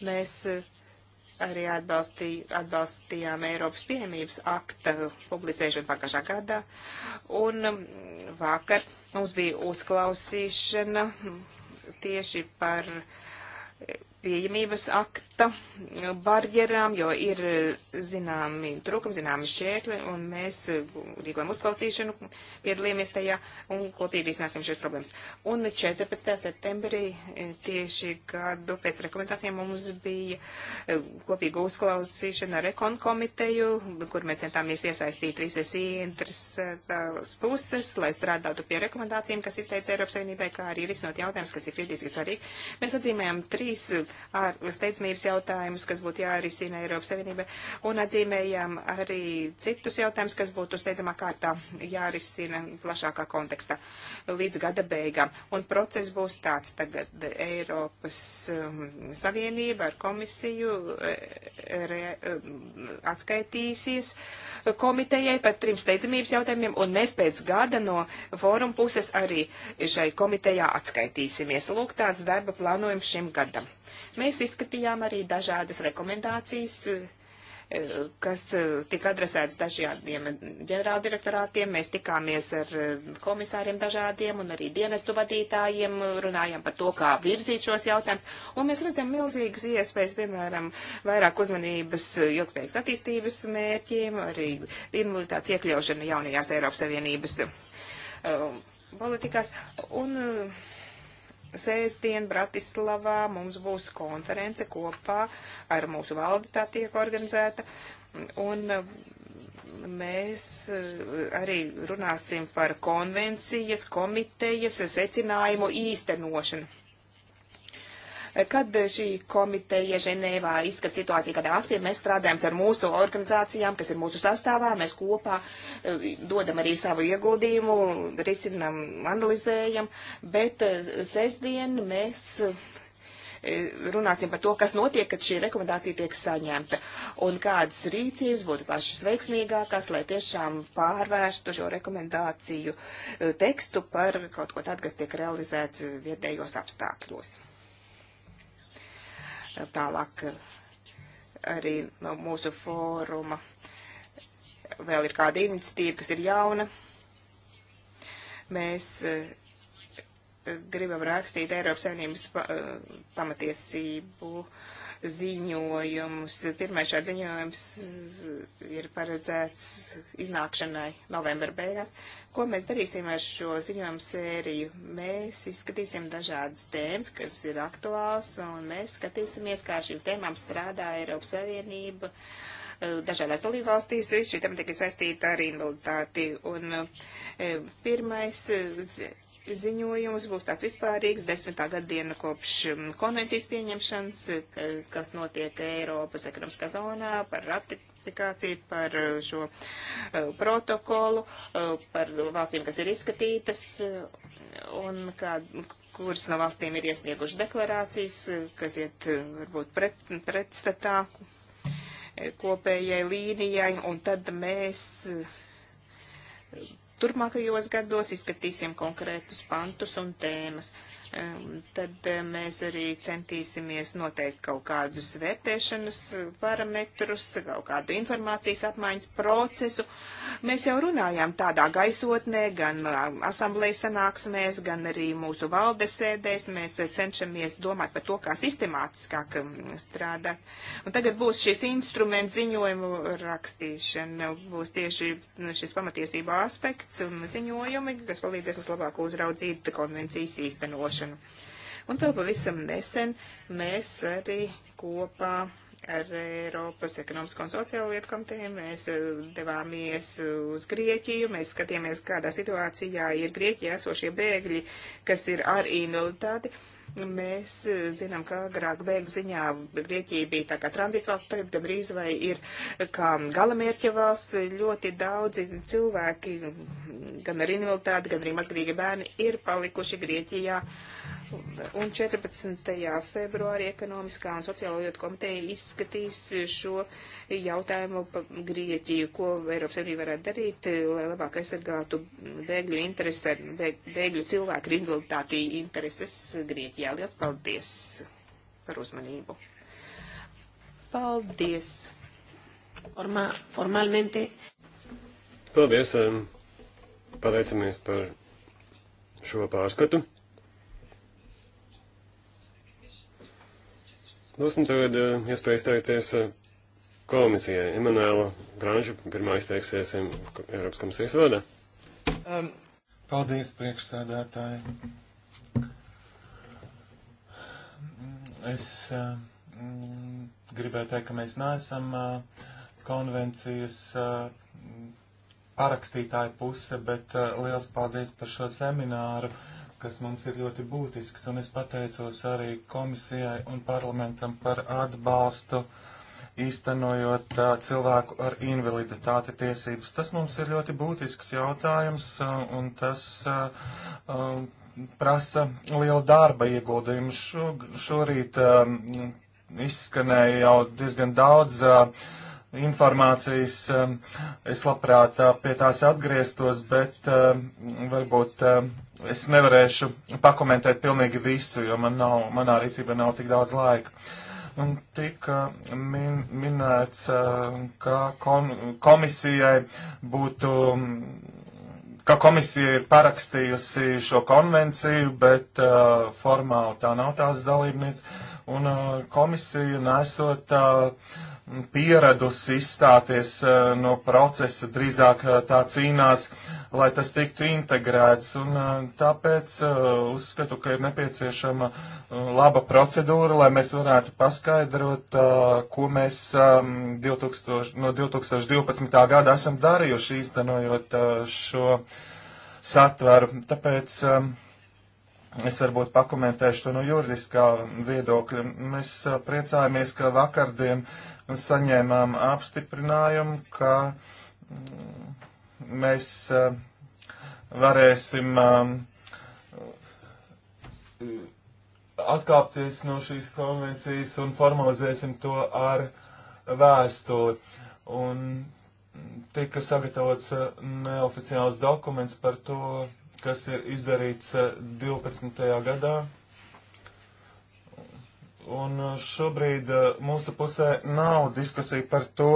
S1: Mēs eh, arī atbalstī, atbalstījām Eiropas pieejamības akta publicēšanu pagājušā gadā. Un mm, vakar mums bija uzklausīšana tieši par pieejamības akta barjerām, jo ir eh, zināmi trūkumi, zināmi šķērkļi, un mēs eh, rīkojam uzklausīšanu, piedalījāmies tajā un kopīgi risināsim šīs problēmas. Un 14. septembrī eh, tieši gadu pēc rekomendācijām mums bija kopīga uzklausīšana ar ekon komiteju, kur mēs centāmies iesaistīt visas interesētās puses, lai strādātu pie rekomendācijām, kas izteica Eiropas Savienībai, kā arī risinot jautājumus, kas ir kritiski svarīgi. Mēs atzīmējam trīs ar steidzamības jautājumus, kas būtu jārisina Eiropas Savienībai, un atzīmējām arī citus jautājumus, kas būtu steidzamā kārtā jārisina plašākā kontekstā līdz gada beigām. Un process būs tāds tagad Eiropas um, Savienība ar komisiju e, e, re, um, atskaitīsies komitejai par trim steidzamības jautājumiem, un mēs pēc gada no fóruma puses arī šai komitejā atskaitīsimies. Lūk, tāds darba plānojums šim gadam. Mēs izskatījām arī dažādas rekomendācijas, eh, kas eh, tika adresēts dažādiem ģenerāldirektorātiem. Mēs tikāmies ar eh, komisāriem dažādiem un arī dienestu vadītājiem, runājām par to, kā virzīt šos jautājumus. Un mēs redzam milzīgas iespējas, piemēram, vairāk uzmanības ilgspējīgas attīstības mērķiem, arī invaliditātes iekļaušana jaunajās Eiropas Savienības uh, politikās. Un, uh, sēstdien Bratislavā mums būs konference kopā ar mūsu valdi tā tiek organizēta. Un uh, mēs uh, arī runāsim par konvencijas, komitejas secinājumu īstenošanu. Kad šī komiteja Ženēvā izskat situāciju, kad valstī mēs strādājam ar mūsu organizācijām, kas ir mūsu sastāvā, mēs kopā eh, dodam arī savu ieguldījumu, risinam, analizējam, bet eh, sestdien mēs eh, runāsim par to, kas notiek, kad šī rekomendācija tiek saņemta un kādas rīcības būtu pašas veiksmīgākās, lai tiešām pārvērstu šo rekomendāciju tekstu par kaut ko tādu, kas tiek realizēts vietējos apstākļos tālāk arī no mūsu fóruma vēl ir kāda iniciatīva, kas ir jauna. Mēs eh, gribam rakstīt Eiropas Savienības eh, pamatiesību uh, ziņojumus. Pirmais šāds ziņojums ir paredzēts iznākšanai novembra beigās. Ko mēs darīsim ar šo ziņojumu sēriju? Mēs izskatīsim dažādas tēmas, kas ir aktuāls, un mēs skatīsimies, kā šīm tēmām strādā Eiropas Savienība eh, dažādās dalībvalstīs. Šī tēma tika saistīta ar invaliditāti. Un eh, pirmais eh, ziņojums būs tāds vispārīgs, desmitā gadiena kopš um, konvencijas pieņemšanas, kas notiek Eiropas ekonomiskā zonā par ratifikāciju, par uh, šo uh, protokolu, uh, par valstīm, kas ir izskatītas un kā, kuras no valstīm ir iesniegušas deklarācijas, kas iet varbūt pret, pretstatāku kopējai līnijai, un tad mēs Turpmākajos gados izskatīsim konkrētus pantus un tēmas tad eh, mēs arī centīsimies noteikt kaut kādus vērtēšanas eh, parametrus, kaut kādu informācijas apmaiņas procesu. Mēs jau runājām tādā gaisotnē, gan eh, asamblējas sanāksmēs, gan arī mūsu valdes sēdēs. Mēs cenšamies domāt par to, kā sistemātiskāk strādāt. Un tagad būs šis instruments ziņojumu rakstīšana, būs tieši šis pamatiesība aspekts un ziņojumi, kas palīdzēs mums labāk uzraudzīt konvencijas īstenošanu īstenošanu. Un vēl pavisam nesen mēs arī kopā ar Eiropas ekonomisko un sociālo lietu komiteju mēs eh, devāmies uz Grieķiju. Mēs skatījāmies, kādā situācijā ir Grieķijā esošie bēgļi, kas ir ar invaliditāti. Uh, Mēs eh, zinām, ka agrāk bēgļu ziņā Grieķija bija tā kā tranzītvalsts, tagad gandrīz vai ir kā galamērķa valsts. Ļoti daudzi cilvēki, gan ar invaliditāti, gan arī mazgrīgi bērni, ir palikuši Grieķijā. Uh, Un 14. februārī ekonomiskā un sociālo lietu komiteja izskatīs šo jautājumu par Grieķiju, ko Eiropas Savienība varētu darīt, lai labāk aizsargātu bēgļu interesi, bēgļu cilvēku invaliditāti intereses Grieķijā. Liels paldies par uzmanību. Paldies. Formā, formalmente.
S3: Paldies. Eh, pateicamies par šo pārskatu. Dosim nu, tagad eh, iespēju izteikties eh, komisijai. Emanuela Granža pirmā izteiksies Eiropas komisijas vada.
S2: Um. Paldies, priekšsēdētāji. Es eh, mm, gribēju teikt, ka mēs neesam konvencijas parakstītāja puse, bet liels paldies par šo semināru. Uh, kas mums ir ļoti būtisks, un es pateicos arī komisijai un parlamentam par atbalstu īstenojot uh, cilvēku ar invaliditāti tiesības. Tas mums ir ļoti būtisks jautājums, un tas uh, prasa lielu darba ieguldījumu. Šo, šorīt uh, izskanēja jau diezgan daudz uh, informācijas. Um, es labprāt uh, pie tās atgrieztos, bet um, varbūt um, es nevarēšu pakomentēt pilnīgi visu, jo man nav, manā rīcībā nav tik daudz laika. Un tika min, minēts, ka kon, komisijai būtu, ka komisija ir parakstījusi šo konvenciju, bet uh, formāli tā nav tās dalībniece, un uh, komisija nesot uh, pieradusi izstāties eh, no procesa, drīzāk eh, tā cīnās, lai tas tiktu integrēts. Un eh, tāpēc uzskatu, ka ir nepieciešama laba procedūra, lai mēs varētu paskaidrot, ko mēs 2000, ehm, no 2012. gada esam darījuši īstenojot šo satvaru. Tāpēc um, Es varbūt pakomentēšu to no juridiskā viedokļa. Mēs priecājamies, ka vakardien saņēmām apstiprinājumu, ka mm, mēs varēsim atkāpties no šīs konvencijas un formalizēsim to ar vēstuli. Un tika sagatavots neoficiāls dokuments par to, kas ir izdarīts 12. Eh, gadā. Un eh, šobrīd eh, mūsu pusē nav diskusija par to,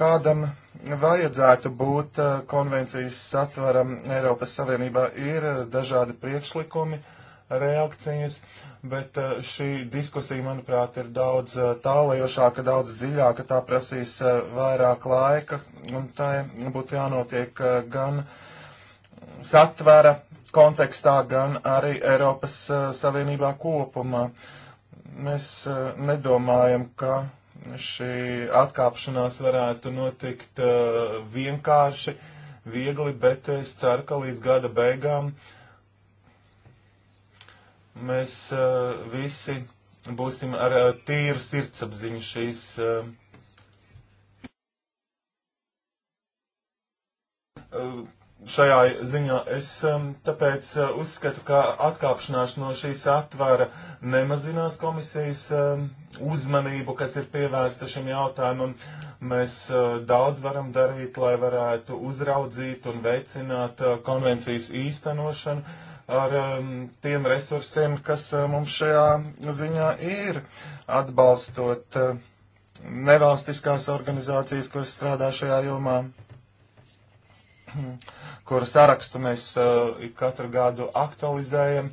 S2: kādam vajadzētu būt konvencijas satvaram Eiropas Savienībā. Ir dažādi priekšlikumi, reakcijas, bet šī diskusija, manuprāt, ir daudz tālajošāka, daudz dziļāka, tā prasīs vairāk laika, un tā būtu jānotiek gan uh, satvara kontekstā, gan arī Eiropas uh, Savienībā kopumā. Mēs uh, nedomājam, ka šī atkāpšanās varētu notikt uh, vienkārši, viegli, bet es ceru, ka līdz gada beigām mēs visi būsim ar tīru sirdsapziņu šīs šajā ziņā. Es um, tāpēc uh, uzskatu, ka atkāpšanās no šīs atvara nemazinās komisijas um, uzmanību, kas ir pievērsta šim jautājumam. Mēs uh, daudz varam darīt, lai varētu uzraudzīt un veicināt uh, konvencijas īstenošanu ar um, tiem resursiem, kas uh, mums šajā ziņā ir, atbalstot uh, nevalstiskās organizācijas, kuras strādā šajā jomā kuru sarakstu mēs uh, katru gadu aktualizējam.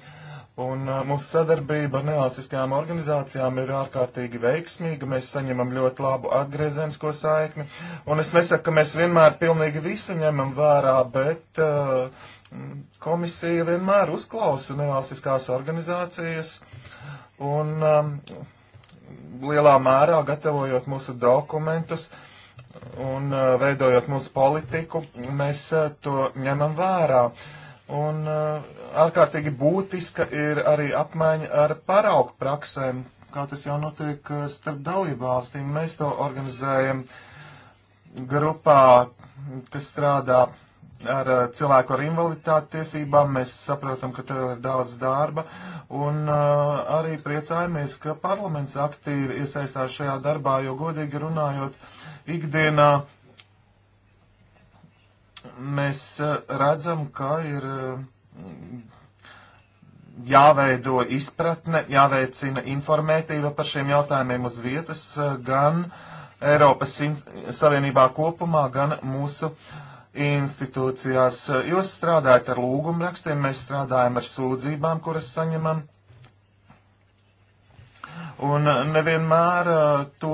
S2: Un uh, mūsu sadarbība ar nevalstiskajām organizācijām ir ārkārtīgi veiksmīga. Mēs saņemam ļoti labu atgriezenisko saikni. Un es nesaku, ka mēs vienmēr pilnīgi visu ņemam vērā, bet uh, komisija vienmēr uzklausa nevalstiskās organizācijas. Un um, lielā mērā gatavojot mūsu dokumentus, uh, un uh, veidojot mūsu politiku, mēs uh, to ņemam vērā. Un uh, ārkārtīgi būtiska ir arī apmaiņa ar paraugu praksēm, kā tas jau notiek starp dalībvalstīm. Mēs to organizējam grupā, kas strādā ar cilvēku ar invaliditāti tiesībām. Mēs saprotam, ka tev ir daudz darba un uh, arī priecājamies, ka parlaments aktīvi iesaistās šajā darbā, jo godīgi runājot, uh, ikdienā mēs eh, redzam, ka ir eh, jāveido izpratne, jāveicina informētība par šiem jautājumiem uz vietas eh, gan Eiropas Savienībā kopumā, gan mūsu institūcijās. Jūs strādājat ar lūgumrakstiem, mēs strādājam ar sūdzībām, kuras saņemam. Un nevienmēr to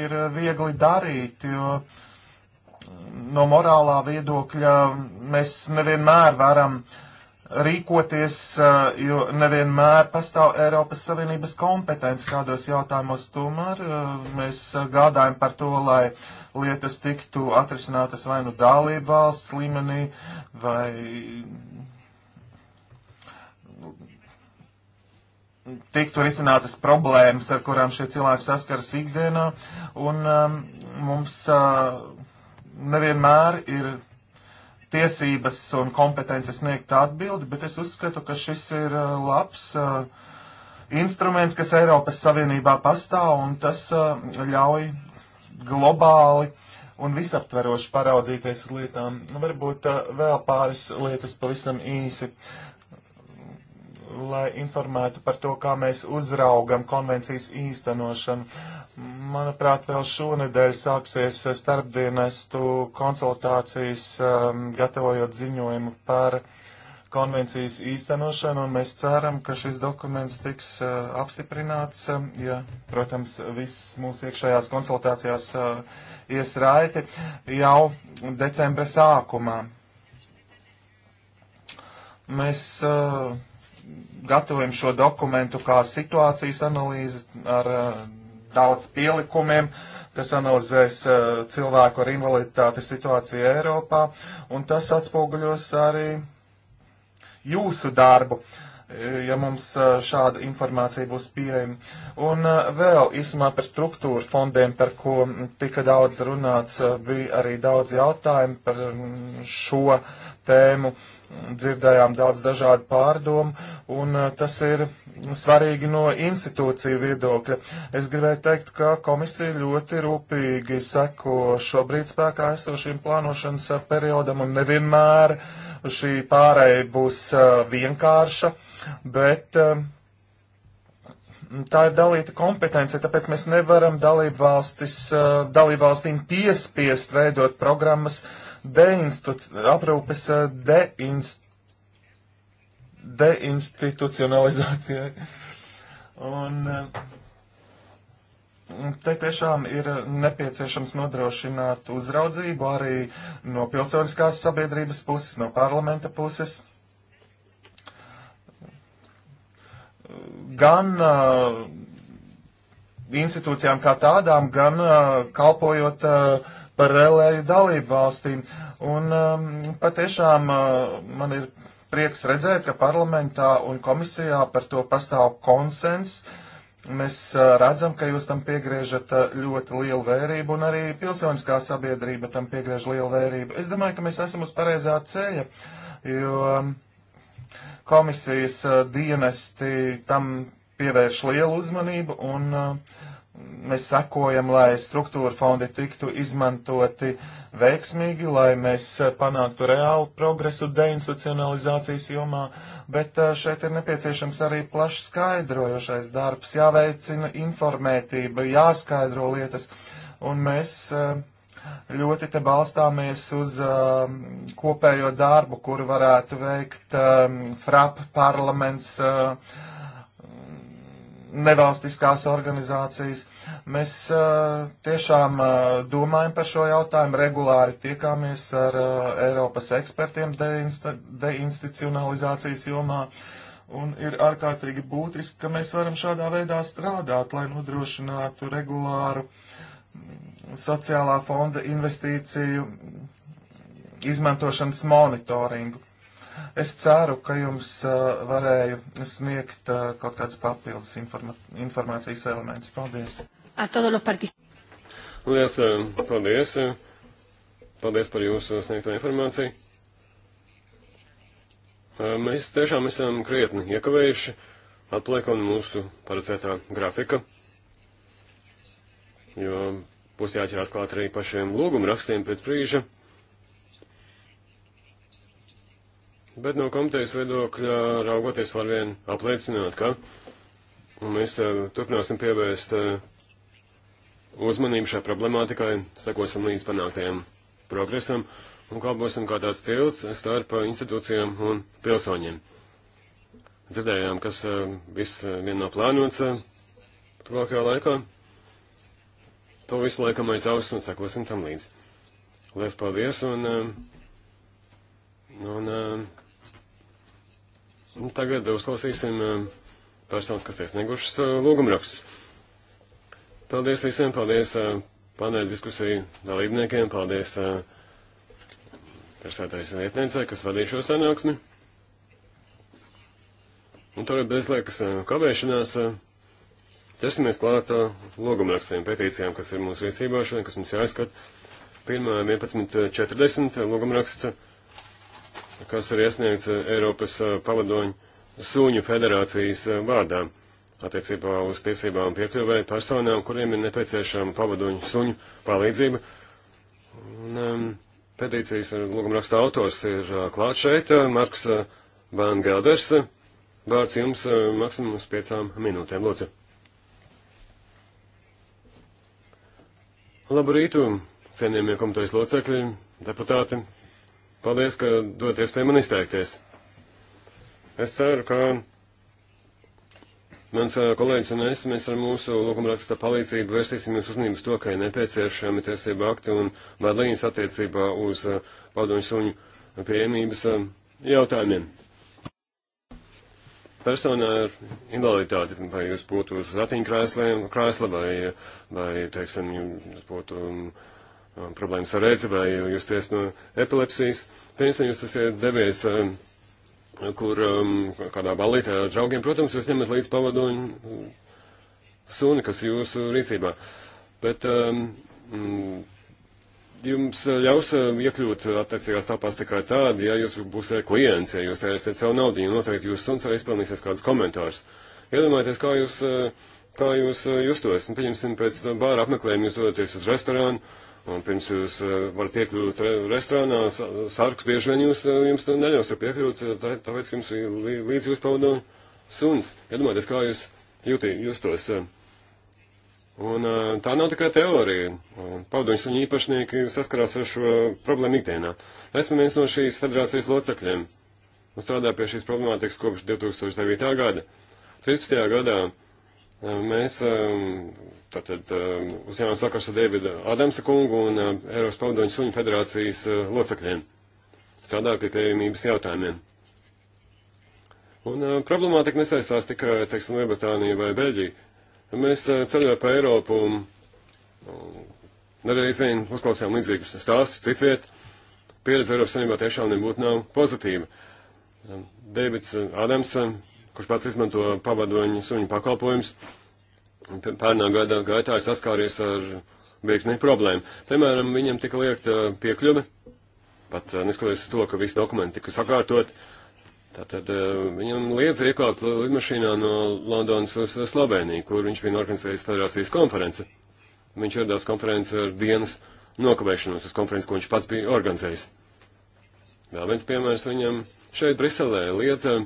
S2: ir viegli darīt, jo no morālā viedokļa mēs nevienmēr varam rīkoties, eh, jo nevienmēr pastāv Eiropas Savienības kompetence kādos jautājumos. Tomēr eh, mēs gādājam par to, lai lietas tiktu atrisinātas vai nu dālību valsts līmenī, vai tiktu risinātas problēmas, ar kurām šie cilvēki saskaras ikdienā, un um, mums uh, nevienmēr ir tiesības un kompetences sniegt atbildi, bet es uzskatu, ka šis ir uh, labs uh, instruments, kas Eiropas Savienībā pastāv, un tas uh, ļauj globāli un visaptveroši paraudzīties uz lietām. Varbūt uh, vēl pāris lietas pavisam īsi. Uh, lai informētu par to, kā mēs uzraugam konvencijas īstenošanu. Manuprāt, vēl šonedēļ sāksies starpdienestu konsultācijas, um, gatavojot ziņojumu par konvencijas īstenošanu, un mēs ceram, ka šis dokuments tiks uh, apstiprināts, uh, ja, protams, viss mūsu iekšējās konsultācijās uh, ies raiti jau decembra sākumā. Mēs uh, gatavojam šo dokumentu kā situācijas analīzi ar uh, daudz pielikumiem, kas analizēs uh, cilvēku ar invaliditāti situāciju Eiropā, un tas atspoguļos arī jūsu darbu, eh, ja mums uh, šāda informācija būs pieejama. Un vēl īsumā par struktūru fondiem, par ko tika daudz runāts, bija arī daudz jautājumu par mm, šo tēmu. Uh, dzirdējām daudz dažādu pārdomu, un uh, tas ir svarīgi no institūciju viedokļa. Es gribēju teikt, ka komisija ļoti rūpīgi seko šobrīd spēkā esošiem plānošanas uh, periodam, un nevienmēr šī pārēja būs uh, vienkārša, bet um, tā ir dalīta kompetence, tāpēc mēs nevaram dalībvalstīm dalību piespiest veidot programmas, uh, aprūpes eh, deinst, deinstitucionalizācijai. Un eh, te tiešām ir nepieciešams nodrošināt uzraudzību arī no pilsoniskās sabiedrības puses, no parlamenta puses. Gan uh, institūcijām kā tādām, gan uh, kalpojot uh, par relēju dalību valstīm. Un um, patiešām uh, man ir prieks redzēt, ka parlamentā un komisijā par to pastāv konsens. Mēs uh, redzam, ka jūs tam piegriežat uh, ļoti lielu vērību, un arī pilsoniskā sabiedrība tam piegriež lielu vērību. Es domāju, ka mēs esam uz pareizā ceļa, jo um, komisijas uh, dienesti tam pievērš lielu uzmanību, un uh, mēs sakojam, lai struktūra fondi tiktu izmantoti veiksmīgi, lai mēs eh, panāktu reālu progresu deinstitucionalizācijas jomā, bet eh, šeit ir nepieciešams arī plašs skaidrojošais darbs, jāveicina informētība, jāskaidro lietas, un mēs eh, ļoti te balstāmies uz kopējo darbu, kuru varētu veikt FRAP parlaments, nevalstiskās organizācijas. Mēs uh, tiešām uh, domājam par šo jautājumu, regulāri tiekāmies ar uh, Eiropas ekspertiem deinstitucionalizācijas jomā. Un ir ārkārtīgi būtiski, ka mēs varam šādā veidā strādāt, lai nodrošinātu regulāru mm, sociālā fonda investīciju izmantošanas monitoringu Es ceru, ka jums uh, varēju sniegt uh, kaut kādas papildus informa informācijas elementus. Paldies!
S3: Lielas uh, paldies! Paldies par jūsu sniegto informāciju. Uh, mēs tiešām esam krietni iekavējuši, atliekam mūsu paredzētā grafika, jo būs jāķerās klāt arī pašiem lūgumrakstiem pēc brīža. Bet no komitejas viedokļa raugoties var vien apliecināt, ka mēs eh, turpināsim pievērst eh, uzmanību šai problemātikai, sekosim līdz panāktajam progresam un kalposim kā tāds tilts starp institūcijām un pilsoņiem. Dzirdējām, kas eh, viss vien nav plānots tuvākajā laikā. To visu laikam aiz auss un sekosim tam līdz. Lies paldies un, un, un Tagad uzklausīsim eh, personas, kas iesniegušas eh, lūgumrakstus. Paldies visiem, paldies eh, paneļa diskusiju dalībniekiem, paldies priekšsētājas vietniecei, kas vadīja šo sanāksmi. Un tagad bez liekas kavēšanās ķersimies klāt logumrakstiem, petīcijām, kas ir mūsu rīcībā šodien, kas mums jāizskat. Pirmā 11.40 logumraksts kas ir iesniegts eh, Eiropas eh, pavadoņu sūņu federācijas eh, vārdā attiecībā uz tiesībām piekļuvē personām, kuriem ir nepieciešama pavadoņu suņu palīdzība. Un, um, petīcijas lūgumraksta autors ir uh, klāt šeit, uh, Marks uh, Van Gelders. Vārds jums uh, maksimums piecām minūtēm, lūdzu. Labu rītu, cienījamie komitejas locekļi, deputāti, Paldies, ka doties pie man izteikties. Es ceru, ka mans kolēģis un es, mēs ar mūsu lūgumraksta palīdzību vērsīsim jūs uzmanību uz to, ka ir nepieciešami tiesība akti un vadlīnijas attiecībā uz padoņu suņu pieejamības jautājumiem personā ar invaliditāti, vai jūs būtu uz ratiņkrēsliem, krēsla, vai, vai, teiksim, jūs būtu Um, problēmas ar redzi vai jūs ties no epilepsijas. Pieņemsim, jūs esat devies um, kur um, kādā ballītē ar draugiem, protams, jūs ņemat līdz pavadoņu suni, kas jūsu rīcībā. Bet um, mm, jums ļaus iekļūt attiecīgās tāpās tikai tādi, ja jūs būsiet klients, ja jūs tērēsiet savu naudu, ja noteikti jūsu suns arī izpelnīsies kādus komentārus. Iedomājieties, kā jūs, uh, kā jūs uh, justos. Pieņemsim, pēc bāra apmeklējuma jūs dodaties uz restorānu, Un pirms jūs eh, varat iekļūt restorānā, sarks bieži vien jūs, eh, jums neļaus tur piekļūt, eh, tā, tāpēc, ka jums līdz jūs pavadu suns. Iedomājieties, kā jūs jūtī, jūstos. Un tā nav tikai teorija. Pavadoņu suņu īpašnieki saskarās ar šo problēmu ikdienā. Esmu viens no šīs federācijas locekļiem. Un strādāju pie šīs problemātikas kopš 2009. gada. 13. gadā Mēs um, tātad um, uzņēmām sakars ar Davida Adamsa kungu un um, Eiropas pavadoņu suņu federācijas uh, locekļiem. Strādāju pie pieejamības jautājumiem. Un uh, problemātika nesaistās tikai, teiksim, Lielbritānija vai Beļģija. Mēs uh, ceļojām pa Eiropu un um, nereiz vien uzklausījām līdzīgus stāstus citviet. Pieredze Eiropas Savienībā tiešām nebūtu nav pozitīva. Um, Dēvids Adams um, kurš pats izmanto pavadoņu suņu pakalpojumus, pērnā gada gaitā ir saskāries ar virkni problēmu. Piemēram, viņam tika liekta eh, piekļuve, pat eh, neskatoties to, ka visi dokumenti tika sakārtot, tātad eh, viņam liedza iekāpt lidmašīnā no Londonas uz Sloveniju, kur viņš bija organizējis federācijas konferenci. Viņš ieradās konferenci ar dienas nokavēšanos uz konferenci, ko viņš pats bija organizējis. Vēl viens piemērs viņam šeit Briselē liedza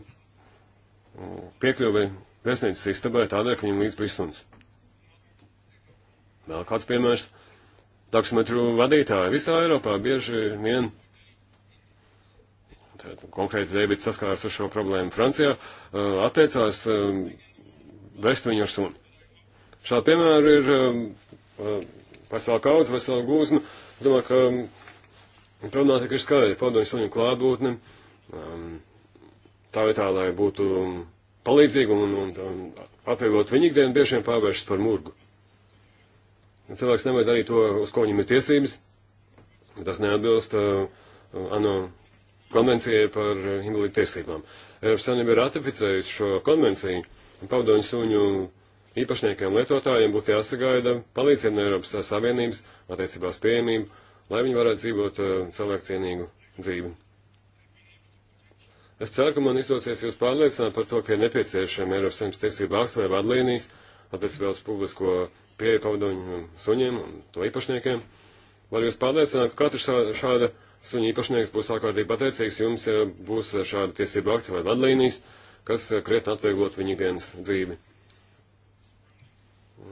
S3: piekļuvi vēstniecības istabai tādēļ, ka viņam līdz bija suns. Vēl kāds piemērs. Taksometru vadītāji visā Eiropā bieži vien, tad, konkrēti Deivids saskārās ar šo problēmu Francijā, uh, atteicās um, vest viņu ar sunu. Šādi piemēri ir um, uh, vesela kaudze, vesela gūzma. Domāju, ka um, Problemātika ir skaidra. Padomju suņu klātbūtne, um, tā vietā, lai būtu palīdzīgi un, un, un atvieglot viņu ikdienu, bieži vien pārvēršas par murgu. Cilvēks nevar darīt to, uz ko viņam ir tiesības. Tas neatbilst uh, ANO konvencijai par invalīdu tiesībām. Eiropas Savienība ir ratificējusi šo konvenciju. Pavadoņu suņu īpašniekiem lietotājiem būtu jāsagaida palīdzība no Eiropas Savienības attiecībās pieejamību, lai viņi varētu dzīvot uh, cilvēku cienīgu dzīvi. Es ceru, ka man izdosies jūs pārliecināt par to, ka ir nepieciešama Eiropas Savienības tiesība aktu vai vadlīnijas attiecībā uz publisko pieeju pavadoņu suņiem un to īpašniekiem. Var jūs pārliecināt, ka katrs šāda suņa īpašnieks būs ārkārtīgi pateicīgs jums, ja būs šāda tiesība aktu vai vadlīnijas, kas eh, krietni atvieglot viņu dienas dzīvi.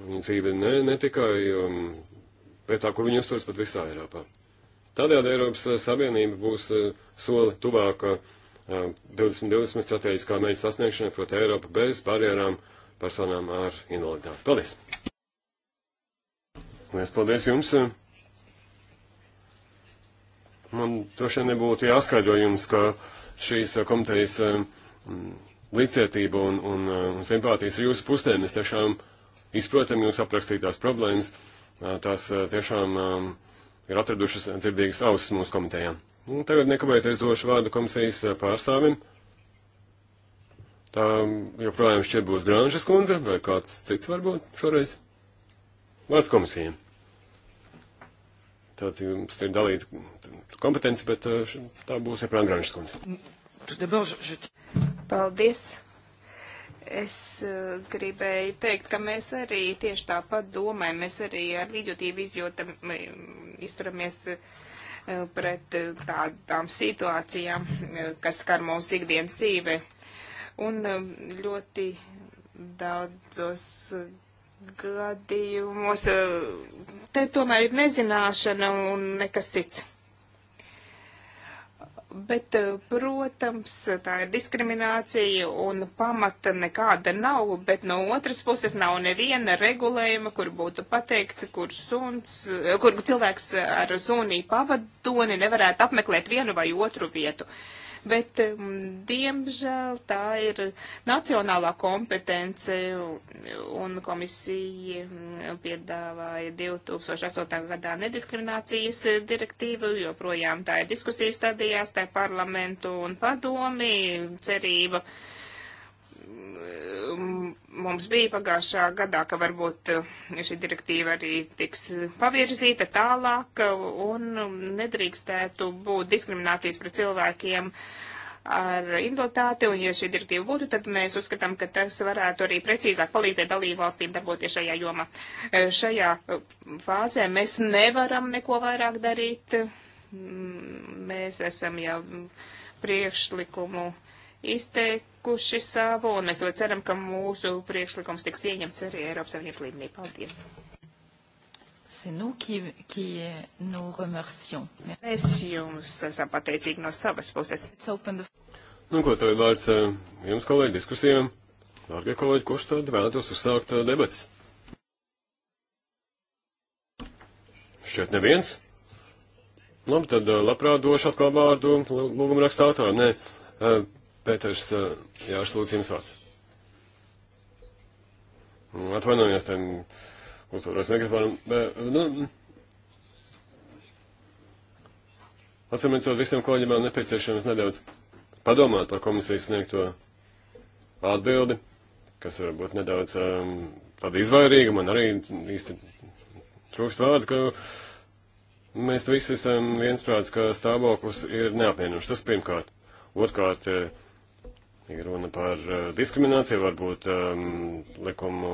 S3: Viņa dzīve ne, ne tikai um, vietā, kur viņi uzturas, bet visā Eiropā. Tādējādi Eiropas eh, Savienība būs uh, soli tuvāk uh, 2020 um, stratēģiskā mērķa sasniegšanai, proti Eiropa bez barjerām personām ar invaliditāti. Paldies! Lielas paldies jums! Man droši vien nebūtu jāskaidro jums, ka šīs komitejas um, līdzcietība un, un, un simpātijas ir jūsu pusē. Mēs tiešām izprotam jūsu aprakstītās problēmas. Tās uh, tiešām um, ir atradušas dzirdīgas ausis mūsu komitejām. Un nu, tagad nekavēties došu vārdu komisijas eh, pārstāvim. Tā joprojām šķiet būs Granžas kundze vai kāds cits varbūt šoreiz. Vārds komisijiem. Tātad jums ir dalīta kompetence, bet eh, tā būs joprojām Granžas
S1: kundze. Paldies. Es eh, gribēju teikt, ka mēs arī tieši tāpat domājam, mēs arī ar līdzjūtību izjūtam, izturamies. Uh, Eh, pret eh, tādām situācijām, eh, kas skar mūsu ikdienas dzīve. Un ļoti daudzos gadījumos te tomēr ir nezināšana un nekas cits bet, eh, protams, tā ir diskriminācija un pamata nekāda nav, bet no otras puses nav neviena regulējuma, kur būtu pateikts, kur, suns, kur cilvēks ar sunī pavadoni nevarētu apmeklēt vienu vai otru vietu. Uh, bet um, diemžēl tā ir nacionālā kompetence un komisija um, piedāvāja 2008. gadā nediskriminācijas direktīvu, joprojām tā ir diskusijas stadijās, tā ir parlamentu un padomi cerība. Uh, Ehm, mums bija pagājušā gadā, ka varbūt eh, šī direktīva arī tiks pavirzīta tālāk un nedrīkstētu būt diskriminācijas pret cilvēkiem ar invaliditāti, un ja šī direktīva būtu, tad mēs uzskatām, ka tas varētu arī precīzāk palīdzēt dalībvalstīm darboties šajā jomā. Eh, šajā eh, fāzē mēs nevaram neko vairāk darīt. Mēs esam jau priekšlikumu izteikti paveikuši savu, un mēs ļoti ceram, ka mūsu priekšlikums tiks pieņemts arī Eiropas Savienības līmenī. Paldies! Mēs jums esam pateicīgi no savas puses. The... Nu, ko tev ir
S3: vārds eh, jums, kolēģi, diskusijām? Dārgie kolēģi, kurš tad vēlētos uzsākt eh, debats? Šķiet neviens. Labi, tad eh, labprāt došu atkal vārdu lūgumu rakstātājiem. Nē, Pēters Jārs lūdzu jums vārds. Nu, atvainojos, tad uzvaros mikrofonu. Nu, Atcīmredzot, visiem kolēģiem vēl nepieciešams nedaudz padomāt par komisijas sniegto atbildi, kas varbūt nedaudz um, tāda izvairīga, man arī īsti trūkst vārdu, ka mēs visi esam viensprāts, ka stāvoklis ir neapmienošs. Tas pirmkārt. Otkārt, uh, Ir runa par eh, diskrimināciju, varbūt um, likumu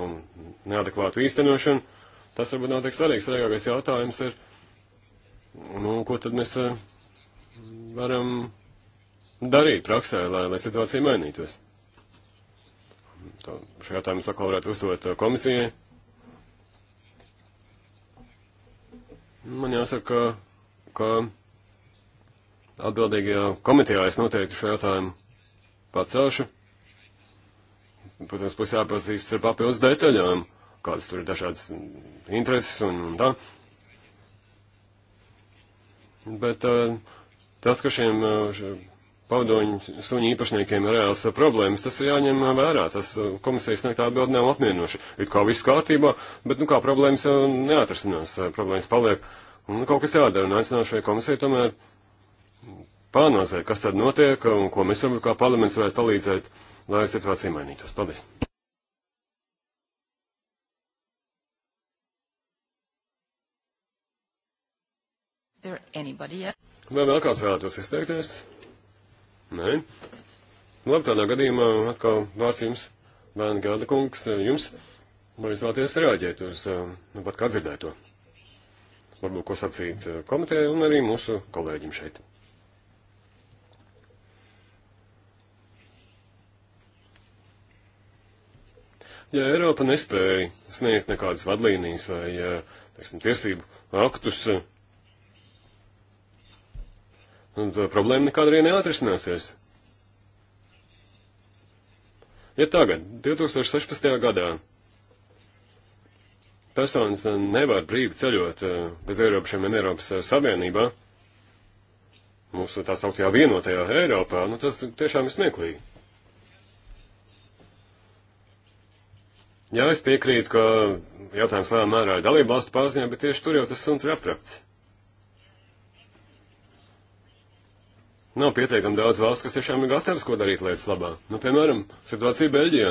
S3: neadekvātu īstenošanu. Tas varbūt nav tik svarīgs. Svarīgākais jautājums ir, nu, ko tad mēs eh, varam darīt praksē, lai, lai situācija mainītos. Tā, šo jautājumu sakal varētu uzdot eh, komisijai. Man jāsaka, ka, ka atbildīgajā komitejā es noteikti šo jautājumu pacelšu. Protams, būs jāpazīst ar papildus detaļām, kādas tur ir dažādas intereses un, un tā. Bet uh, tas, ka šiem uh, pavadoņu suņu īpašniekiem ir reāls eh, problēmas, tas ir jāņem vērā. Tas komisijas sniegtā atbildi nav apmierinoši. Ir kā viss kārtībā, bet nu kā problēmas jau neatrasinās, problēmas paliek. Un nu, kaut kas jādara, un aicināšu šai komisijai tomēr pārnāzē, kas tad notiek un ko mēs varam kā parlaments varētu palīdzēt, lai situācija mainītos. Paldies! Vai vēl kāds vēlētos izteikties? Nē. Labi, tādā gadījumā atkal vārds jums, Vēna Gāda kungs, jums, vai jūs vēlaties reaģēt uz nu, pat kā dzirdēto? Varbūt, ko sacīt eh, komitē un arī mūsu kolēģim šeit. Ja Eiropa nespēja sniegt nekādas vadlīnijas vai, teiksim, tiesību aktus, tad uh, problēma nekāda arī neatrisināsies. Ja tagad, 2016. gadā, personas uh, nevar brīvi ceļot uh, bez Eiropiešiem un Eiropas Savienībā, mūsu tā sauktajā vienotajā Eiropā, nu tas tiešām ir smieklīgi. Jā, es piekrītu, ka jautājums lielā mērā ir dalību valstu pārziņā, bet tieši tur jau tas suns ir aprakts. Nav pietiekami daudz valsts, kas tiešām ir gatavs ko darīt lietas labā. Nu, piemēram, situācija Beļģijā.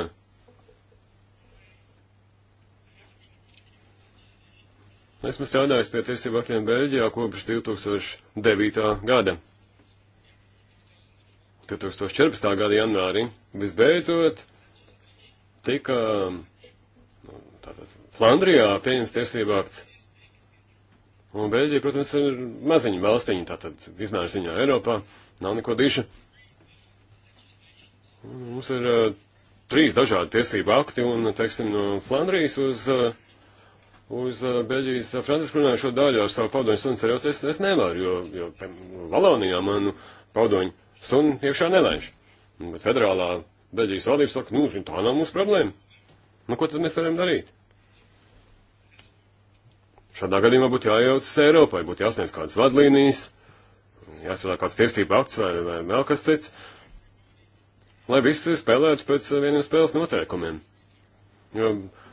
S3: Esmu strādājis pie tiesību aktiem Beļģijā kopš 2009. gada. 2014. gada janvārī visbeidzot tika tātad Flandrijā pieņems tiesību akts. Un Beļģija, protams, ir maziņa valstiņa, tātad izmēra ziņā Eiropā, nav neko diša. Un mums ir uh, trīs dažādi tiesību akti, un, teiksim, no Flandrijas uz, uh, uz uh, Beļģijas uh, francisku runājušo daļu ar savu paudoņu sunu ceļot, es, es nevaru, jo, jo piemēram, Valonijā manu paudoņu sunu iekšā nelaiž. Bet federālā Beļģijas valdības saka, nu, tā nav mūsu problēma. Nu, ko tad mēs varam darīt? Šādā gadījumā būtu jājaucas Eiropai, būtu jāsniedz kādas vadlīnijas, jāstrādā kāds tiesība akts vai, vai vēl kas cits, lai visi spēlētu pēc vieniem spēles noteikumiem. Jo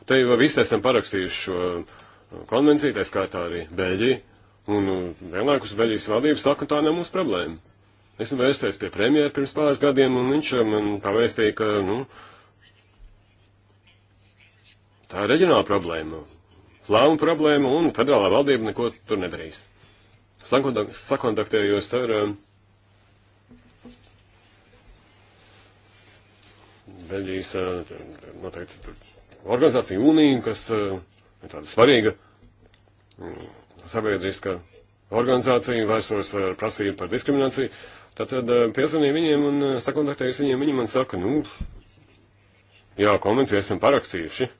S3: te jau visi esam parakstījuši šo uh, konvenciju, tā skaitā arī Beļģija, un uh, vienlaikus Beļģijas valdība saka, tā nav mūsu problēma. Esmu vērsties pie premjera pirms pāris gadiem, un viņš man um, pavēstīja, ka, nu, Tā ir reģionāla problēma, lēmuma problēma, un federālā valdība neko tur nedarīs. Sakontaktējos ar um, Beļģijas uh, noteikti organizāciju UNIM, kas uh, ir tāda svarīga mm, sabiedriska organizācija, vērsos ar prasību par diskrimināciju. Tātad uh, piezvanīju viņiem un sakontaktēju viņiem, viņi man saka, nu, jā, konvenciju esam parakstījuši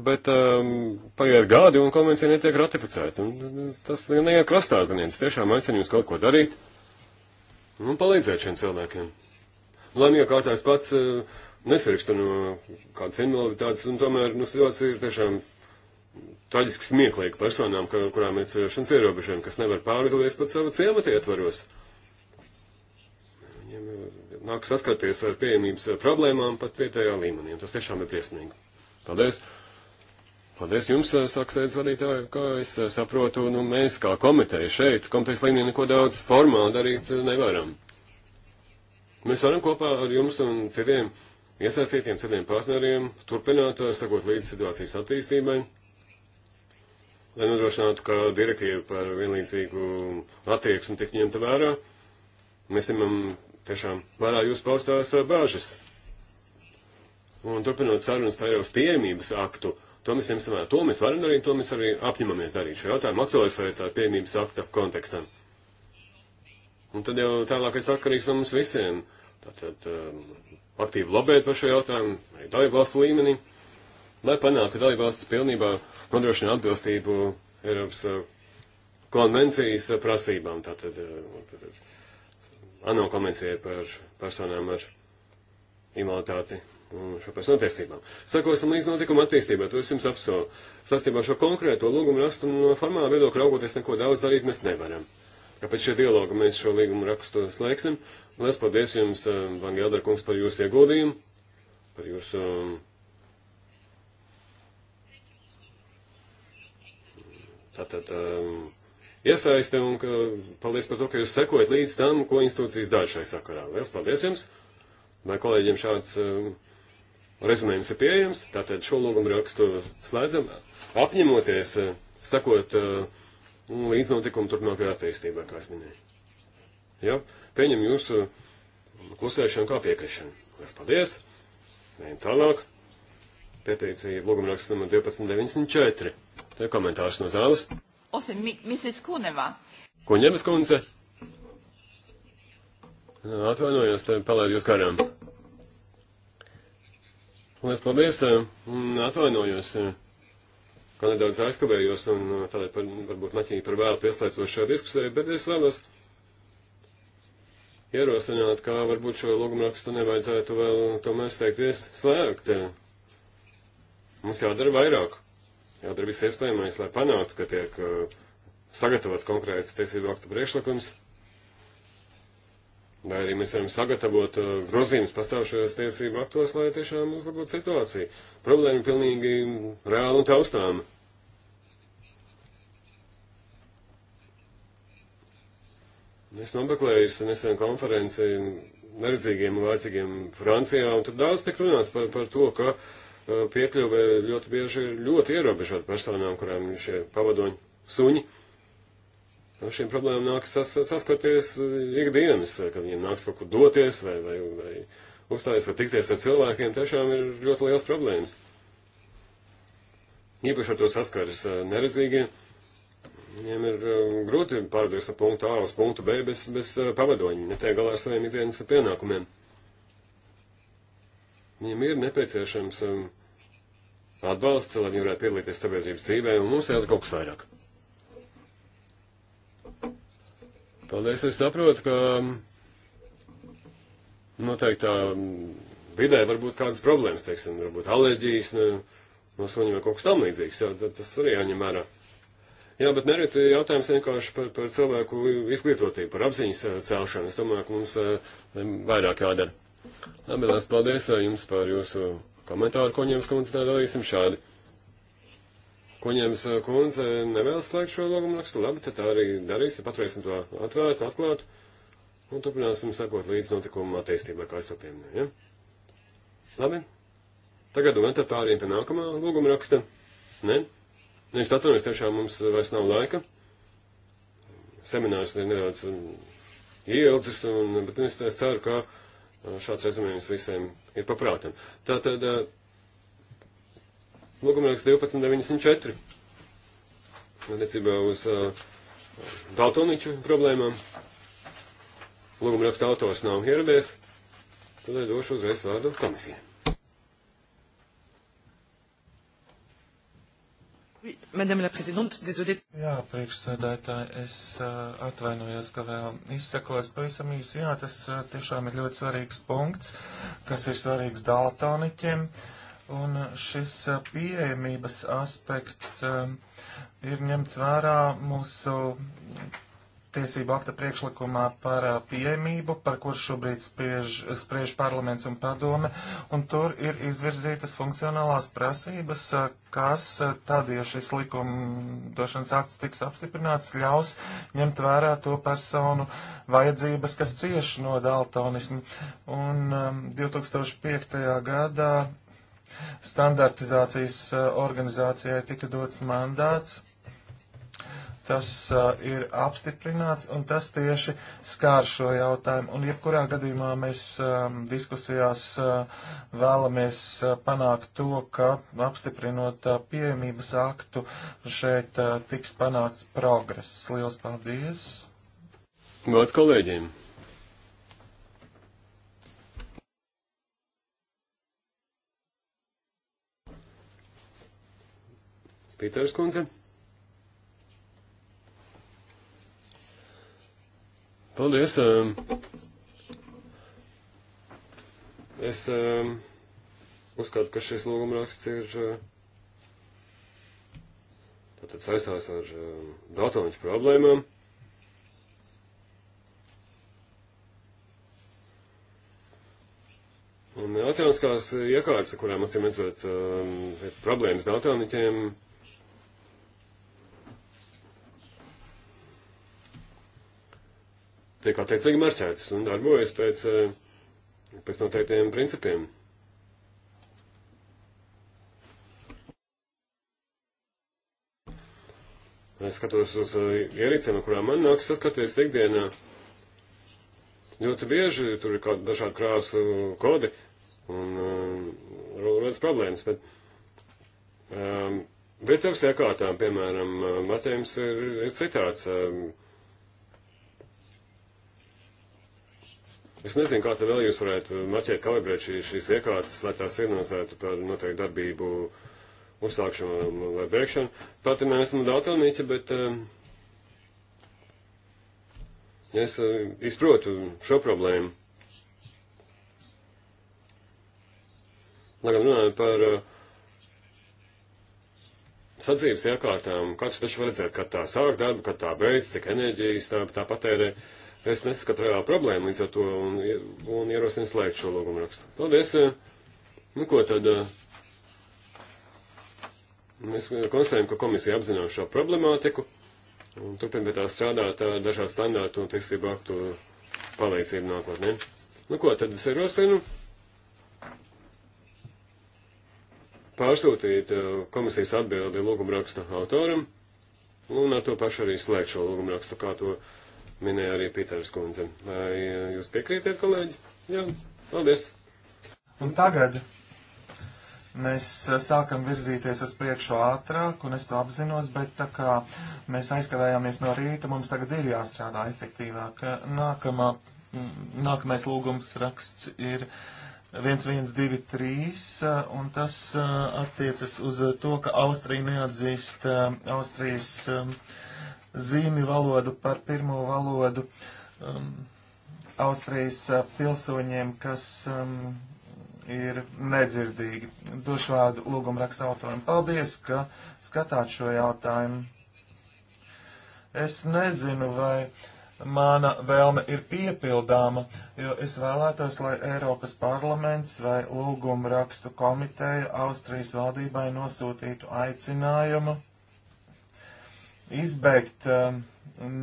S3: bet um, paiet gadi un konvencija netiek ratificēta. Un tas neiet krastā, ziniet, es tiešām aicinu jūs kaut ko darīt un palīdzēt šiem cilvēkiem. Laimīgā kārtā es pats uh, nesirkstu no kādas invaliditātes, un tomēr nu, situācija ir tiešām traģiski smieklīga personām, ka, kurām ir ciešanas ierobežojumi, kas nevar pārvietoties pat savu ciematu ietvaros. Viņiem uh, nāk saskarties ar pieejamības uh, problēmām pat vietējā līmenī, un tas tiešām ir briesmīgi. Paldies! Paldies jums, eh, sāksēdz vadītāji, kā es eh, saprotu, nu mēs kā komiteja šeit, komitejas līmenī neko daudz formāli darīt eh, nevaram. Mēs varam kopā ar jums un citiem iesaistītiem, citiem partneriem turpināt sakot līdz situācijas attīstībai, lai nodrošinātu, ka direktīva par vienlīdzīgu attieksmi tik ņemta vērā. Mēs ņemam tiešām vērā jūs paustās bāžas. Un turpinot sarunas par Eiropas pieejamības aktu To mēs ņemsim vērā. To mēs varam darīt, to mēs arī apņemamies darīt. Šo jautājumu aktualizēt pieņemības akta kontekstam. Un tad jau tālākais atkarīgs no mums visiem. Tātad um, aktīvi lobēt par šo jautājumu, arī dalībvalstu līmenī, lai panāktu, ka dalībvalstis pilnībā nodrošina atbilstību Eiropas uh, konvencijas uh, prasībām. Tātad uh, ANO konvencijai par personām ar invaliditāti un šo personu tiesībām. Sakosim līdz notikuma attīstībai, to es jums apsolu. Sastībā šo konkrēto lūgumu rakstu no formāla viedokļa raugoties neko daudz darīt mēs nevaram. Kāpēc šie dialogi mēs šo līgumu rakstu slēgsim? Lielas paldies jums, um, Van Gelder kungs, par jūsu ieguldījumu, par jūsu um, tātad um, iesaisti un ka, paldies par to, ka jūs sekojat līdz tam, ko institūcijas dara šai sakarā. Lielas paldies jums! Vai kolēģiem šāds um, rezumējums ir pieejams, tātad šo lūgumu rakstu slēdzam, apņemoties, eh, sakot eh, līdz notikumu turpmākajā attīstībā, kā es minēju. Ja? Pieņem jūsu klusēšanu kā piekrišanu. Lielas paldies! Ejam tālāk. Pieteicīja lūgumu rakstu numur 1294. Te ir komentārs no zāles.
S1: Osim, Mrs. Kuneva.
S3: Kuņevas kundze. Atvainojos, te palaidu jūs garām. Lielas paldies eh, un atvainojos, eh, ka nedaudz aizkavējos un eh, tādēļ par, varbūt maķīgi par vēlu pieslēdzos šajā diskusijā, bet es vēlos ierosināt, kā varbūt šo lūgumrakstu nevajadzētu vēl tomēr steigties slēgt. Mums jādara vairāk. Jādara viss iespējamais, lai panāktu, ka tiek sagatavots konkrēts tiesību aktu priekšlikums. Vai arī mēs varam sagatavot uh, grozījumus pastāvšajos tiesību aktos, lai tiešām uzlabotu situāciju. Problēma ir pilnīgi reāla un taustāma. Es nomeklēju nesen konferenci neredzīgiem un vācīgiem Francijā, un tur daudz tiek runāts par, par to, ka uh, piekļuve ļoti bieži ir ļoti ierobežota personām, kurām ir šie pavadoņi suņi. Uh, Ar šīm problēmām nākas sas, saskaties e, ikdienas, e, kad viņiem nāks kaut kur doties vai, vai, vai uzstājas vai tikties ar cilvēkiem, tiešām ir ļoti liels problēmas. Īpaši ar to saskaras e, neredzīgie. Viņiem ir grūti pārdoties no punktu A uz punktu B bez, bez pavadoņa, netiek galā ar saviem ikdienas pienākumiem. Viņiem ir nepieciešams atbalsts, lai viņi varētu piedalīties sabiedrības dzīvē, un mums jādara kaut kas vairāk. Paldies, es saprotu, ka mm, noteiktā mm, vidē var būt kādas problēmas, teiksim, varbūt alerģijas ne, no suņiem vai kaut kas tam līdzīgs, jā, tas arī jāņem vērā. Jā, bet nereti jautājums vienkārši par, par cilvēku izglītotību, par apziņas eh, celšanu. Es domāju, ka mums eh, vairāk jādara. Labi, lās paldies eh, jums par jūsu komentāru, ko ņems kundze, tad darīsim šādi. Kuņēmis eh, kundze nevēlas slēgt šo logumu rakstu. Labi, tad tā arī darīsim. Paturēsim to atvērtu, atklātu. Un turpināsim sekot līdz notikuma attīstībai, kā es to pieminēju. Ja? Labi. Tagad un tad pārējiem pie nākamā loguma raksta. Ne? Es atvainojos, tiešām mums vairs nav laika. Seminārs ir nedaudz um, ieildzis, un, bet es ceru, ka uh, šāds rezumējums visiem ir paprātam. Tātad. Tā, uh, Lūgumnieks 1294. Attiecībā uz uh, Daltoniču problēmām. Lūgumnieks autors nav ieradies. Tad došu uzreiz vārdu komisijai.
S2: Madame la Présidente, désolé. Jā, priekšsēdētāji, es uh, atvainojos, ka vēl izsakos pavisam īsi. Jā, tas uh, tiešām ir ļoti svarīgs punkts, kas ir svarīgs daltoniķiem. Uh, Un uh, šis uh, pieejamības aspekts um, ir ņemts vērā mūsu tiesību akta priekšlikumā par uh, pieejamību, par kur šobrīd spriež, spriež parlaments un padome, un tur ir izvirzītas funkcionālās prasības, kas tad, ja šis likumdošanas akts tiks apstiprināts, ļaus ņemt vērā to personu vajadzības, kas cieši no daltonismu. Un um, 2005. gadā Standartizācijas eh, organizācijai tika dots mandāts. Tas uh, ir apstiprināts, un tas tieši skār šo jautājumu. Un jebkurā gadījumā mēs um, diskusijās uh, vēlamies uh, panākt to, ka apstiprinot uh, pieejamības aktu šeit uh, tiks panākts progress. Lielas paldies!
S3: Vārds kolēģiem! Pīters kundze. Paldies. Um, es um, uzskatu, ka šis lūgumraksts ir uh, tātad saistās ar um, datoņu problēmām. Un elektroniskās iekārtas, ar kurām acīm redzot, ir problēmas datorniķiem, tiek attiecīgi marķētas un darbojas pēc, eh, pēc noteiktiem principiem. Es skatos uz eh, ierīcēm, kurām man nāk saskaties ikdienā. Ļoti bieži tur ir kāda dažāda krāsa kodi un uh, rodas problēmas, bet um, virtuves iekārtām, piemēram, matējums ir, ir citāds. Um, Es nezinu, kā tad vēl jūs varētu maķēt, kalibrēt šī, šīs iekārtas, lai tās signalizētu par noteiktu darbību uzsākšanu vai beigšanu. Pati mēs esam datorniķi, bet um, es uh, izprotu šo problēmu. Lai gan runājam par uh, sadzīves iekārtām, katrs taču var redzēt, kad tā sāk darbu, kad tā beidz, cik enerģijas tā, tā patērē. Uh, Es neskatu reālu problēmu līdz ar to un, un ierosinu slēgt šo lūgumu rakstu. Paldies! Eh, nu, ko tad? Eh, mēs konstatējam, ka komisija apzinās šo problemātiku un turpina pie tā strādāt eh, dažādu standārtu un tiesību aktu palīdzību nākotnē. Nu, ko tad es ierosinu? Pārsūtīt komisijas atbildi lūgumu raksta autoram un ar to pašu arī slēgt šo lūgumu rakstu, kā to minēja arī Pīters Kundze. Vai jūs piekrītiet, kolēģi? Jā, paldies.
S2: Un tagad mēs eh, sākam virzīties uz priekšu ātrāk, un es to apzinos, bet tā kā mēs aizkavējāmies no rīta, mums tagad ir jāstrādā efektīvāk. Nākamā, mm, nākamais lūgums raksts ir 1123, eh, un tas eh, attiecas uz to, ka Austrija neatzīst Austrijas zīmi valodu par pirmo valodu um, Austrijas uh, pilsoņiem, kas um, ir nedzirdīgi. Došu vārdu lūgumu raksta autoram. Paldies, ka skatāt šo jautājumu. Es nezinu, vai mana vēlme ir piepildāma, jo es vēlētos, lai Eiropas parlaments vai lūgumu rakstu komiteja Austrijas valdībai nosūtītu aicinājumu izbeigt um,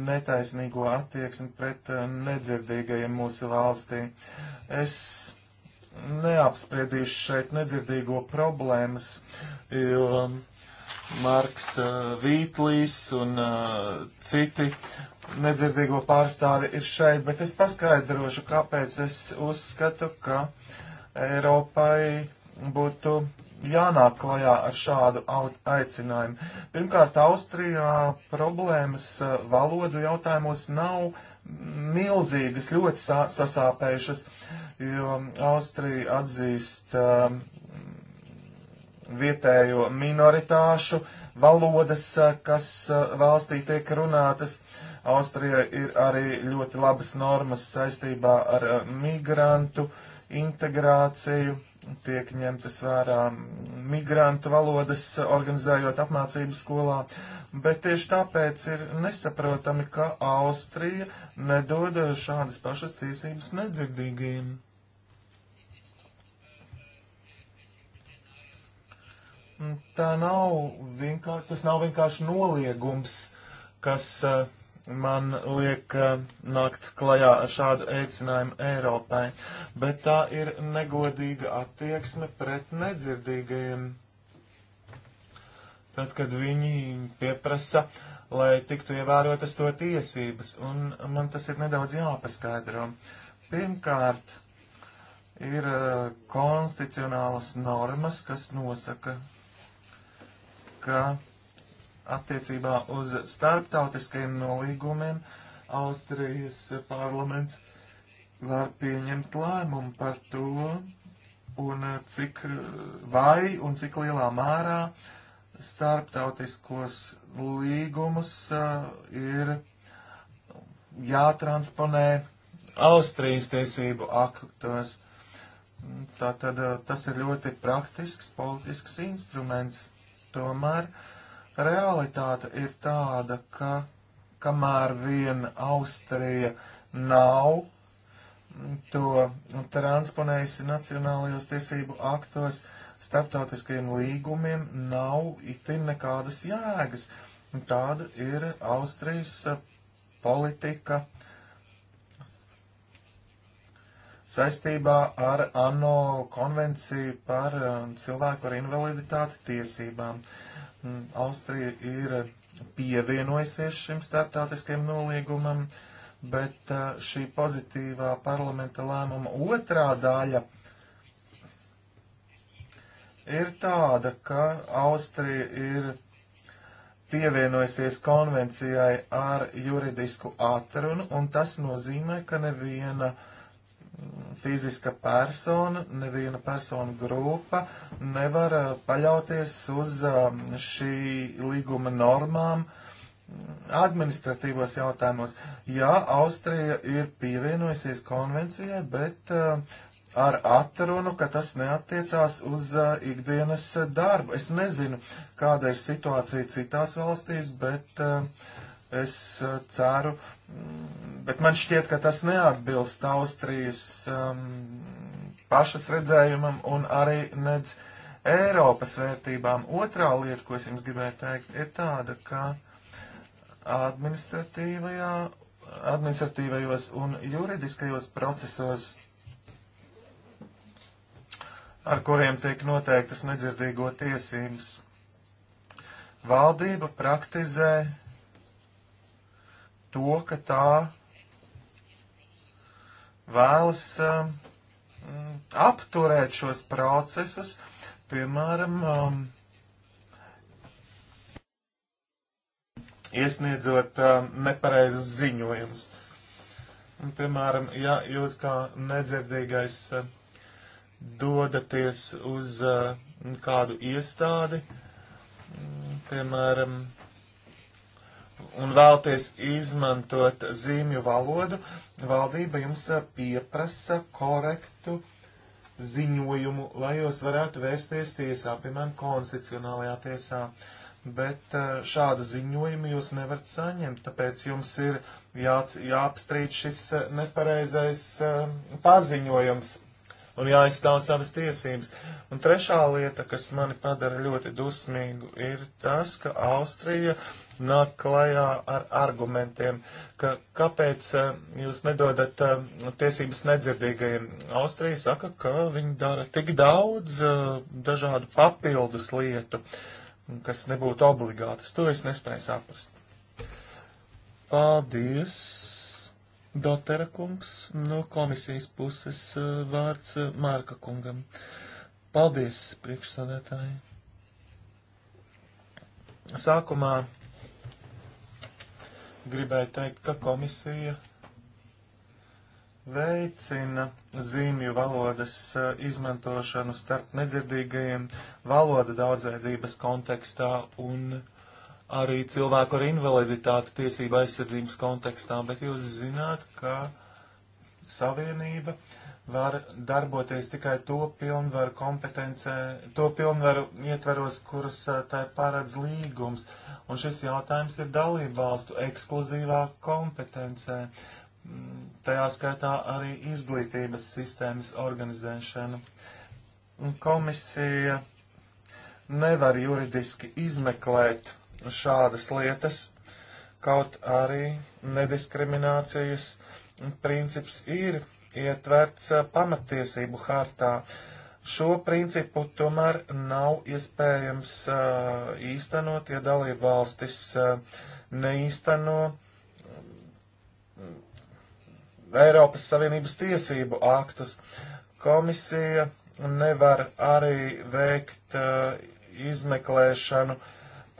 S2: netaisnīgo attieksmi pret uh, nedzirdīgajiem mūsu valstī. Es neapspriedīšu šeit nedzirdīgo problēmas, jo Marks uh, Vītlīs un uh, citi nedzirdīgo pārstāvi ir šeit, bet es paskaidrošu, kāpēc es uzskatu, ka Eiropai būtu jānāk klajā ar šādu aicinājumu. Pirmkārt, Austrijā problēmas valodu jautājumos nav milzīgas, ļoti sa sasāpējušas, jo Austrija atzīst uh, vietējo minoritāšu valodas, kas uh, valstī tiek runātas. Austrijai ir arī ļoti labas normas saistībā ar uh, migrantu integrāciju tiek ņemtas vērā migrantu valodas, organizējot apmācību skolā, bet tieši tāpēc ir nesaprotami, ka Austrija nedod šādas pašas tiesības nedzirdīgiem. Tā nav vienkārši, tas nav vienkārši noliegums, kas uh, man liek eh, nākt klajā ar šādu eicinājumu Eiropai, bet tā ir negodīga attieksme pret nedzirdīgajiem. Tad, kad viņi pieprasa, lai tiktu ievērotas to tiesības, un man tas ir nedaudz jāpaskaidro. Pirmkārt, ir eh, konstitucionālas normas, kas nosaka, ka attiecībā uz starptautiskajiem nolīgumiem Austrijas parlaments var pieņemt lēmumu par to, un eh, cik eh, vai un cik lielā mērā starptautiskos līgumus uh, ir jātransponē Austrijas tiesību aktos. Tātad tas ir ļoti praktisks politisks instruments. Tomēr uh, Realitāte ir tāda, ka kamēr vien Austrija nav to transponējusi nacionālajos tiesību aktos, starptautiskajiem līgumiem nav itin nekādas jēgas. Tāda ir Austrijas politika saistībā ar ANO konvenciju par cilvēku ar invaliditāti tiesībām. Mm, Austrija ir eh, pievienojusies šim starptautiskajam noliegumam, bet eh, šī pozitīvā parlamenta lēmuma otrā daļa ir tāda, ka Austrija ir pievienojusies konvencijai ar juridisku atrunu, un tas nozīmē, ka neviena uh, fiziska persona, neviena persona grupa nevar eh, paļauties uz um, šī līguma normām mm, administratīvos jautājumos. Jā, Austrija ir pievienojusies konvencijai, bet eh, ar atrunu, ka tas neatiecās uz eh, ikdienas darbu. Es nezinu, kāda ir situācija citās valstīs, bet uh, Es eh, ceru, mm, bet man šķiet, ka tas neatbilst Austrijas um, pašas redzējumam un arī nedz Eiropas vērtībām. Otrā lieta, ko es jums gribēju teikt, ir tāda, ka administratīvajā, administratīvajos un juridiskajos procesos ar kuriem tiek noteiktas nedzirdīgo tiesības. Valdība praktizē to, ka tā vēlas um, apturēt šos procesus, piemēram, um, iesniedzot um, nepareizus ziņojumus. Un, piemēram, ja jūs kā nedzirdīgais uh, dodaties uz uh, kādu iestādi, um, piemēram, un vēlties izmantot zīmju valodu, valdība jums eh, pieprasa korektu ziņojumu, lai jūs varētu vēsties tiesā, piemēram, konstitucionālajā tiesā. Bet eh, šāda ziņojuma jūs nevarat saņemt, tāpēc jums ir jā, jāapstrīd šis eh, nepareizais paziņojums un jāizstāv savas tiesības. Un trešā lieta, kas mani padara ļoti dusmīgu, ir tas, ka Austrija nāk klajā ar argumentiem, ka kāpēc uh, jūs nedodat uh, tiesības nedzirdīgajiem. Austrija saka, ka viņi dara tik daudz uh, dažādu papildus lietu, kas nebūtu obligātas. To es nespēju saprast. Paldies! Dotera kungs, no komisijas puses eh, vārds eh, Mārka kungam. Paldies, priekšsādētāji. Sākumā gribēju teikt, ka komisija veicina zīmju valodas eh, izmantošanu starp nedzirdīgajiem valoda daudzveidības kontekstā un arī cilvēku ar invaliditāti tiesību aizsardzības kontekstā, bet jūs zināt, ka savienība var darboties tikai to pilnvaru kompetencē, to pilnvaru ietveros, kuras tā paredz līgums, un šis jautājums ir dalību valstu ekskluzīvā kompetencē mm, tajā skaitā arī izglītības sistēmas organizēšanu. Komisija nevar juridiski izmeklēt šādas lietas, kaut arī nediskriminācijas princips ir ietverts eh, pamatiesību hartā. Šo principu tomēr nav iespējams uh, īstenot, ja dalība valstis uh, neīsteno mm, Eiropas Savienības tiesību aktus. Komisija nevar arī veikt uh, izmeklēšanu uh,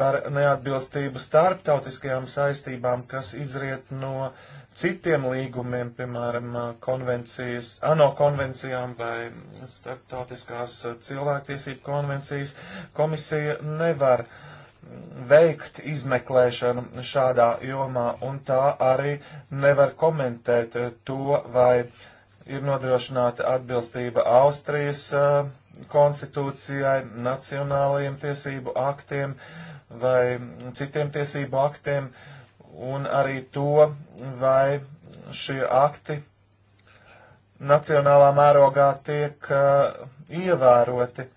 S2: par neatbilstību starptautiskajām saistībām, kas izriet no citiem līgumiem, piemēram, konvencijas, ANO konvencijām vai starptautiskās cilvēktiesību konvencijas, komisija nevar veikt izmeklēšanu šādā jomā, un tā arī nevar komentēt to, vai ir nodrošināta atbilstība Austrijas uh, konstitūcijai, nacionālajiem tiesību aktiem, uh, vai citiem tiesību aktiem, un arī to, vai šie akti nacionālā mērogā tiek uh, ievēroti.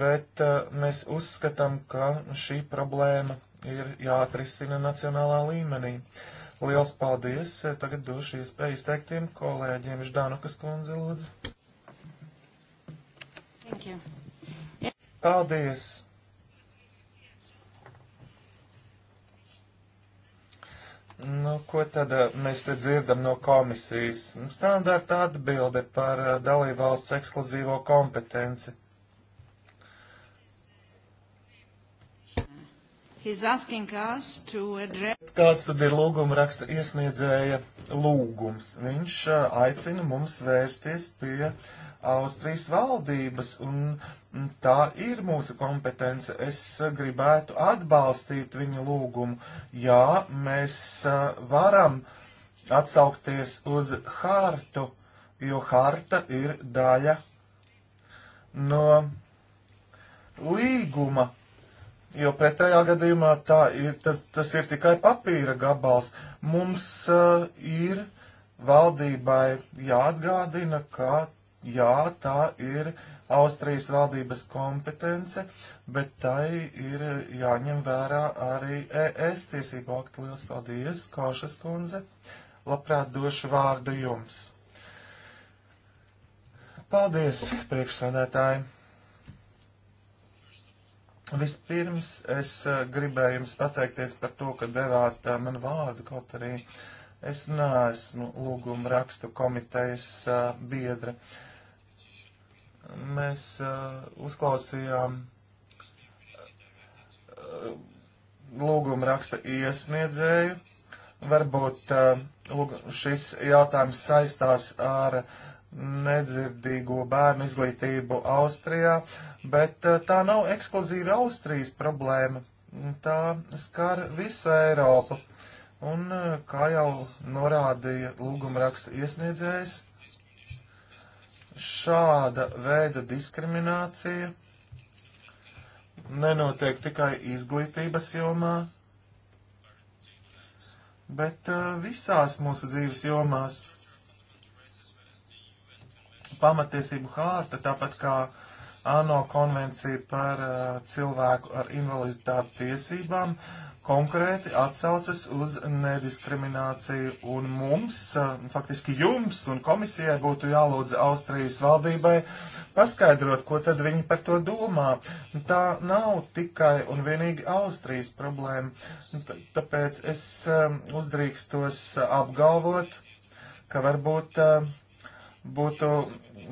S2: Bet uh, mēs uzskatām, ka šī problēma ir jāatrisina nacionālā līmenī. Liels paldies! Tagad došu iespēju izteiktiem kolēģiem. Ždanukas kundze, lūdzu. Paldies! Nu, ko tad eh, mēs te dzirdam no komisijas? Nu, standarta atbilde par eh, dalībvalsts ekskluzīvo kompetenci.
S1: Kāds
S2: tad ir lūguma raksta iesniedzēja lūgums? Viņš eh, aicina mums vērsties pie Austrijas valdības un Tā ir mūsu kompetence. Es gribētu atbalstīt viņu lūgumu. Jā, mēs varam atsaukties uz hartu, jo harta ir daļa no līguma, jo pretējā gadījumā tā ir, tas, tas ir tikai papīra gabals. Mums uh, ir valdībai jāatgādina, ka jā, tā ir uh, Austrijas valdības kompetence, bet tai ir jāņem vērā arī ES tiesību aktu. Lielas paldies, Košas kundze. Labprāt došu vārdu jums. Paldies, priekšsādātāji. Vispirms es eh, gribēju jums pateikties par to, ka devāt eh, man vārdu, kaut arī es neesmu lūguma rakstu komitejas eh, biedra. Uh, mēs uh, uzklausījām uh, lūguma raksta iesniedzēju. Varbūt uh, lūg, šis jautājums saistās ar nedzirdīgo bērnu izglītību Austrijā, bet uh, tā nav ekskluzīva Austrijas problēma. Tā skar visu Eiropu. Un, uh, kā jau norādīja lūguma raksta iesniedzējs, šāda veida diskriminācija nenotiek tikai izglītības jomā, bet uh, visās mūsu dzīves jomās. Pamatiesību hārta, tāpat kā ANO konvencija par uh, cilvēku ar invaliditāti tiesībām, konkrēti atsaucas uz nediskrimināciju, un mums, faktiski jums un komisijai būtu jālūdz Austrijas valdībai paskaidrot, ko tad viņi par to domā. Tā nav tikai un vienīgi Austrijas problēma, T tāpēc es uzdrīkstos apgalvot, ka varbūt būtu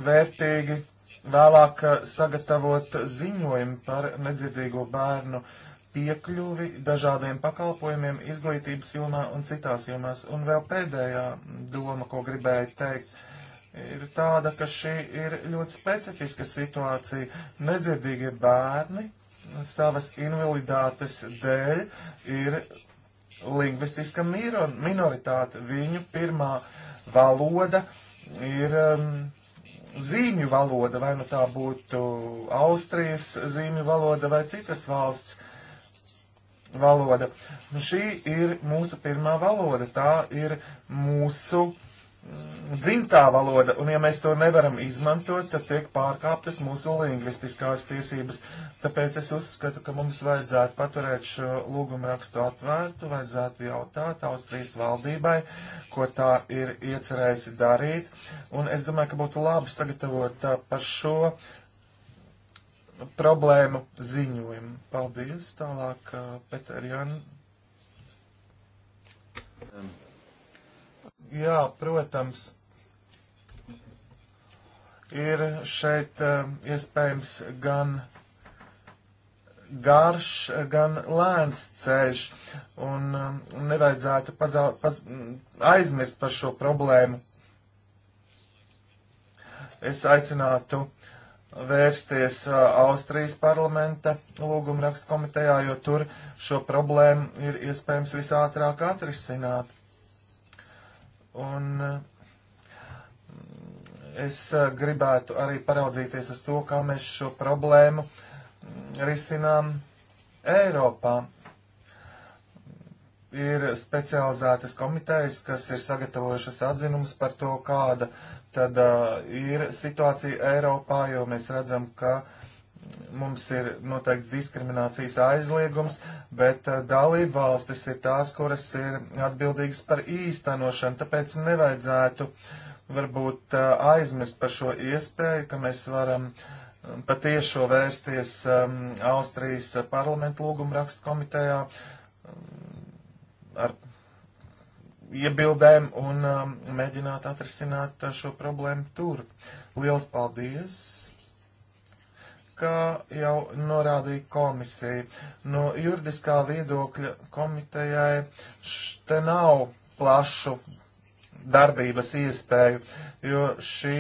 S2: vērtīgi vēlāk sagatavot ziņojumu par nedzirdīgo bērnu uh, piekļuvi dažādiem pakalpojumiem izglītības jomā un citās jomās. Un vēl pēdējā doma, ko gribēju teikt, ir tāda, ka šī ir ļoti specifiska situācija. Nedzirdīgie bērni savas invaliditātes dēļ ir lingvistiska minoritāte. Viņu pirmā valoda ir. Um, zīmju valoda, vai nu tā būtu Austrijas zīmju valoda vai citas valsts uh, valoda. Nu, šī ir mūsu pirmā valoda, tā ir mūsu mm, dzimtā valoda, un ja mēs to nevaram izmantot, tad tiek pārkāptas mūsu lingvistiskās tiesības. Tāpēc es uzskatu, ka mums vajadzētu paturēt šo lūgumu rakstu atvērtu, vajadzētu jautāt Austrijas valdībai, ko tā ir iecerējusi darīt, un es domāju, ka būtu labi sagatavot uh, par šo problēmu ziņojumu. Paldies, tālāk uh, Peter Jan. Um. Jā, protams, ir šeit um, iespējams gan garš, gan lēns ceļš, un um, nevajadzētu pazau, paz, aizmirst par šo problēmu. Es aicinātu uh, vērsties Austrijas parlamenta lūgumrakstu komitejā, jo tur šo problēmu ir iespējams visātrāk atrisināt. Un es gribētu arī paraudzīties uz to, kā mēs šo problēmu risinām Eiropā. Ir specializētas komitejas, kas ir sagatavojušas atzinumus par to, kāda tad uh, ir situācija Eiropā, jo mēs redzam, ka mums ir noteikts diskriminācijas aizliegums, bet uh, dalība valstis ir tās, kuras ir atbildīgas par īstenošanu, tāpēc nevajadzētu varbūt uh, aizmirst par šo iespēju, ka mēs varam patiešo vērsties um, Austrijas parlamentu lūgumu rakstu komitejā um, ar iebildēm un um, mēģināt atrisināt šo problēmu tur. Liels paldies, kā jau norādīja komisija. No juridiskā viedokļa komitejai te nav plašu darbības iespēju, jo šī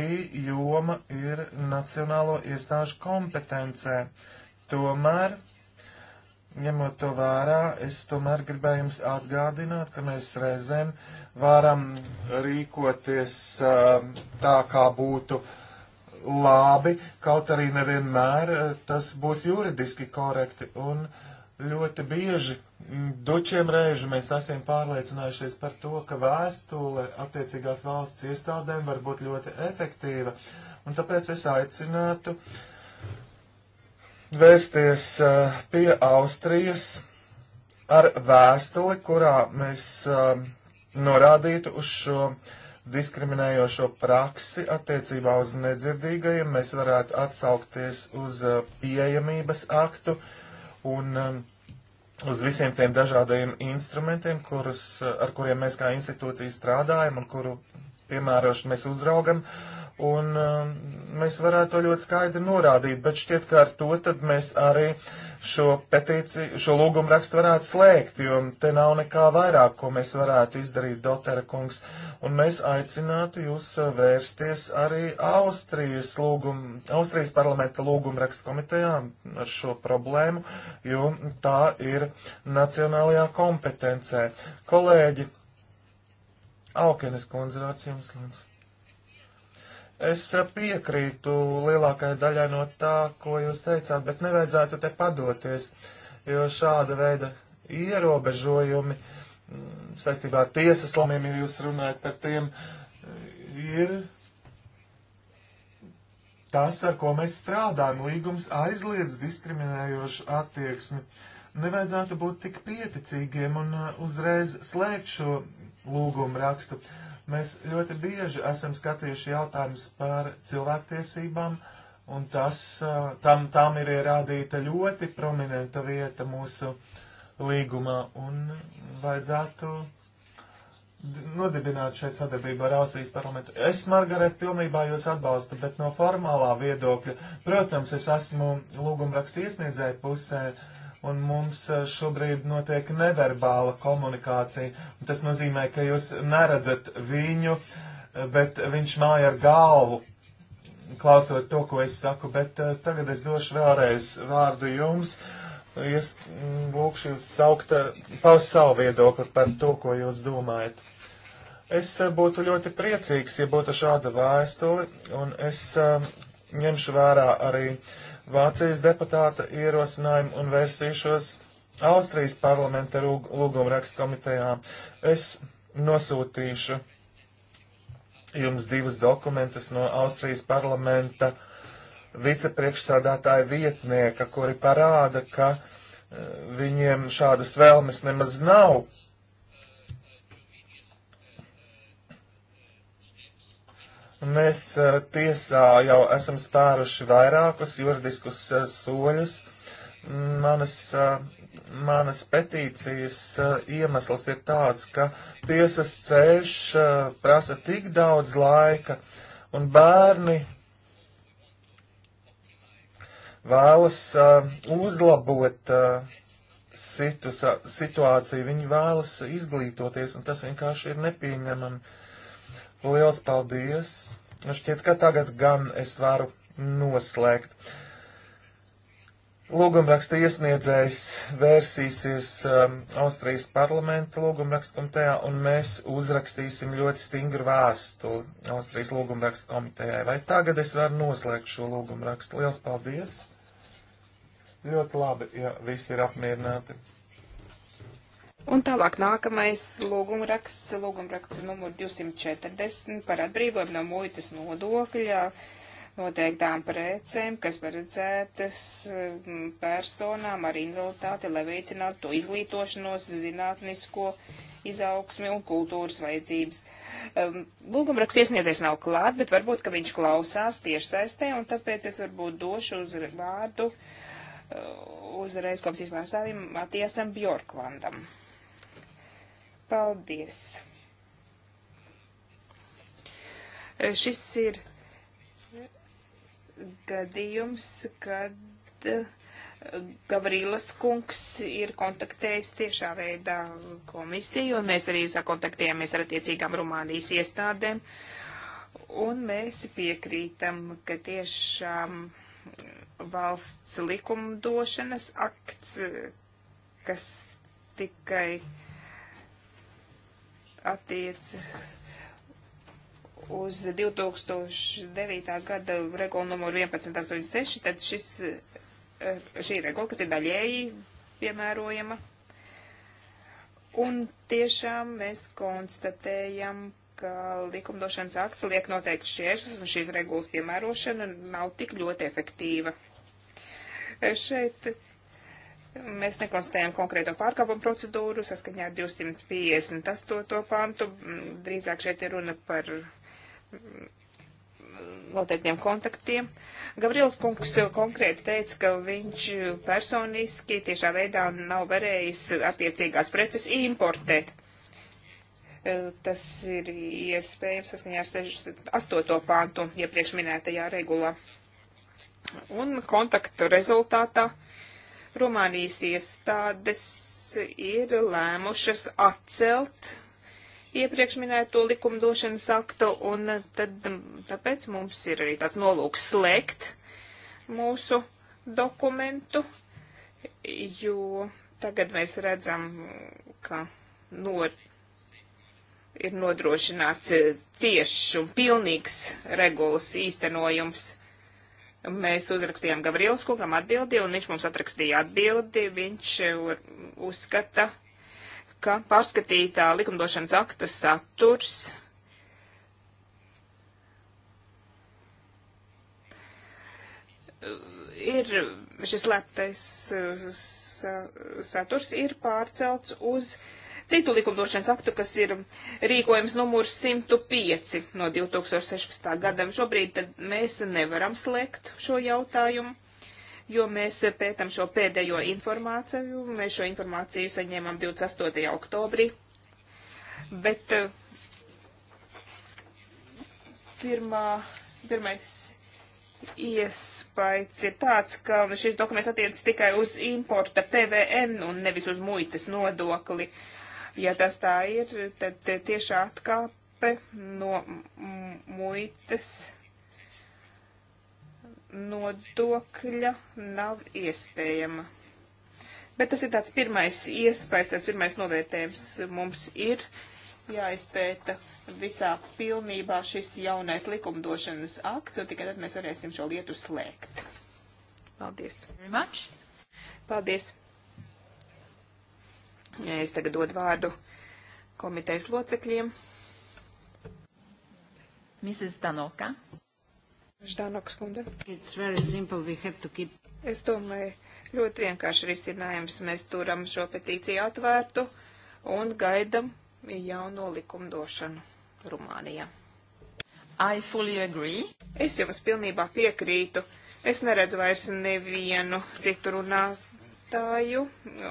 S2: joma ir nacionālo iestāžu kompetencē. Tomēr Ņemot to vērā, es tomēr gribēju jums atgādināt, ka mēs reizēm varam rīkoties uh, tā, kā būtu labi, kaut arī nevienmēr uh, tas būs juridiski korekti. Un ļoti bieži mm, dučiem reižu mēs esam pārliecinājušies par to, ka vēstule attiecīgās valsts iestādēm var būt ļoti efektīva. Un tāpēc es aicinātu uh, vēsties eh, pie Austrijas ar vēstuli, kurā mēs eh, norādītu uz šo diskriminējošo praksi attiecībā uz nedzirdīgajiem. Mēs varētu atsaukties uz eh, pieejamības aktu un uz visiem tiem dažādajiem instrumentiem, kurus, ar kuriem mēs kā institūcija strādājam un kuru piemērošanu mēs uzraugam un um, mēs varētu to ļoti skaidri norādīt, bet šķiet, ka ar to tad mēs arī šo petīciju, šo lūgumu rakstu varētu slēgt, jo te nav nekā vairāk, ko mēs varētu izdarīt, dotera kungs, un mēs aicinātu jūs uh, vērsties arī Austrijas lūgumu, Austrijas parlamenta lūgumu rakstu komitejā ar šo problēmu, jo tā ir nacionālajā kompetencē. Kolēģi, Aukenes konzervācijums, lūdzu. Es piekrītu lielākajai daļai no tā, ko jūs teicāt, bet nevajadzētu te padoties, jo šāda veida ierobežojumi mm, saistībā ar tiesas lēmumiem, ja jūs runājat par tiem, ir tas, ar ko mēs strādājam. Līgums aizliedz diskriminējošu attieksmi. Nevajadzētu būt tik pieticīgiem un uh, uzreiz slēgt šo lūgumu rakstu. Uh, Mēs ļoti bieži esam skatījuši jautājumus par cilvēktiesībām, un tas, tam, tam ir ierādīta ļoti prominenta vieta mūsu līgumā, un vajadzētu nodibināt šeit sadarbību ar Austrijas parlamentu. Es, Margaret, pilnībā jūs atbalstu, bet no formālā viedokļa, protams, es esmu lūgumrakstu iesniedzēju pusē, uh, un mums eh, šobrīd notiek neverbāla komunikācija. Tas nozīmē, ka jūs neredzat viņu, eh, bet viņš māja ar galvu, klausot to, ko es saku, bet uh, tagad es došu vēlreiz vārdu jums. Es mm, lūkšu jūs saukt, paust savu viedokli par to, ko jūs domājat. Es būtu ļoti priecīgs, ja būtu šāda vēstuli, un es uh, ņemšu vērā arī uh, Vācijas deputāta ierosinājumu un vērsīšos Austrijas parlamenta lūgumrakstu komitejā. Es nosūtīšu jums divus dokumentus no Austrijas parlamenta vicepriekšsādātāja vietnieka, kuri parāda, ka eh, viņiem šādas vēlmes nemaz nav Mēs eh, tiesā jau esam spēruši vairākus juridiskus eh, soļus. Manas, eh, manas petīcijas iemesls ir tāds, ka tiesas ceļš prasa tik daudz laika, un bērni vēlas uh, uzlabot uh, situ, situāciju, viņi vēlas izglītoties, un tas vienkārši ir nepieņemami. Liels paldies! Nu, šķiet, ka tagad gan es varu noslēgt. Lūgumraksta iesniedzējs vērsīsies um, Austrijas parlamenta lūgumraksta komitejā, un mēs uzrakstīsim ļoti stingru vēstuli Austrijas lūgumraksta komitejai. Vai tagad es varu noslēgt šo lūgumrakstu? Liels paldies! Ļoti labi, ja visi ir apmierināti.
S1: Un tālāk nākamais lūgumraksts, lūgumraksts numur 240 par atbrīvojumu no muitas nodokļa noteiktām precēm, kas paredzētas mm, personām ar invaliditāti, lai veicinātu to izglītošanos, zinātnisko izaugsmi un kultūras vajadzības. Lūgumraksts iesniedzējs nav klāt, bet varbūt, ka viņš klausās tiešsaistē, un tāpēc es varbūt došu uz vārdu eh, uzreiz komisijas pārstāvim Matiesam Bjorklandam. Paldies! Šis ir gadījums, kad eh, Gavrilas kungs ir kontaktējis tiešā veidā komisiju, un mēs arī sakontaktējāmies ar attiecīgām Rumānijas iestādēm, un mēs piekrītam, ka tiešām valsts likumdošanas akts, kas tikai uh, attiecas uz 2009. gada regulu numuru 1186, tad šis, eh, šī regula, kas ir daļēji piemērojama, un tiešām mēs konstatējam, ka likumdošanas akts liek noteikti šķēršļus, un šīs regulas piemērošana nav tik ļoti efektīva. Eh, šeit Mēs nekonstatējam konkrēto pārkāpumu procedūru saskaņā ar 258. To, pantu. Mm, Drīzāk šeit ir runa par mm, noteiktiem kontaktiem. Gavrils kungs konkrēti teica, ka viņš personiski tiešā veidā nav varējis attiecīgās preces importēt. E, Tas ir iespējams saskaņā ar 68. pantu iepriekš minētajā regulā. Un kontaktu rezultātā uh, Rumānijas iestādes ir lēmušas atcelt iepriekš minēto likumdošanas aktu, un tad, tāpēc mums ir arī tāds nolūks slēgt mūsu dokumentu, jo tagad mēs redzam, ka nor, ir nodrošināts tieši un pilnīgs regulas īstenojums. Mēs uzrakstījām Gabrielas kungam atbildi, un viņš mums atrakstīja atbildi. Viņš e, uzskata, ka pārskatītā likumdošanas akta saturs ir šis slēptais e, saturs ir pārcelts uz uh, citu likumdošanas aktu, kas ir rīkojums numurs 105 no 2016. gadam. Šobrīd mēs nevaram slēgt šo jautājumu jo mēs pētam šo pēdējo informāciju. Mēs šo informāciju saņēmām 28. oktobrī. Bet eh, pirmā, pirmais iespējas ir tāds, ka šis dokuments attiecas tikai uz importa PVN un nevis uz muitas nodokli. Uh, Ja tas tā ir, tad tieši atkāpe no muitas nodokļa nav iespējama. Bet tas ir tāds pirmais iespējas, tas pirmais novērtējums mums ir jāizpēta visā pilnībā šis jaunais likumdošanas akts, un tikai tad mēs varēsim šo lietu slēgt. Paldies. Paldies. Es tagad dodu vārdu komitejas locekļiem. Mrs. Danoka. Ždanoks kundze. It's very simple, we have to keep. Es domāju, ļoti vienkārši risinājums. Mēs turam šo petīciju atvērtu un gaidam jauno likumdošanu Rumānijā. I fully agree. Es jums pilnībā piekrītu. Es neredzu vairs nevienu citu runāt lietotāju,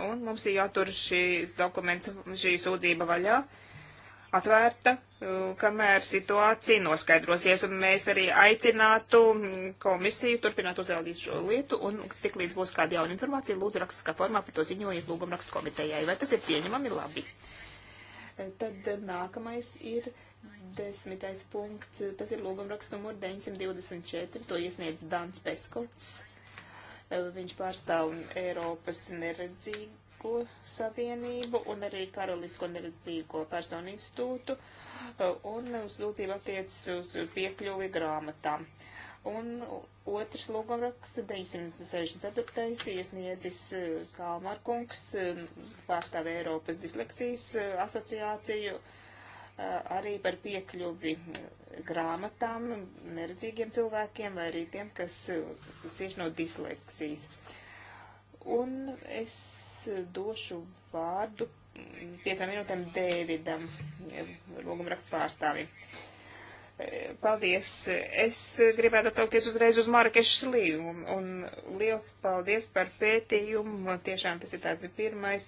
S1: un mums ir jātur šīs dokuments, šī sūdzība vaļā, atvērta, kamēr situācija noskaidrosies, un mēs arī aicinātu komisiju turpināt uzrādīt šo lietu, un tik līdz būs kāda jauna informācija, lūdzu rakstiskā formā par to ziņojiet lūgum rakstu komitejai, vai tas ir pieņemami labi. Tad nākamais ir desmitais punkts, tas ir lūgumraksts numur 924, to iesniedz Dans Peskots Viņš pārstāv Eiropas neredzīgo savienību un arī Karalisko neredzīgo personu institūtu uh, un uz lūdzību attiec uz piekļuvi grāmatām. Un otrs lūgumraksts 964. iesniedzis uh, Kalmarkungs, uh, pārstāv Eiropas disleksijas asociāciju arī par piekļuvi grāmatām neredzīgiem cilvēkiem vai arī tiem, kas cieši no disleksijas. Un es došu vārdu piecām minūtēm Dēvidam, logumrakstu pārstāvim. Paldies. Es gribētu atsaukties uzreiz uz Marakešas līgumu un liels paldies par pētījumu. Tiešām tas ir tāds pirmais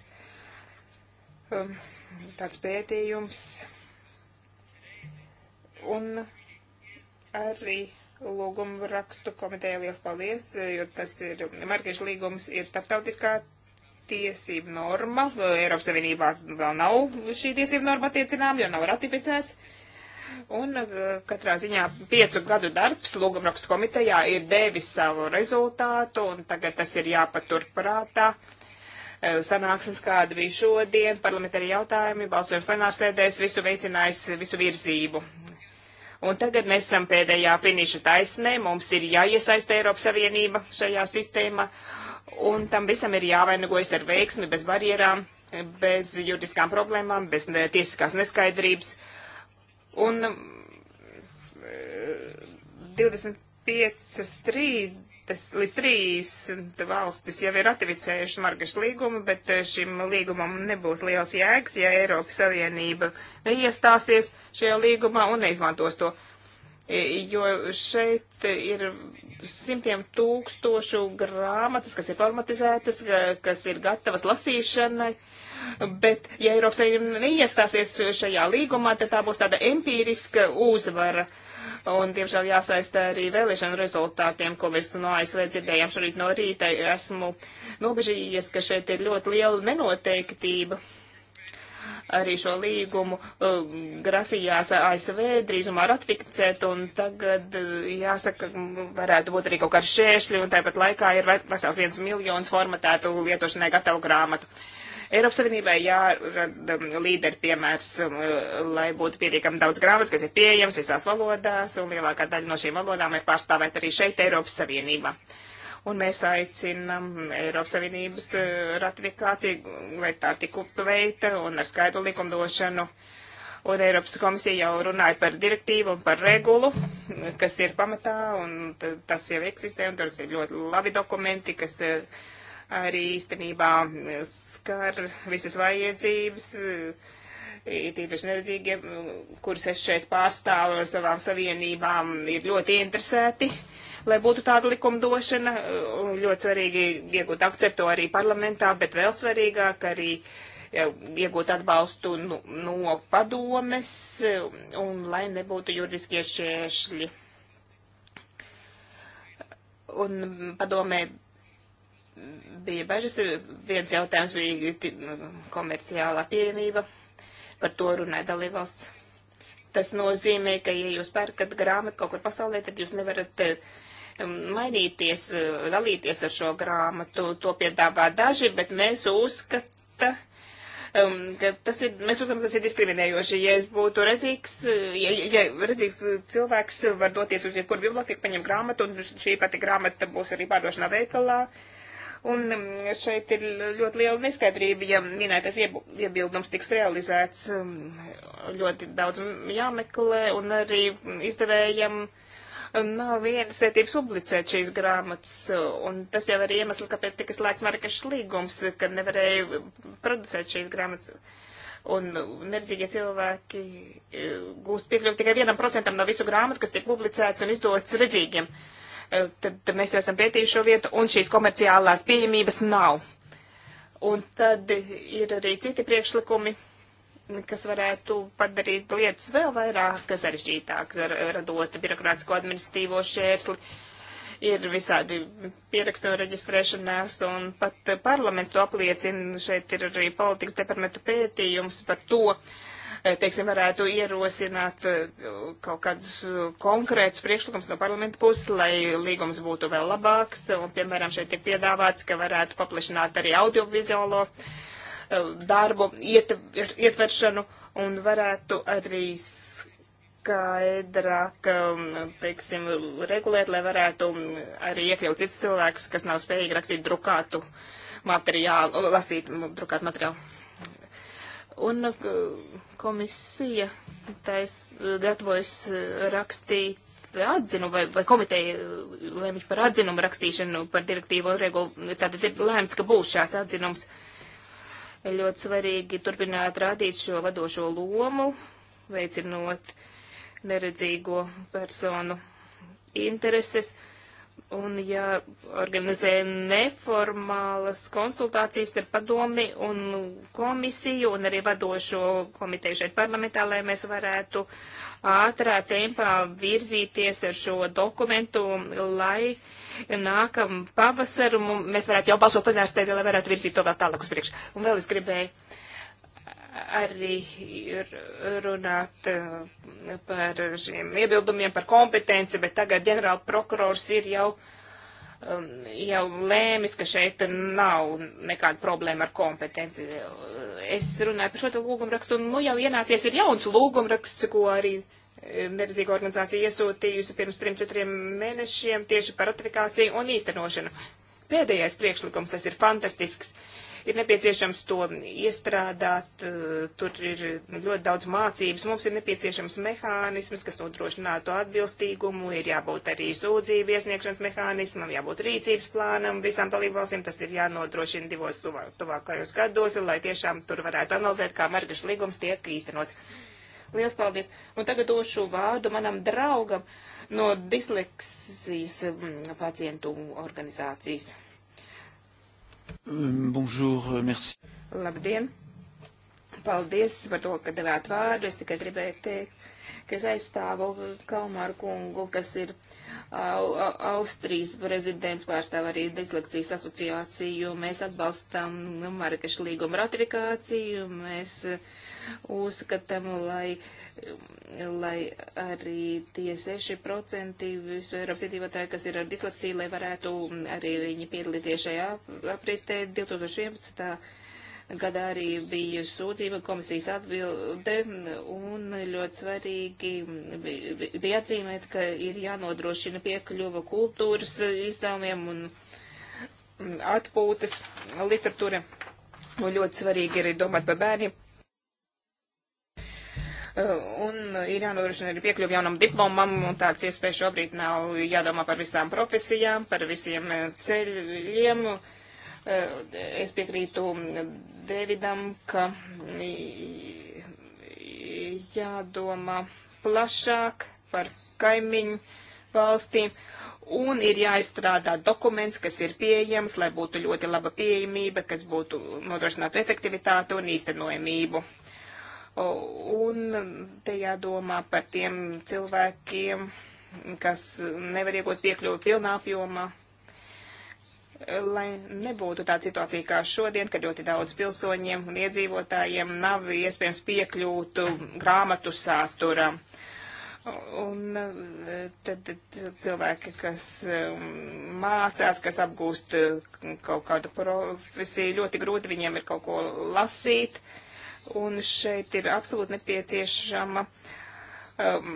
S1: tāds pētījums Un arī lūgumu rakstu komiteja liels paldies, jo tas ir, Markeša līgums ir starptautiskā tiesība norma. Eiropas Savienībā vēl nav šī tiesība norma attiecinām, jo nav ratificēts. Un uh, katrā ziņā piecu gadu darbs lūgumrakstu komitejā ir devis savu rezultātu, un tagad tas ir jāpaturprātā. Uh, sanāksmes, kāda bija šodien, parlamentāri jautājumi, balsojums plenārsēdēs, visu veicinājis, visu virzību. Un tagad mēs esam pēdējā finiša taisnē, mums ir jāiesaista Eiropas Savienība šajā sistēmā, un tam visam ir jāvainagojas ar veiksmi bez barjerām, bez juridiskām problēmām, bez tiesiskās neskaidrības. Un eh, 25, 30 līdz trīs valstis jau ir ratificējušas Margašu līgumu, bet eh, šim līgumam nebūs liels jēgas, ja Eiropas Savienība neiestāsies šajā līgumā un neizmantos to. E, jo šeit ir simtiem tūkstošu grāmatas, kas ir formatizētas, kas ir gatavas lasīšanai, bet ja Eiropas Savienība neiestāsies šajā līgumā, tad tā būs tāda empīriska uzvara. Uh, un, diemžēl, jāsaista arī vēlēšanu rezultātiem, ko mēs no ASV dzirdējām šorīt no rīta. Esmu nobežījies, ka šeit ir ļoti liela nenoteiktība. Arī šo līgumu uh, grasījās ASV drīzumā ratificēt, un tagad, uh, jāsaka, varētu būt arī kaut kādi šķēršļi, un tāpat laikā ir vesels viens miljons formatētu lietošanai gatavu grāmatu. Uh, Eiropas Savienībai jārada um, līderi piemērs, um, lai būtu pietiekami daudz grāmatas, kas ir pieejams visās valodās, un lielākā daļa no šīm valodām ir pārstāvēt arī šeit Eiropas Savienībā un mēs aicinam Eiropas Savienības uh, ratifikāciju, lai tā tiktu veikta un ar skaidru likumdošanu. Un Eiropas komisija jau runāja par direktīvu un par regulu, kas ir pamatā, un tas jau eksistē, un tur ir ļoti labi dokumenti, kas ir uh, arī īstenībā skar visas vajadzības, it īpaši neredzīgie, kurus es šeit pārstāvu ar savām savienībām, ir ļoti interesēti lai būtu tāda likumdošana. Ļoti svarīgi iegūt akceptu arī parlamentā, bet vēl svarīgāk arī iegūt atbalstu no, nu, no padomes un lai nebūtu juridiskie šķēršļi. Un padomē bija bažas. Viens jautājums bija komerciālā pieejamība. Par to runāja dalībvalsts. Tas nozīmē, ka, ja jūs pērkat grāmatu kaut kur pasaulē, tad jūs nevarat eh, mainīties, eh, dalīties ar šo grāmatu. To piedāvā daži, bet mēs uzskata, um, ka tas ir, mēs uzskatām, tas ir diskriminējoši. Ja es būtu redzīgs, eh, ja, ja redzīgs cilvēks var doties uz jebkuru bibliotēku, paņem grāmatu, un šī pati grāmata būs arī pārdošanā veikalā, Un mm, šeit ir ļoti liela neskaidrība, ja minētais iebildums tiks realizēts. Mm, ļoti daudz jāmeklē un arī izdevējam mm, nav vienas vērtības publicēt šīs grāmatas, un tas jau ir iemesls, kāpēc tika slēgts Marakešas līgums, ka nevarēja producēt šīs grāmatas. Un neredzīgie cilvēki e, gūst piekļuvi tikai vienam procentam no visu grāmatu, kas tiek publicēts un izdots redzīgiem. Uh, Eh, tad mēs jau esam pētījuši šo vietu, un šīs komerciālās pieejamības nav. Un tad ir arī citi priekšlikumi, kas varētu padarīt lietas vēl vairāk sarežģītākas, radot birokrātisko administratīvo šķērsli. Ir visādi pierakstu reģistrēšanās, un pat parlaments to apliecina. Šeit ir arī politikas departamentu pētījums par to, uh, Eh, teiksim, varētu ierosināt eh, kaut kādus eh, konkrētus priekšlikums no parlamenta puses, lai līgums būtu vēl labāks. Un, piemēram, šeit tiek piedāvāts, ka varētu paplašināt arī audiovizuālo darbu ietveršanu un varētu arī skaidrāk, um, teiksim, regulēt, lai varētu um, arī iekļaut cits cilvēks, kas nav spējīgi rakstīt drukātu materiālu, lasīt drukātu materiālu. Un uh, Komisija tais, eh, gatavojas eh, rakstīt atzinu, vai, vai komiteja eh, lēmj par atzinumu rakstīšanu par direktīvu regulu. Tātad ir lēmts, ka būs šāds atzinums. Ļoti svarīgi turpināt rādīt šo vadošo lomu, veicinot neredzīgo personu intereses. Uh, Un ja organizē neformālas konsultācijas ar padomi un komisiju un arī vadošo komiteju šeit parlamentā, lai mēs varētu ātrā tempā virzīties ar šo dokumentu, lai nākam pavasaru mēs varētu jau balsot plenārsēdē, lai varētu virzīt to vēl tālāk uz priekšu. Un vēl es gribēju arī ir runāt eh, par šiem iebildumiem, par kompetenci, bet tagad ģenerāla prokurors ir jau, um, jau lēmis, ka šeit nav nekāda problēma ar kompetenci. Es runāju par šo te lūgumrakstu, un nu jau ienācies ir jauns lūgumraksts, ko arī eh, neredzīga organizācija iesūtījusi pirms trim, četriem mēnešiem tieši par ratifikāciju un īstenošanu. Pēdējais priekšlikums, tas ir fantastisks. Uh, ir nepieciešams to iestrādāt, eh, tur ir ļoti daudz mācības, mums ir nepieciešams mehānisms, kas nodrošinātu atbilstīgumu, ir jābūt arī sūdzību iesniegšanas mehānismam, jābūt rīcības plānam visām dalībvalstīm, tas ir jānodrošina divos tuvā, tuvākajos gados, lai tiešām tur varētu analizēt, kā Margaša līgums tiek īstenots. Liels paldies! Un tagad došu vārdu manam draugam no disleksijas mm, pacientu organizācijas.
S3: Mm, bonjour, euh, merci.
S1: Labdien! Paldies par to, ka devāt vārdu. Es tikai gribēju teikt, ka es aizstāvu Kalmāru kungu, kas ir au, uh, au, Austrijas prezidents, pārstāv arī disleksijas asociāciju. Mēs atbalstam Marikešu līgumu ratifikāciju. Mēs uh, uzskatām, lai, lai arī tie 6% visu Eiropas iedzīvotāju, kas ir ar disleksiju, lai varētu arī viņi piedalīties šajā apritē 2011. gadā arī bija sūdzība komisijas atbilde un ļoti svarīgi bija atzīmēt, ka ir jānodrošina piekļuva kultūras izdevumiem un atpūtas literatūra. Un ļoti svarīgi ir domāt par bērniem, Eh, un ir jānodrošina arī piekļuvi jaunam diplomam, un tāds iespēja šobrīd nav jādomā par visām profesijām, par visiem eh, ceļiem. Eh, es piekrītu Davidam, ka mm, jādomā plašāk par kaimiņu valstīm, un ir jāizstrādā dokuments, kas ir pieejams, lai būtu ļoti laba pieejamība, kas būtu nodrošinātu efektivitāti un īstenojamību. Uh, Un te jādomā par tiem cilvēkiem, kas nevar iegūt piekļuvi pilnā apjomā, lai nebūtu tāda situācija kā šodien, kad ļoti daudz pilsoņiem un iedzīvotājiem nav iespējams piekļūt grāmatu saturam. Un tad cilvēki, kas um, mācās, kas apgūst kaut kādu profesiju, ļoti grūti viņiem ir kaut ko lasīt. Uh, un šeit ir absolūti nepieciešama um,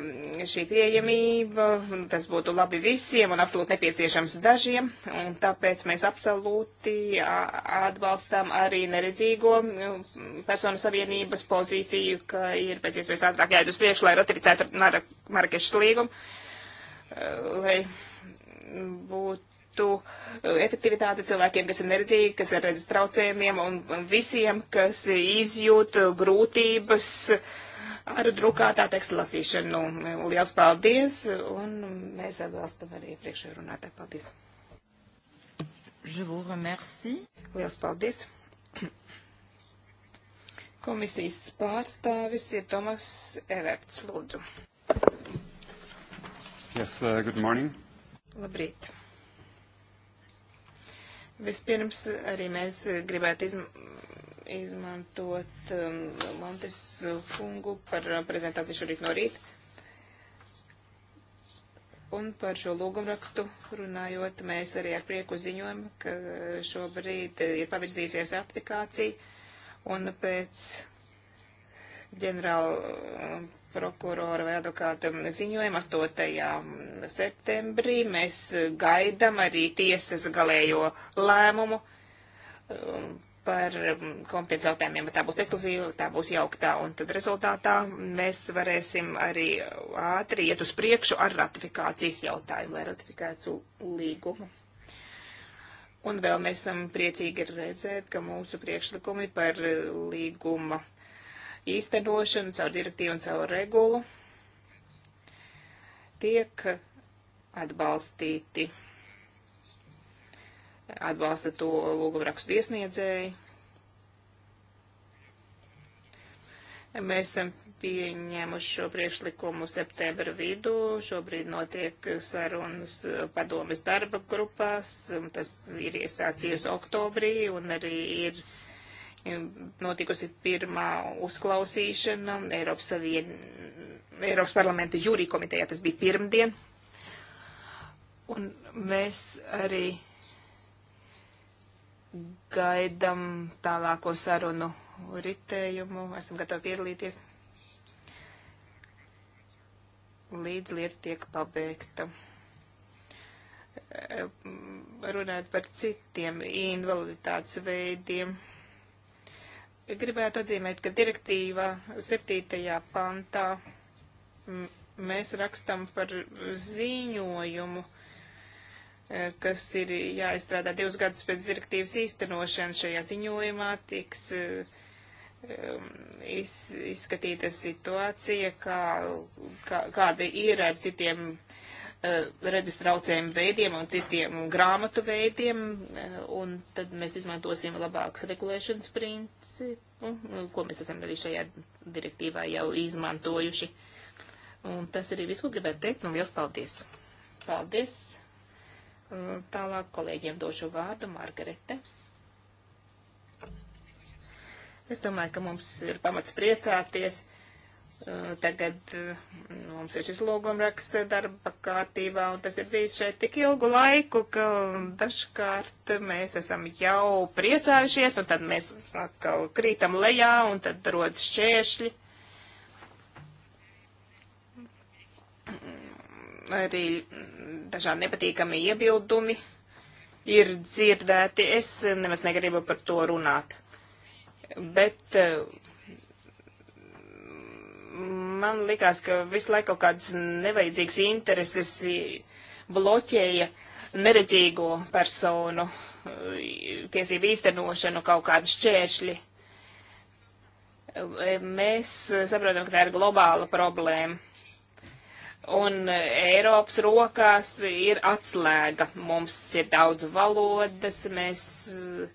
S1: šī pieejamība, tas būtu labi visiem un absolūti nepieciešams dažiem, un tāpēc mēs absolūti atbalstām arī neredzīgo um, personu savienības pozīciju, ka ir pēc iespējas ātrāk jāiet uz priekšu, lai ratificētu Marakešas līgumu, uh, lai būtu budžetu uh, efektivitāti cilvēkiem, kas ir neredzīgi, kas ir redzes traucējumiem un visiem, kas izjūt grūtības ar drukātā teksta lasīšanu. Liels paldies, un mēs atbalstam arī priekšrunātāju. Paldies! Je vous remercie. Liels paldies! Komisijas pārstāvis ir Tomas Everts, lūdzu.
S3: Yes, uh, good morning.
S1: Labrīt. Vispirms arī mēs gribētu izmantot izmantot um, Montes kungu par uh, prezentāciju šorīt no rīta. Un par šo lūgumrakstu runājot, mēs arī ar prieku ziņojam, ka šobrīd ir pavirzījusies aplikācija un pēc ģenerāla prokurora vai advokāta ziņojumu 8. septembrī. Mēs gaidam arī tiesas galējo lēmumu um, par um, kompetenci jautājumiem, bet tā būs ekskluzīva, tā būs jauktā, un tad rezultātā mēs varēsim arī ātri iet uz priekšu ar ratifikācijas jautājumu, lai ratifikētu līgumu. Un vēl mēs esam priecīgi redzēt, ka mūsu priekšlikumi par līguma īstenošanu, caur direktīvu un caur regulu tiek atbalstīti. Atbalsta to lūgumrakstu iesniedzēji. Mēs esam pieņēmuši šo priekšlikumu septembra vidū. Šobrīd notiek sarunas padomes darba grupās. Tas ir iesācies oktobrī un arī ir uh, notikusi pirmā uzklausīšana Eiropas, Savien... Eiropas parlamenta jūrī komitejā, tas bija pirmdien. Un mēs arī gaidam tālāko sarunu ritējumu, esam gatavi piedalīties, līdz lieta tiek pabeigta. Runājot par citiem invaliditātes veidiem gribētu atzīmēt, ka direktīva 7. pantā mēs rakstam par ziņojumu, e, kas ir jāizstrādā divus gadus pēc direktīvas īstenošanas. Šajā ziņojumā tiks e, e, iz, izskatīta situācija, kā, kā, kāda ir ar citiem uh, Eh, redzes traucējumu veidiem un citiem grāmatu veidiem, eh, un tad mēs izmantosim labāks regulēšanas principu, eh, ko mēs esam arī šajā direktīvā jau izmantojuši. Un tas arī visu gribētu teikt, nu liels paldies! Paldies! Tālāk kolēģiem došu vārdu Margarete. Es domāju, ka mums ir pamats priecāties Eh, tagad eh, mums ir šis lūgumraksts darba kārtībā, un tas ir bijis šeit tik ilgu laiku, ka dažkārt mēs esam jau priecājušies, un tad mēs atkal krītam lejā, un tad rodas šķēršļi. Arī dažādi nepatīkami iebildumi ir dzirdēti. Es nemaz negribu par to runāt. Bet uh, man likās, ka visu laiku kaut kādas nevajadzīgas intereses bloķēja neredzīgo personu tiesību īstenošanu, kaut kādi šķēršļi. E, mēs saprotam, ka tā ir globāla problēma. Un Eiropas rokās ir atslēga. Mums ir daudz valodas, mēs e,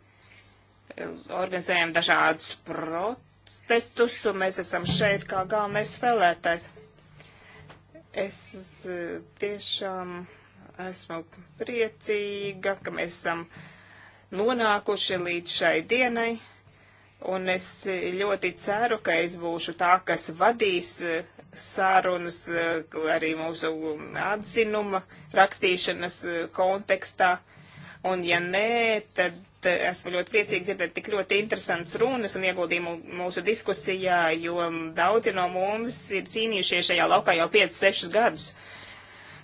S1: organizējam dažādus protus testus, un mēs esam šeit kā galvenais spēlētājs. Es eh, tiešām esmu priecīga, ka mēs esam nonākuši līdz šai dienai. Un es ļoti ceru, ka es būšu tā, kas vadīs eh, sarunas eh, arī mūsu atzinuma rakstīšanas kontekstā. Un ja nē, tad esmu ļoti priecīgi dzirdēt tik ļoti interesants runas un ieguldījumu mūsu diskusijā, jo daudzi no mums ir cīnījušies šajā laukā jau 5-6 gadus.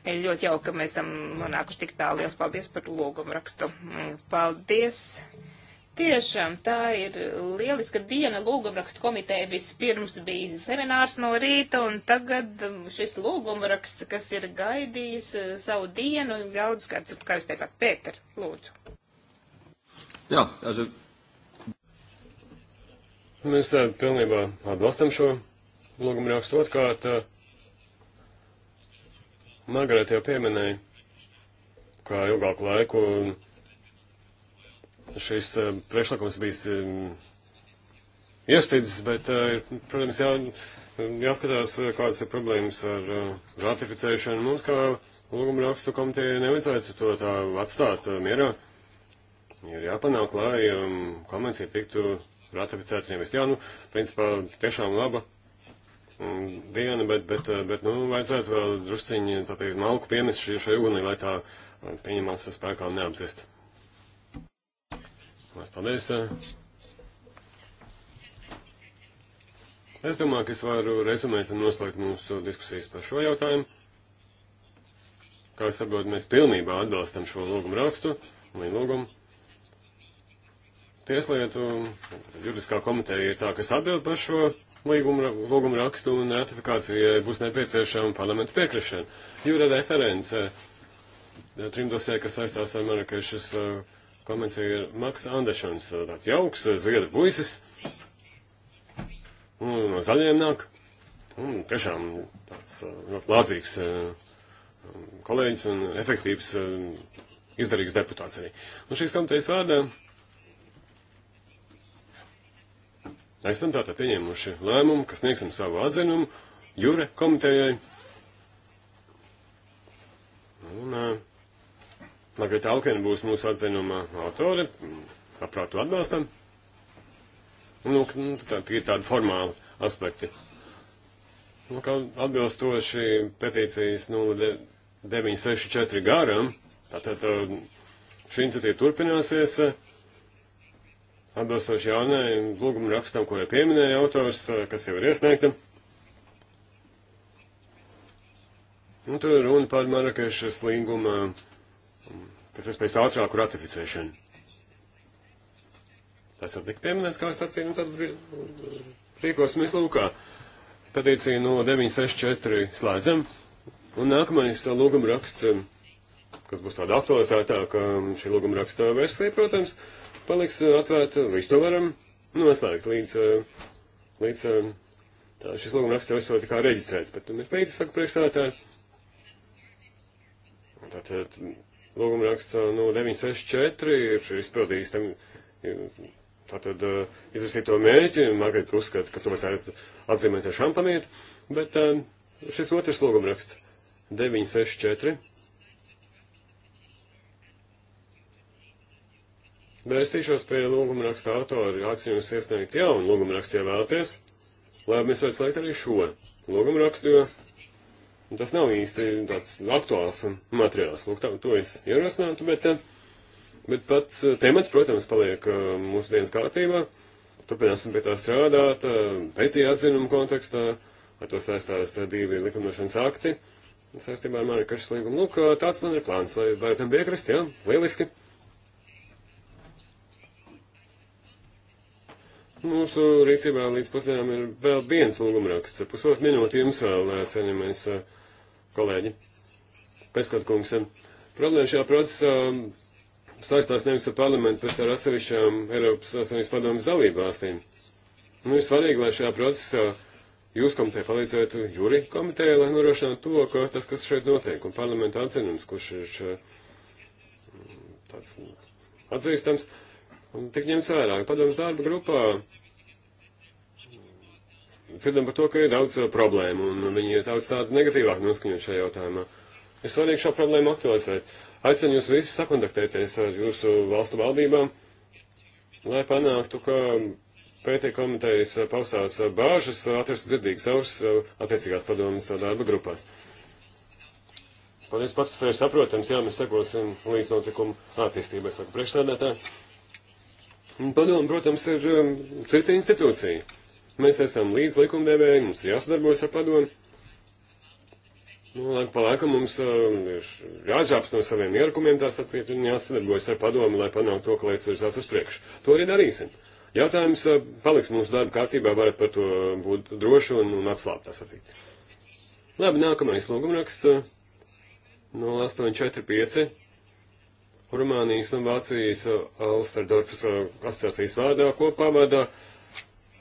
S1: Ir ļoti jauki, ka mēs esam nonākuši tik tālu. Liels paldies par lūgumu rakstu. Paldies! Tiešām tā ir lieliska diena. Lūgumrakstu komiteja vispirms bija seminārs no rīta, un tagad um, šis lūgumraksts, kas ir gaidījis uh, savu dienu, daudz kāds, kā jūs teicāt, Pēter, lūdzu.
S3: Jā, aži. Mēs tā uh, pilnībā atbalstam šo lūgumrakstu. Otkārt, uh, Margarita jau pieminēja, kā ilgāku laiku. Un šis eh, priekšlikums bijis eh, iestidzis, bet, eh, protams, jā, jāskatās, kādas ir problēmas ar ratificēšanu. Mums, kā lūguma rakstu komiteja, nevajadzētu to tā atstāt mierā. Ir jāpanāk, lai um, konvencija tiktu ratificēta nevis jā, nu, principā tiešām laba diena, mm, bet, bet, bet nu, vajadzētu vēl drusciņi, tā teikt, malku piemest šai ugunī, lai tā pieņemās spēkā un neapzist. Mēs paldies. Es domāju, ka es varu rezumēt un noslēgt mūsu diskusijas par šo jautājumu. Kā es saprotu, mēs pilnībā atbalstam šo lūgumu rakstu, līdz lūgumu. Tieslietu juridiskā komiteja ir tā, kas atbild par šo līgumu, lūgumu rakstu un ratifikācijai būs nepieciešama parlamenta piekrišana. Jūra reference eh, trim dosē, kas saistās ar Marakešas uh, Komisija ir Maks Andešans, tāds jauks, zviedru puisis. Un no zaļiem nāk. Un tiešām tāds uh, ļoti lādzīgs uh, um, kolēģis un efektīvs uh, izdarīgs deputāts arī. Un šīs komitejas vārdā esam tātad pieņēmuši lēmumu, kas sniegsim savu atzinumu jūre komitejai. Un, uh, Margarita Alkena būs mūsu atzinuma autore, labprāt to atbalstam. Nu, nu, tā, tā ir tādi formāli aspekti. Nu, kā atbilstoši petīcijas 0964 garam, tātad šī iniciatīva turpināsies. Atbilstoši jaunai lūguma rakstam, ko jau pieminēja autors, kas jau ir iesniegta. Un nu, tur runa par Marakešas līguma uh, pēc iespējas ātrāku ratificēšanu. Tas jau tika pieminēts, kā es sacīju, nu tad rīkosimies lūkā. Petīcija no 964 slēdzam. Un nākamais uh, lūguma raksts, um, kas būs tāda aktualizētāka, um, šī lūguma raksta versija, protams, paliks uh, atvērta, uh, visu to varam noslēgt līdz, līdz um, tā, šis lūguma raksts jau esot tikai reģistrēts, bet nu, ir pēc, saka priekšsētāji. Tātad Lūguma raksts uh, no nu, 964 ir izpildījis tam, tātad uh, izvirzīto mērķi, Margarita uzskata, ka to vajadzētu atzīmēt ar šampanīti, bet uh, šis otrs lūguma raksts 964 vērstīšos pie lūguma raksta autori, atcīmjums iesniegt jaunu lūguma rakstu, ja vēlaties, lai mēs varētu slēgt arī šo lūguma rakstu, jo Un tas nav īsti tāds aktuāls materiāls. Lūk, tā, to es ierosinātu, bet, eh, bet pats eh, temats, protams, paliek eh, mūsu dienas kārtībā. Turpināsim pie tā strādāt, pētījā atzinumu kontekstā, ar to saistās divi likumdošanas akti saistībā ar Marikašu līgumu. Lūk, tāds man ir plāns, vai varat tam piekrist, jā? Lieliski! Mūsu rīcībā līdz pusdienām ir vēl viens lūgumraksts. Pusotru minūti jums vēl, cienījamies. Uh, kolēģi. Peskot kungs, problēma šajā procesā saistās nevis ar parlamentu, bet ar atsevišķām Eiropas Savienības padomas dalībvalstīm. Nu, ir svarīgi, lai šajā procesā jūs komiteja palīdzētu Juri komiteja, lai norošinātu to, ka tas, kas šeit notiek, un parlamenta atzinums, kurš ir uh, tāds atzīstams, un tik ņemts vērā. Padomas darba grupā dzirdam par to, ka ir daudz uh, problēmu, un viņi ir daudz tādu negatīvāk noskaņot šajā jautājumā. Ir svarīgi šo problēmu aktualizēt. Aicinu jūs visus sakontaktēties ar jūsu valstu valdībām, lai panāktu, ka pētī komitejas paustās bāžas atrast dzirdīgas ausis uh, attiecīgās padomas darba grupās. Paldies, pats par sevi saprotams, jā, mēs sekosim līdz notikumu attīstībai, saka priekšsēdētāji. Padomu, protams, ir um, cita institūcija. Mēs esam līdz likumdevēji, mums ir jāsadarbojas ar padomu. Nu, no, laiku pa laikam mums uh, um, jāžāps no saviem ierakumiem, tā sacīt, un jāsadarbojas ar padomu, lai panāktu to, ka lietas virzās uz priekšu. To arī darīsim. Jautājums uh, paliks mūsu darba kārtībā, varat par to būt droši un, un atslābt, tā sacīt. Labi, nākamais lūgumraksts uh, no 845. Rumānijas un Vācijas uh, Alsterdorfas uh, asociācijas vārdā kopā vada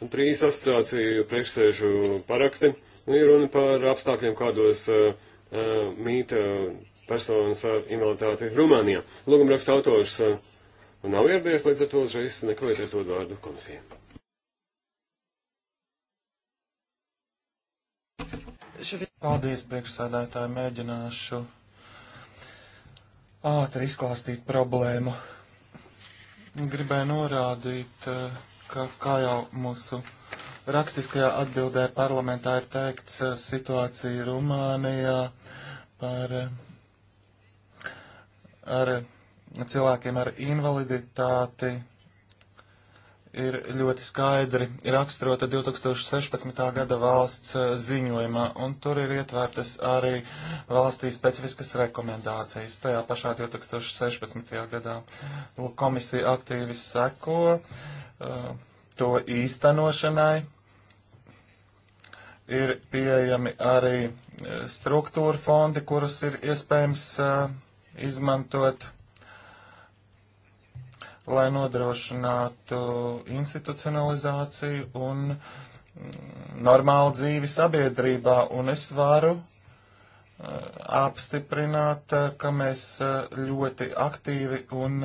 S3: trīs asociāciju priekšsēžu paraksti. Nu, ir runa par apstākļiem, kādos uh, uh mīta uh, personas ar invaliditāti Rumānijā. Lūguma raksta autors uh, nav ieradies, līdz ar to uzreiz nekavēties dod vārdu komisijai. Paldies,
S2: priekšsēdētāji, mēģināšu ātri izklāstīt problēmu. Gribēju norādīt, uh, ka, kā jau mūsu rakstiskajā atbildē parlamentā ir teikts, eh, situācija Rumānijā par eh, ar cilvēkiem ar invaliditāti ir ļoti skaidri raksturota 2016. gada valsts eh, ziņojumā, un tur ir ietvērtas arī valstī specifiskas rekomendācijas. Tajā pašā 2016. gadā komisija aktīvi seko uh, to īstenošanai. Ir pieejami arī eh, struktūra fondi, kurus ir iespējams uh, izmantot lai nodrošinātu institucionalizāciju un mm, normālu dzīvi sabiedrībā, un es varu eh, apstiprināt, eh, ka mēs eh, ļoti aktīvi un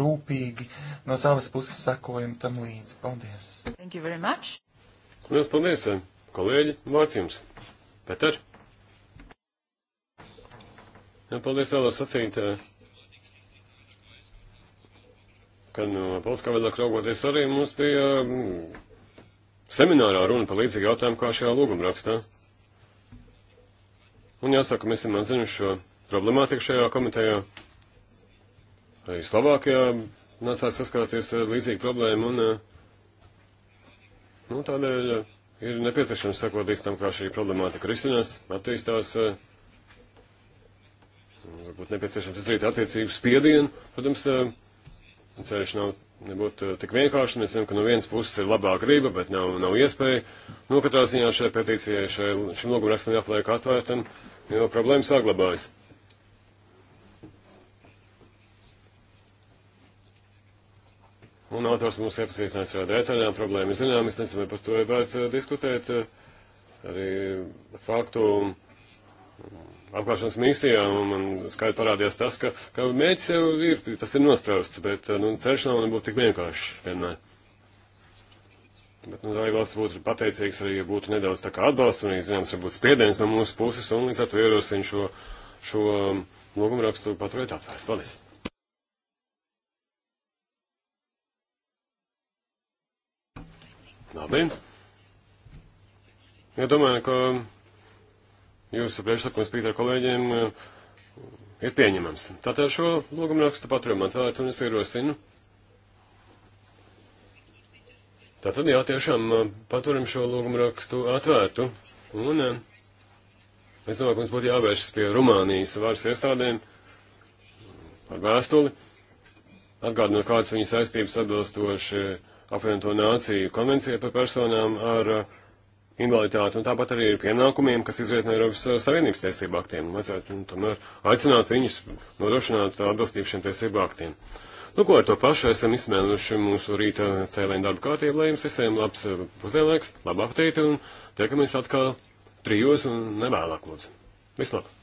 S2: rūpīgi no savas puses sekojam tam līdzi.
S3: Paldies! Thank you very much! Liels paldies, kolēģi! Vārds jums! Peter! Paldies, vēlos sacīt. Uh, kad no politiskā viedokļa raugoties arī mums bija mm, seminārā runa par līdzīgu jautājumu kā šajā lūgumrakstā. Un jāsaka, mēs esam atzinuši šo problemātiku šajā komitejā. Arī Slovākijā nācās saskārties ar līdzīgu problēmu un nu, tādēļ ir nepieciešams sakot līdz tam, kā šī problemātika risinās, attīstās. Varbūt nepieciešams izdarīt attiecību spiedienu. Protams, Ceļš nav nebūtu eh, tik vienkārši. Mēs zinām, ka no vienas puses ir labā grība, bet nav, nav iespēja. Nu, katrā ziņā šai petīcijai, šai, šim lūgumrakstam jāpaliek atvērtam, jo problēma saglabājas. Un autors mums iepazīstinās ar detaļām, problēmas zinām, es nezinu, vai par to ir vērts eh, diskutēt. Eh, arī faktu apgāšanas misijā, un man skaidri parādījās tas, ka, ka mēģis jau ir, tas ir nosprausts, bet nu, ceļš nav nebūtu tik vienkārši vienmēr. Bet, nu, dalībvalsts būtu pateicīgs arī, ja būtu nedaudz tā kā atbalsts un, zināms, varbūt spiediens no mūsu puses, un līdz ar to ierosinu šo, šo logumrakstu paturēt atvērtu. Paldies! Labi. Ja domāju, ka jūsu priekšlikums, Pīter, kolēģiem eh, ir pieņemams. Tātad šo lūgumu rakstu paturam atvērtu un es ierosinu. Tātad jā, tiešām eh, paturam šo lūgumu rakstu atvērtu. Un eh, es domāju, ka mums būtu jāvēršas pie Rumānijas varas iestādēm ar vēstuli, atgādinot, kādas viņas saistības atbilstoši apvienoto nāciju konvencijai par personām ar uh, invaliditāti, un tāpat arī ir pienākumiem, kas izriet no Eiropas uh, Savienības tiesību aktiem. Vajadzētu nu, tomēr aicināt viņus nodrošināt atbilstību šiem tiesību aktiem. Nu, ko ar to pašu esam izsmēluši mūsu rīta cēlēņu darba kārtību, lai jums visiem labs uh, pusdienlaiks, labu apetīti un tiekamies atkal trijos un nevēlāk, lūdzu. Vislabāk!